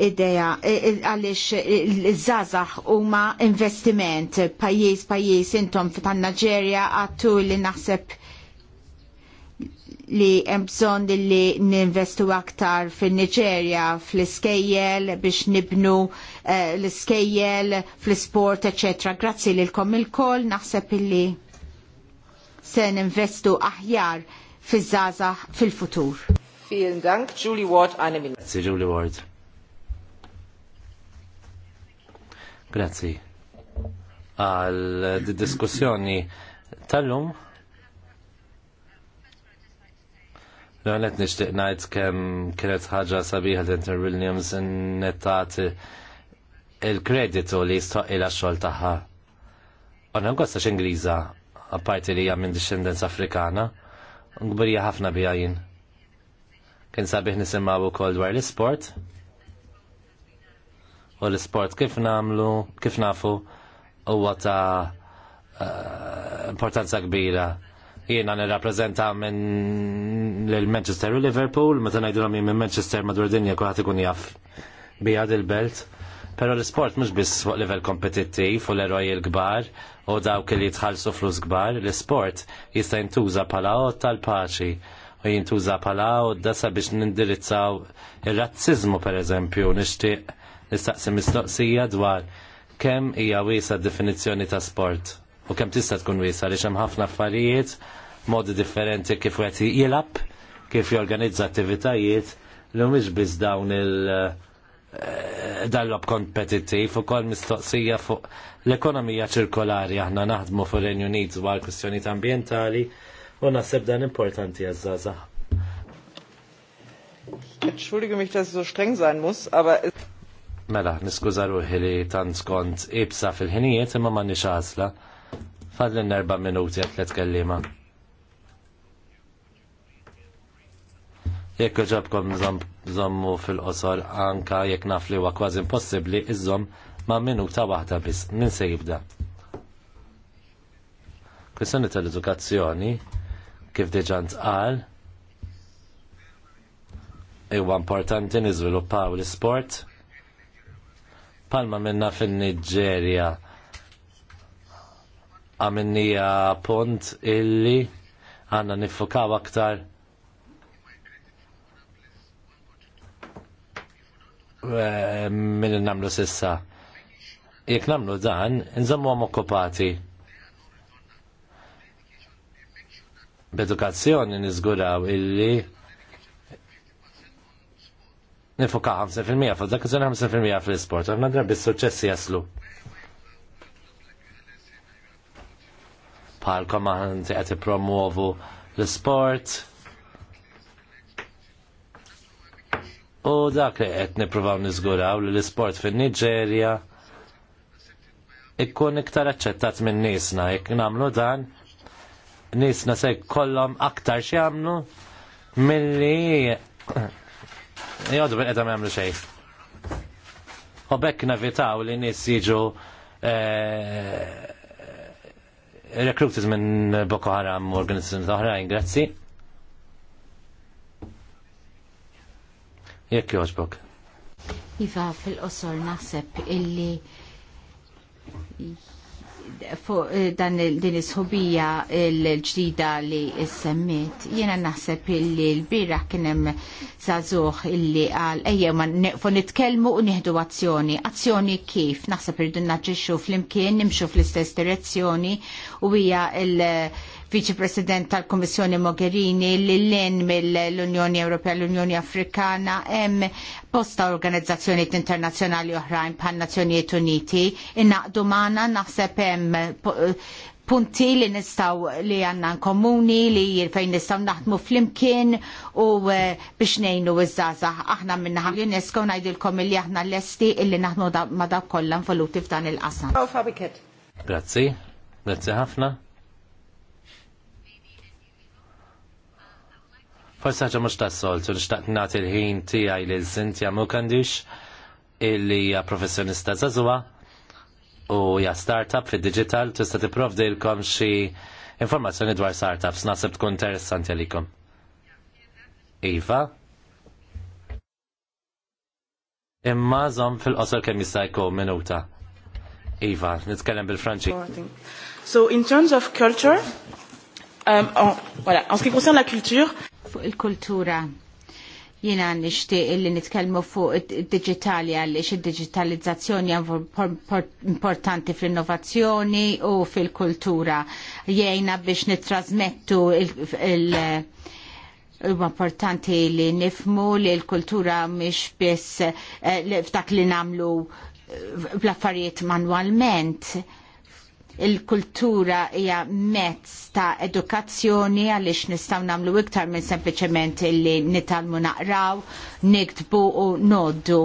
idea e, e, għaliex e, l u huma investiment pajjiż pajjiż intom tan-Naġerja għattu li naħseb li hemm bżonn li ninvestu aktar fin-Niġerja fl-iskejjel biex nibnu l-iskejjel fl-isport, eċetera. Grazzi lilkom ilkoll, naħseb illi se ninvestu aħjar fiż-żaża fil-futur. Vielen Dank, Julie Ward, eine Minute. Grazie, Julie Ward. Grazzi. Għal diskussjoni tal-lum. l għanet nishtiq najt kem kienet ħagġa sabiħa l-Enter Williams nettat il-kreditu li jistoq il xol taħħa. Għanna għosta Ingliża apparti li minn indiscendenza Afrikana, għbirja ħafna bija jien. Kien sabiħ nisimma u kol dwar l-sport, u l-sport kif namlu, kif nafu, huwa ta' uh, importanza kbira. Jiena nirrappreżenta minn l-Manchester u Liverpool, meta ngħidu minn minn Manchester madwar dinja kulħadd ikun jaf bija il-belt. Però l-sport mhux biss fuq livell kompetittiv u l-eroj il-kbar u dawk li jitħallsu flus kbar, l-sport jista' jintuża bħala għod tal-paċi u jintuża bħala dasa biex nindirizzaw ir per pereżempju nixtieq nistaqsi mistoqsija dwar kemm hija wiesa definizzjoni ta' sport u kemm tista' tkun wiesa li hemm ħafna affarijiet modi differenti kif qed jilab, kif jorganizza attivitajiet li mhumiex biss dawn il- eh, dal kompetittiv u kol mistoqsija fuq l-ekonomija ċirkolari aħna naħdmu fuq Renju Unit dwar kwistjonijiet ambjentali u naħseb dan importanti għazzaza. Entschuldige mich, dass ich so streng sein muss, aber Mela, niskuża ruħi li tant skont ibsa fil-ħinijiet imma ma nix għasla. Fadlin erba minuti għat t kellima. Jekk ġabkom zommu fil-qosor anka jekk naf li huwa kważi impossibbli iżżomm ma' minuta waħda biss. Min se jibda? Kwistjoni tal-edukazzjoni kif diġà ntqal, huwa importanti niżviluppaw l-isport palma minna fin nigeria għamennija pont illi għanna nifokaw aktar eh, minn namlu sissa. Jek namlu dan, nżammu għam okkupati. B'edukazzjoni nizguraw illi nifuka 5% fuq dak iż-żona 5% fl-isport. Għandna drabi s-suċessi jaslu. Palkom għanti għati promuovu l-sport. U dak li qed nippruvaw niżguraw li l-isport fin-Niġerja ikkun iktar aċċettat minn nisna, jekk nagħmlu dan, nisna se jkollhom aktar x'jagħmlu milli Jgħodu bil edha memlu xej. U bekk navitaw li nis jiġu eh, rekrutis minn Boko Haram u organizzazzjoni oħrajn, grazzi. Jekk joġbok. Iva, fil-qosor naħseb illi fuq eh, dan din is-ħubija l-ġdida li s-semmit, Jiena naħseb illi l bira kien hemm żagħżugħ illi qal ejja ma neqfu nitkellmu u nieħdu azzjoni. Azzjoni kif? Naħseb irridu naġixxu flimkien nimxu fl-istess direzzjoni u hija l Viċi President tal-Kommissjoni Mogherini li l-len mill-Unjoni Ewropea l-Unjoni Afrikana hemm posta organizzazzjonijiet internazzjonali oħrajn bħal Nazzjonijiet Uniti innaqdu magħna naħseb hemm punti li nistaw li għanna komuni li fejn nistaw naħdmu fl-imkien u eh, biex nejnu iż-żaza. Aħna minna ħam UNESCO najdilkom li aħna l-esti illi naħdmu ma daw kollha involuti f'dan il-qasam. Grazzi, grazzi ħafna. Forse ħaġa mhux tas-soltu nixtaqt nagħti l-ħin tiegħi lil sintja Mukandix illi hija professjonista żagħżugħa u hija startup fid-digital tista' tipprovdilkom xi informazzjoni dwar startups naħseb tkun interessanti għalikom. Iva. Imma żomm fil-qosor kemm jista' jkun minuta. Iva, nitkellem bil-Franċi. Oh, so in terms of culture, um, oh, voilà, en ce qui concerne la culture, fuq il-kultura. Jiena nixtieq li nitkellmu fuq id-digitali għaliex id-digitalizzazzjoni importanti fl-innovazzjoni u fil-kultura. Jgħinna biex nittrasmettu il- Huwa importanti li nifmu li l-kultura mhix biss eh, f'dak li nagħmlu bl-affarijiet eh, manwalment il-kultura hija mezz ta' edukazzjoni għaliex nistgħu nagħmlu iktar minn sempliċement illi nitalmu naqraw, niktbu u noddu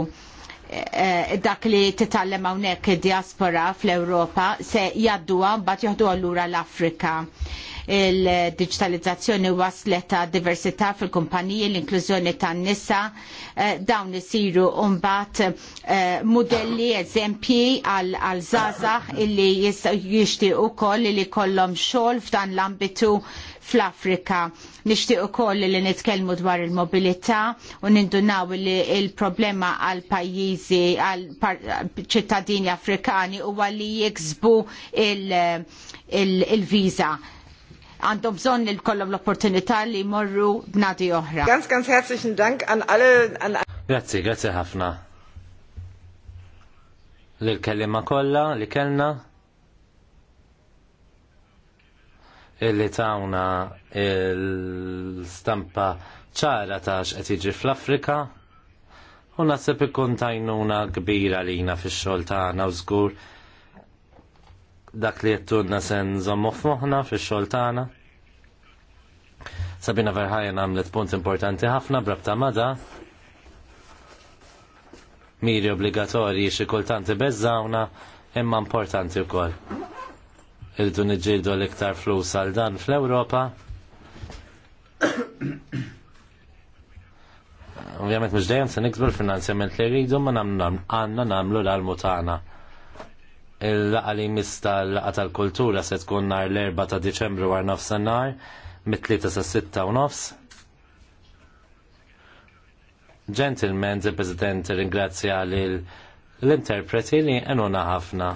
Eh, dak li titallem hawnhekk id-diaspora fl-Ewropa se jadduha mbagħad joħduha lura l-Afrika il-digitalizzazzjoni waslet ta' diversità fil-kumpaniji, l-inklużjoni tan nisa, eh, dawn isiru mbagħad eh, modelli, eżempji għal żgħażagħ illi jixtiequ wkoll li jkollhom xogħol f'dan l-ambitu fl-Afrika Nixtieq ukoll li nitkellmu dwar il-mobilità u nindunaw li il-problema għal pajjiżi għal ċittadini Afrikani huwa li jiksbu il-viża. Għandhom bżonn li kollhom l-opportunità li jmorru b'nadi oħra. Ganz, ganz herzlichen Dank an alle. Grazzi, grazzi ħafna. Lil-kellima kollha li kellna. illi tawna il-stampa ċara ta' xqed jiġi fl-Afrika u naħseb ikun tajnuna kbira jina fix-xogħol tagħna u żgur dak li jettunna sen zommu fi fix ta' għana. Sabina Verħajen għamlet punt importanti ħafna brabta mada miri obbligatorji xi kultanti beżawna imma importanti wkoll irridu niġġieldu l-iktar flus għal dan fl-Ewropa. Ovvjament mhux dejjem se nikbu l-finanzjament li rridu ma għandna nagħmlu l-almu tagħna. il li mista l-laqa tal-kultura se tkun nhar l-4 ta' Diċembru għar nofs nar mit-3 sa' 6 u nofs. Gentlemen, il-President ringrazzja l-interpreti li enuna ħafna.